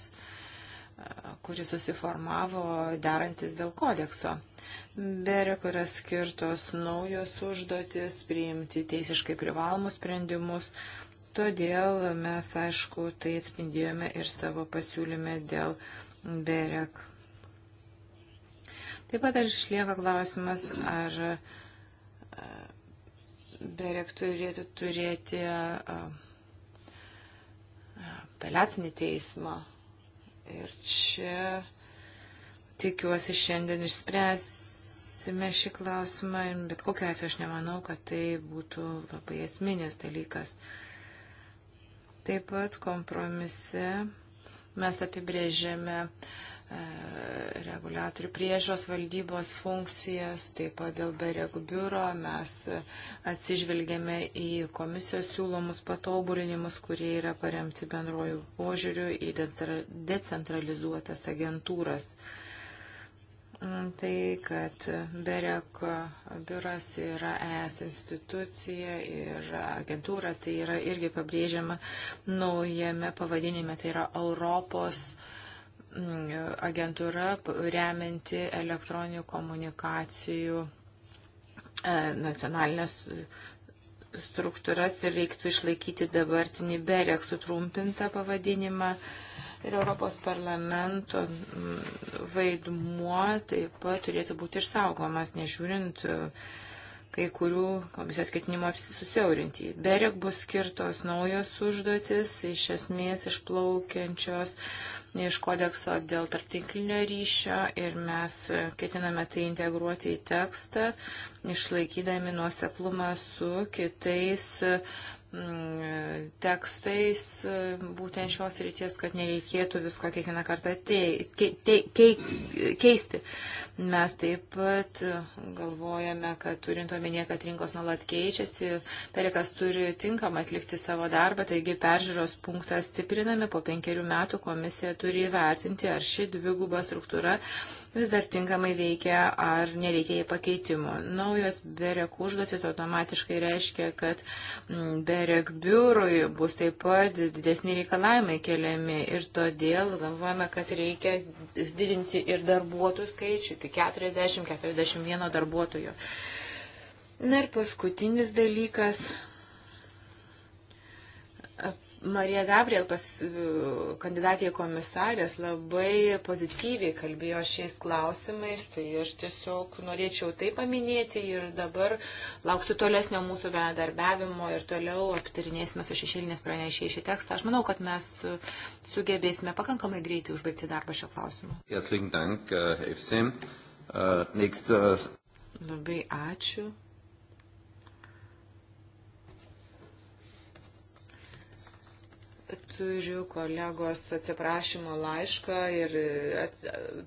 kuri susiformavo derantis dėl kodekso. Berek yra skirtos naujos užduotis priimti teisiškai privalomus sprendimus, todėl mes, aišku, tai atspindėjome ir savo pasiūlyme dėl Berek. Taip pat ar išlieka klausimas, ar Berek turėtų turėti apeliacinį teismą. Ir čia tikiuosi šiandien išspręsime šį klausimą, bet kokiu atveju aš nemanau, kad tai būtų labai esminis dalykas. Taip pat kompromise mes apibrėžėme uh, E, reguliatorių priežos valdybos funkcijas, taip pat dėl Berego biuro mes atsižvelgėme į komisijos siūlomus patobulinimus, kurie yra paremti bendrojų požiūrių į decentralizuotas agentūras. Mm, tai, kad Berek biuras yra ES institucija ir agentūra, tai yra irgi pabrėžiama naujame pavadinime, tai yra Europos uh, agentūra remianti elektroninių komunikacijų e, nacionalinės struktūras ir reiktų išlaikyti dabartinį BEREK sutrumpintą pavadinimą. Ir Europos parlamento mm, vaidmuo taip pat turėtų būti išsaugomas, nežiūrint e, kai kurių komisijos ketinimo susiaurinti. BEREK bus skirtos naujos užduotis, iš esmės išplaukiančios uh, iš kodekso dėl tarptinklinio ryšio ir mes ketiname tai integruoti į tekstą, išlaikydami nuoseklumą su kitais Mm, tekstais e, būtent šios ryties, kad nereikėtų visko kiekvieną kartą tei, tei, kei, keisti. Mes taip pat galvojame, kad turint omenyje, kad rinkos nuolat keičiasi, perikas turi tinkamą atlikti savo darbą, taigi peržiūros punktas stiprinami, po penkerių metų komisija turi įvertinti, ar ši dviguba struktūra vis dar tinkamai veikia ar nereikia jai pakeitimų. Naujos BEREK užduotis automatiškai reiškia, kad mm, BEREK biurui bus taip pat didesni reikalavimai keliami ir todėl galvojame, kad reikia didinti ir darbuotojų skaičių iki 40-41 darbuotojų. Na ir paskutinis dalykas Marija Gabriel, pas, e, kandidatė į komisarės, labai pozityviai kalbėjo šiais klausimais, tai aš tiesiog norėčiau tai paminėti ir dabar lauksiu tolesnio mūsų bendarbiavimo ir toliau aptarinėsime su šešėlinės pranešėjai šį tekstą. Aš manau, kad mes sugebėsime pakankamai greitai užbaigti darbą šio klausimu. Äh, e äh, labai ačiū. turiu kolegos atsiprašymo laišką ir e, at,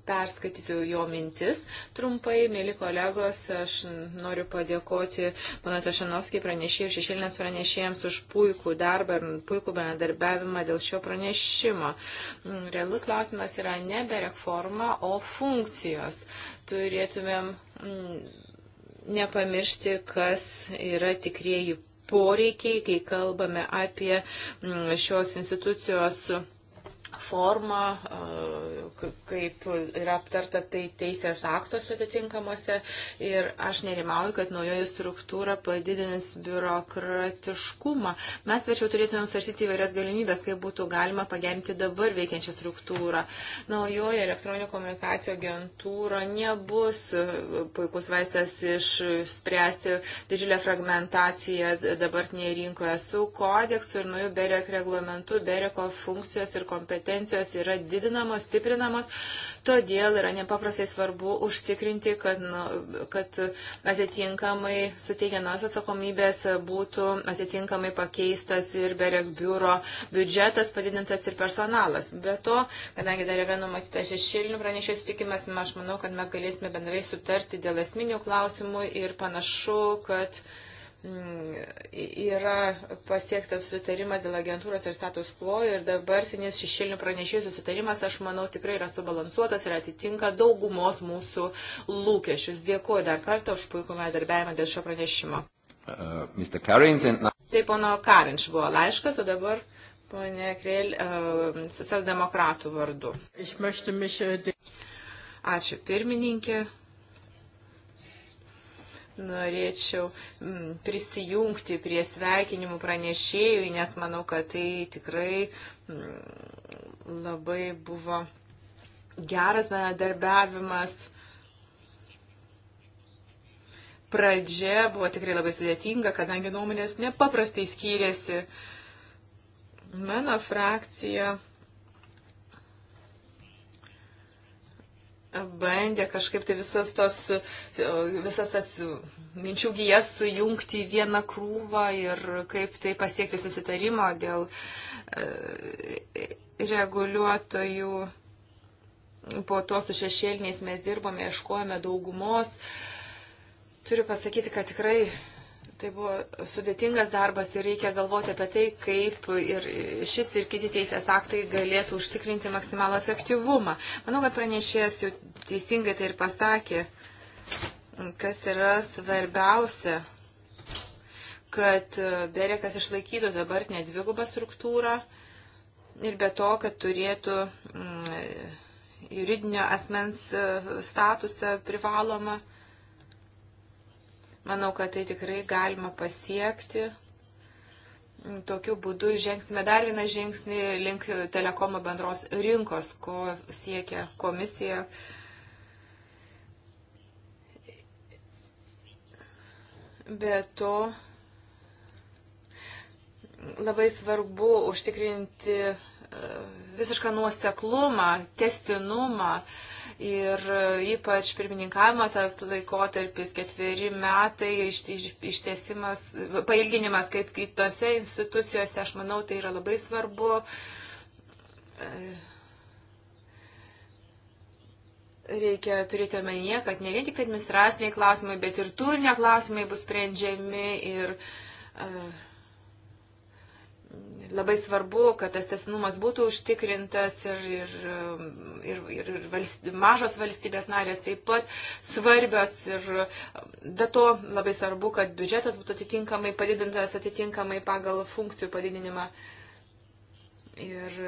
perskaitysiu jo mintis. Trumpai, mėly kolegos, aš noriu padėkoti pana Tošanovskijai pranešėjai, šešėlinės pranešėjams už puikų darbą ir puikų bendradarbiavimą dėl šio pranešimo. Mm, realus klausimas yra nebe reforma, o funkcijos. Turėtumėm mm, nepamiršti, kas yra tikrieji poreikiai, kai kalbame apie mm, šios institucijos forma, kaip yra aptarta tai teisės aktuose atitinkamuose. Ir aš nerimauju, kad naujoji struktūra padidins biurokratiškumą. Mes tačiau turėtumėm svarstyti įvairias galimybės, kaip būtų galima pagerinti dabar veikiančią struktūrą. Naujoji elektroninių komunikacijų agentūra nebus puikus vaistas išspręsti didžiulę fragmentaciją dabartinėje rinkoje su kodeksu ir naujų berek reglamentu, bereko funkcijos ir kompetencijos kompetencijos yra didinamos, stiprinamos, todėl yra nepaprastai svarbu užtikrinti, kad, nu, kad atitinkamai suteikiamas atsakomybės būtų atitinkamai pakeistas ir bereg biuro biudžetas padidintas ir personalas. Be to, kadangi dar yra numatytas šešėlinių pranešėjų sutikimas, aš manau, kad mes galėsime bendrai sutarti dėl esminių klausimų ir panašu, kad Mm, yra pasiektas sutarimas dėl agentūros ir status quo ir dabartinis šešėlinių pranešėjų susitarimas, aš manau, tikrai yra subalansuotas ir atitinka daugumos mūsų lūkesčius. Dėkuoju dar kartą už puikų medarbiavimą dėl šio pranešimo. Uh, and... Taip, pono Karinč buvo laiškas, o dabar ponė Kreil uh, socialdemokratų vardu. Mich, uh, de... Ačiū pirmininkė norėčiau mm, prisijungti prie sveikinimų pranešėjų, nes manau, kad tai tikrai mm, labai buvo geras bendradarbiavimas. Pradžia buvo tikrai labai sudėtinga, kadangi nuomonės nepaprastai skyrėsi. Mano frakcija bandė kažkaip tai visas tos, visas tas minčių gyjas sujungti į vieną krūvą ir kaip tai pasiekti susitarimo dėl e, reguliuotojų. Po to su šešėliniais mes dirbome, ieškojame daugumos. Turiu pasakyti, kad tikrai Tai buvo sudėtingas darbas ir reikia galvoti apie tai, kaip ir šis ir kiti teisės aktai galėtų užtikrinti maksimalą efektyvumą. Manau, kad pranešėjas jau teisingai tai ir pasakė, kas yra svarbiausia, kad Berekas išlaikytų dabartinę dvigubą struktūrą ir be to, kad turėtų mm, juridinio asmens e, statusą privalomą. Manau, kad tai tikrai galima pasiekti. Tokiu būdu žengsime dar vieną žingsnį link telekomo bendros rinkos, ko siekia komisija. Be to, labai svarbu užtikrinti e, visišką nuoseklumą, testinumą. Uh, ir e, ypač pirmininkavimo tas laikotarpis, ketveri metai, ištesimas, pailginimas kaip kitose institucijose, aš manau, tai yra labai svarbu. E, reikia turėti omenyje, kad ne vien tik administraciniai klausimai, bet ir turinio klausimai bus sprendžiami ir uh, Labai svarbu, kad tas tesinumas būtų užtikrintas ir, ir, ir, ir, ir valst, mažos valstybės narės taip pat svarbios. Ir be to labai svarbu, kad biudžetas būtų atitinkamai padidintas, atitinkamai pagal funkcijų padidinimą. Ir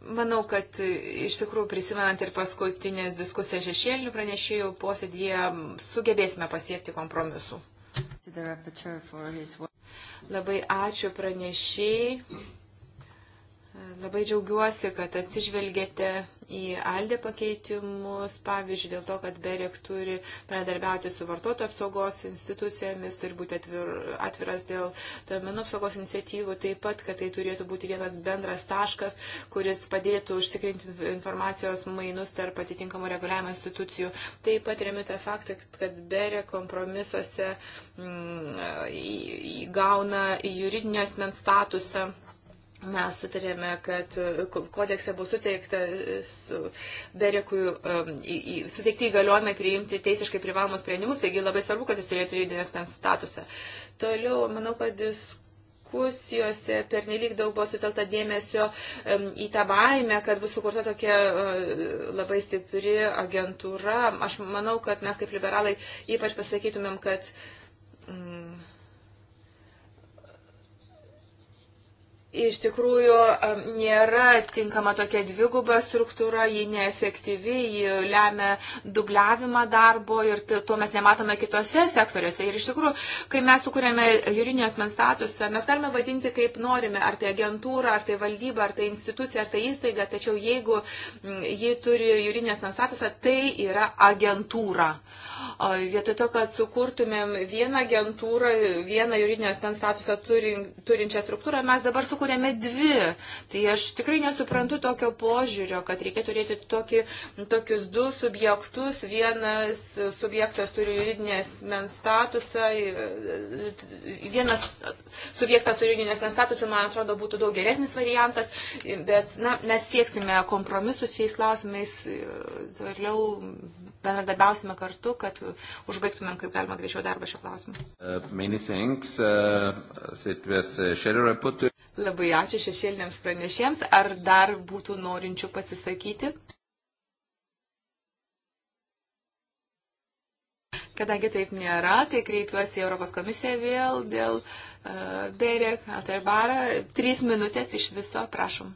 Manau, kad iš tikrųjų prisimenant ir paskutinės diskusijas šešėlinių pranešėjų posėdėje sugebėsime pasiekti kompromisų. Labai ačiū pranešėjai. Labai džiaugiuosi, kad atsižvelgėte į Aldė pakeitimus, pavyzdžiui, dėl to, kad Berek turi bendarbiauti su vartotojų apsaugos institucijomis, turi būti atvir, atviras dėl duomenų apsaugos iniciatyvų, taip pat, kad tai turėtų būti vienas bendras taškas, kuris padėtų užtikrinti informacijos mainus tarp atitinkamų reguliavimo institucijų. Taip pat remiu tą faktą, kad Berek kompromisuose mm, įgauna juridinio asmens statusą. Mes sutarėme, kad e, kodekse bus suteiktas e, Berekui e, suteikti įgaliojimai priimti teisiškai privalomus sprendimus, taigi labai svarbu, kad jis turėtų juridinės statusą. Toliau, manau, kad diskusija diskusijose pernelyg daug buvo sutelta dėmesio į tą baimę, kad bus sukurta tokia labai stipri agentūra. Aš manau, kad mes kaip liberalai ypač pasakytumėm, kad. Mm, iš tikrųjų nėra tinkama tokia dviguba struktūra, ji neefektyvi, ji lemia dubliavimą darbo ir to mes nematome kitose sektoriuose. Ir iš tikrųjų, kai mes sukūrėme jūrinės men statusą, mes galime vadinti kaip norime, ar tai agentūra, ar tai valdyba, ar tai institucija, ar tai įstaiga, tačiau jeigu ji turi jūrinės men statusą, tai yra agentūra. Vietoj to, kad sukurtumėm vieną agentūrą, vieną jūrinės men statusą turin, turinčią struktūrą, mes dabar sukūrėme kuriame dvi. Tai aš tikrai nesuprantu tokio požiūrio, kad reikia turėti tokį, tokius du subjektus. Vienas subjektas turi juridinės mens statusą, vienas subjektas turi juridinės mens statusą, man atrodo, būtų daug geresnis variantas, bet na, mes sieksime kompromisus šiais klausimais, toliau bendradarbiausime kartu, kad užbaigtumėm kaip galima greičiau darbą šio klausimu. Uh, Labai ačiū šešėliniams pranešėms. Ar dar būtų norinčių pasisakyti? Kadangi taip nėra, tai kreipiuosi į Europos komisiją vėl dėl uh, Berek Aterbara. Trys minutės iš viso, prašom.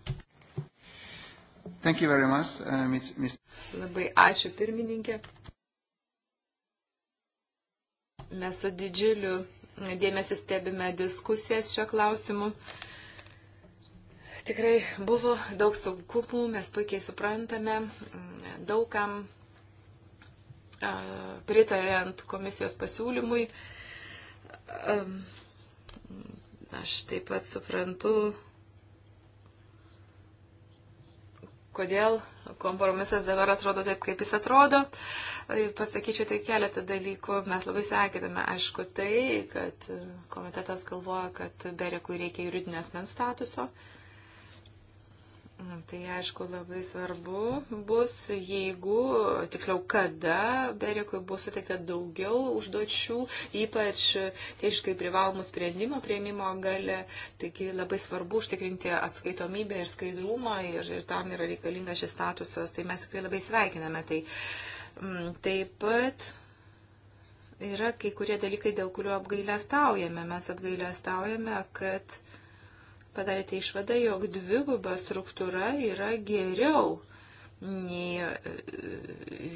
Thank you very much, uh, Ms. Labai ačiū pirmininkė. Mes su didžiuliu dėmesiu stebime diskusijas šio klausimu. Uh, Tikrai buvo daug sunkumų, mes puikiai suprantame, mm, daugam pritariant komisijos pasiūlymui. Aš taip pat suprantu, kodėl kompromisas dabar atrodo taip, kaip jis atrodo. Pasakyčiau tai keletą dalykų. Mes labai sveikiname, aišku, tai, kad komitetas galvoja, kad Berekui reikia juridinės men statuso. Uh, Tai aišku labai svarbu bus, jeigu, tiksliau, kada Berikui bus suteikta daugiau užduočių, ypač teiškai privalomų sprendimo prieimimo gale. Taigi labai svarbu užtikrinti atskaitomybę ir skaidrumą ir, ir tam yra reikalingas šis statusas. Tai mes tikrai labai sveikiname. Tai, mm, taip pat yra kai kurie dalykai, dėl kurių apgailę staujame. Mes apgailę staujame, kad padarėte išvadą, jog dviguba struktūra yra geriau nei e,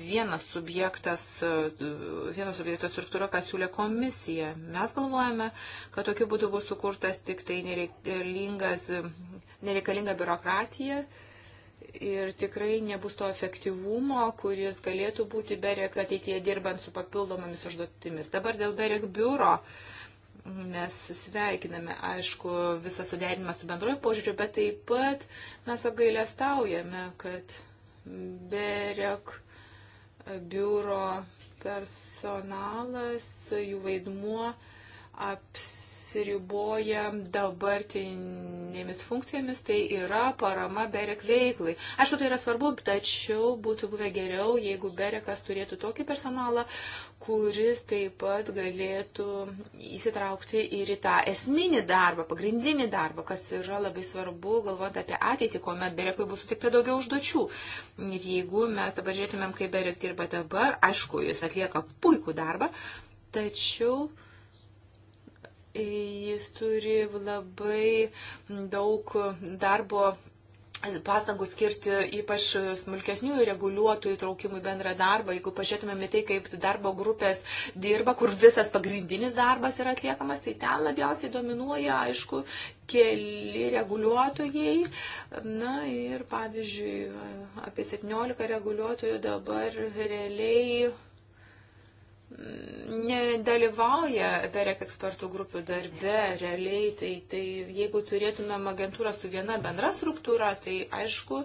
vienas subjektas, e, vienas subjektas struktūra, ką siūlė komisija. Mes galvojame, kad tokiu būdu bus sukurtas tik tai nereikalinga biurokratija ir tikrai nebus to efektyvumo, kuris galėtų būti berek ateityje dirbant su papildomomis užduotimis. Dabar dėl berek biuro. Uh, Mes susveikiname, aišku, visą suderinimą su bendroju požiūriu, bet taip pat mes apgailestaujame, kad Berek biuro personalas, jų vaidmuo aps apsiriboja dabartinėmis funkcijomis, tai yra parama Berek veiklai. Aišku, tai yra svarbu, tačiau būtų buvę geriau, jeigu Berekas turėtų tokį personalą, kuris taip pat galėtų įsitraukti ir į tą esminį darbą, pagrindinį darbą, kas yra labai svarbu, galvojant apie ateitį, kuomet Berekui bus sutikta daugiau užduočių. Ir jeigu mes dabar žiūrėtumėm, kaip Berek dirba dabar, aišku, jis atlieka puikų darbą, tačiau jis turi labai daug darbo pastangų skirti ypač smulkesnių reguliuotojų įtraukimui bendrą darbą. Jeigu pažiūrėtumėm į tai, kaip darbo grupės dirba, kur visas pagrindinis darbas yra atliekamas, tai ten labiausiai dominuoja, aišku, keli reguliuotojai. Na ir pavyzdžiui, apie 17 reguliuotojų dabar realiai nedalyvauja BEREK ekspertų grupių darbe realiai, tai, tai jeigu turėtumėm agentūrą su viena bendra struktūra, tai aišku,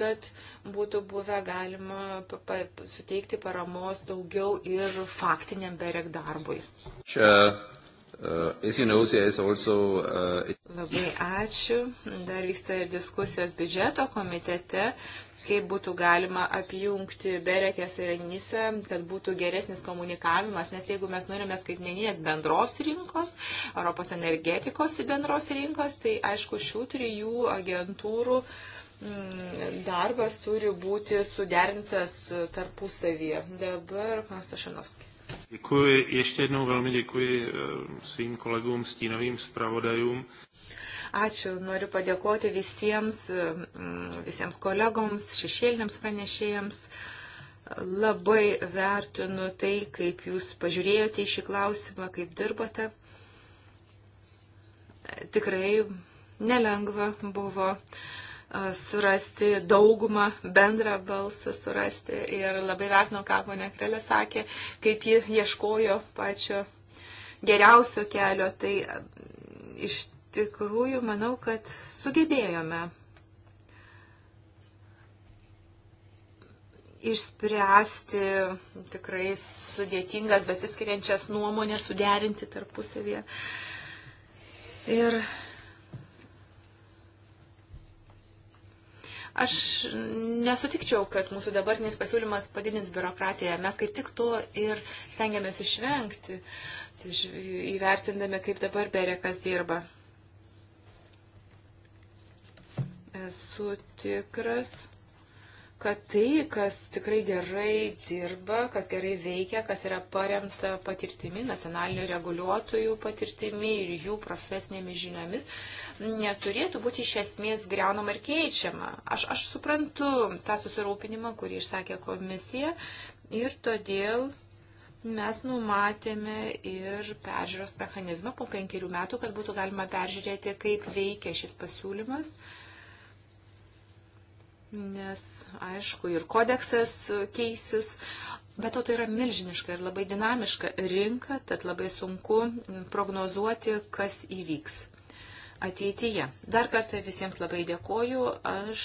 kad būtų buvę galima pa, pa, suteikti paramos daugiau ir faktiniam BEREK darbui. Čia. Uh, you know, also, uh... Labai ačiū. Dar vyksta ir diskusijos biudžeto komitete. Uh, kaip būtų galima apjungti Berekės ir Enise, kad būtų geresnis komunikavimas, nes jeigu mes norime skaitmeninės bendros rinkos, Europos energetikos bendros rinkos, tai aišku, šių trijų agentūrų mm, darbas turi būti suderintas tarpusavyje. Dabar Konstantinovskis. Děkuji, ještě jednou velmi děkuji eh, svým kolegům, stínovým zpravodajům. Ačiū, noriu padėkoti visiems, mm, visiems kolegoms, šešėliniams pranešėjams. Labai vertinu tai, kaip jūs pažiūrėjote į šį klausimą, kaip dirbote. Tikrai nelengva buvo surasti daugumą, bendrą balsą surasti. Ir labai vertinu, ką ponė Krelė sakė, kaip ji ieškojo pačio geriausio kelio. Tai iš tikrųjų manau, kad sugebėjome išspręsti tikrai sudėtingas, besiskiriančias nuomonės, suderinti tarpusavėje. Ir Aš nesutikčiau, kad mūsų dabartinis pasiūlymas padidins biurokratiją. Mes kaip tik to ir stengiamės išvengti, įvertindami, kaip dabar Berekas dirba. esu tikras, kad tai, kas tikrai gerai dirba, kas gerai veikia, kas yra paremta patirtimi, nacionalinių reguliuotojų patirtimi ir jų profesinėmis žiniomis, neturėtų būti iš esmės greunama ir keičiama. Aš, aš suprantu tą susirūpinimą, kurį išsakė komisija ir todėl mes numatėme ir peržiūros mechanizmą po penkerių metų, kad būtų galima peržiūrėti, kaip veikia šis pasiūlymas. Uh, nes aišku ir kodeksas keisis, bet to tai yra milžiniška ir labai dinamiška rinka, tad labai sunku prognozuoti, kas įvyks ateityje. Dar kartą visiems labai dėkoju. Aš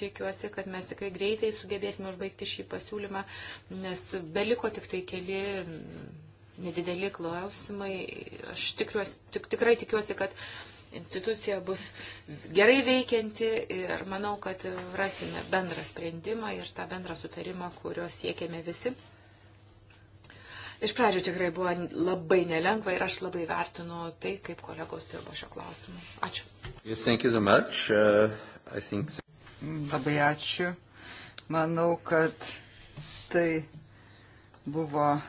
tikiuosi, kad mes tikrai greitai sugebėsime užbaigti šį pasiūlymą, nes beliko tik tai keli nedideli klausimai. Aš tikriuosi, tik, tikrai tikiuosi, kad institucija bus gerai veikianti ir manau, kad rasime bendrą sprendimą ir tą bendrą sutarimą, kurio siekėme visi. Iš pradžių tikrai buvo labai nelengva ir aš labai vertinu tai, kaip kolegos dirbo šio klausimu. Ačiū. Yes, so much. uh, think... Labai ačiū. Manau, kad tai Buvo e,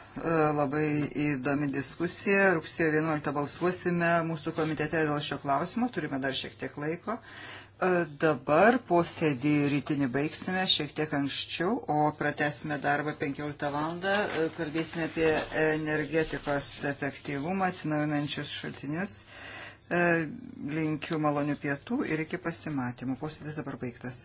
labai įdomi diskusija. Rugsėjo 11 balsuosime mūsų komitete dėl šio klausimo. Turime dar šiek tiek laiko. E, dabar posėdį rytinį baigsime šiek tiek anksčiau, o pratesime darbą 15 val. E, kalbėsime apie energetikos efektyvumą, atsinaujinančius šaltinius. Linkiu malonių pietų ir iki pasimatymų. Posėdis dabar baigtas.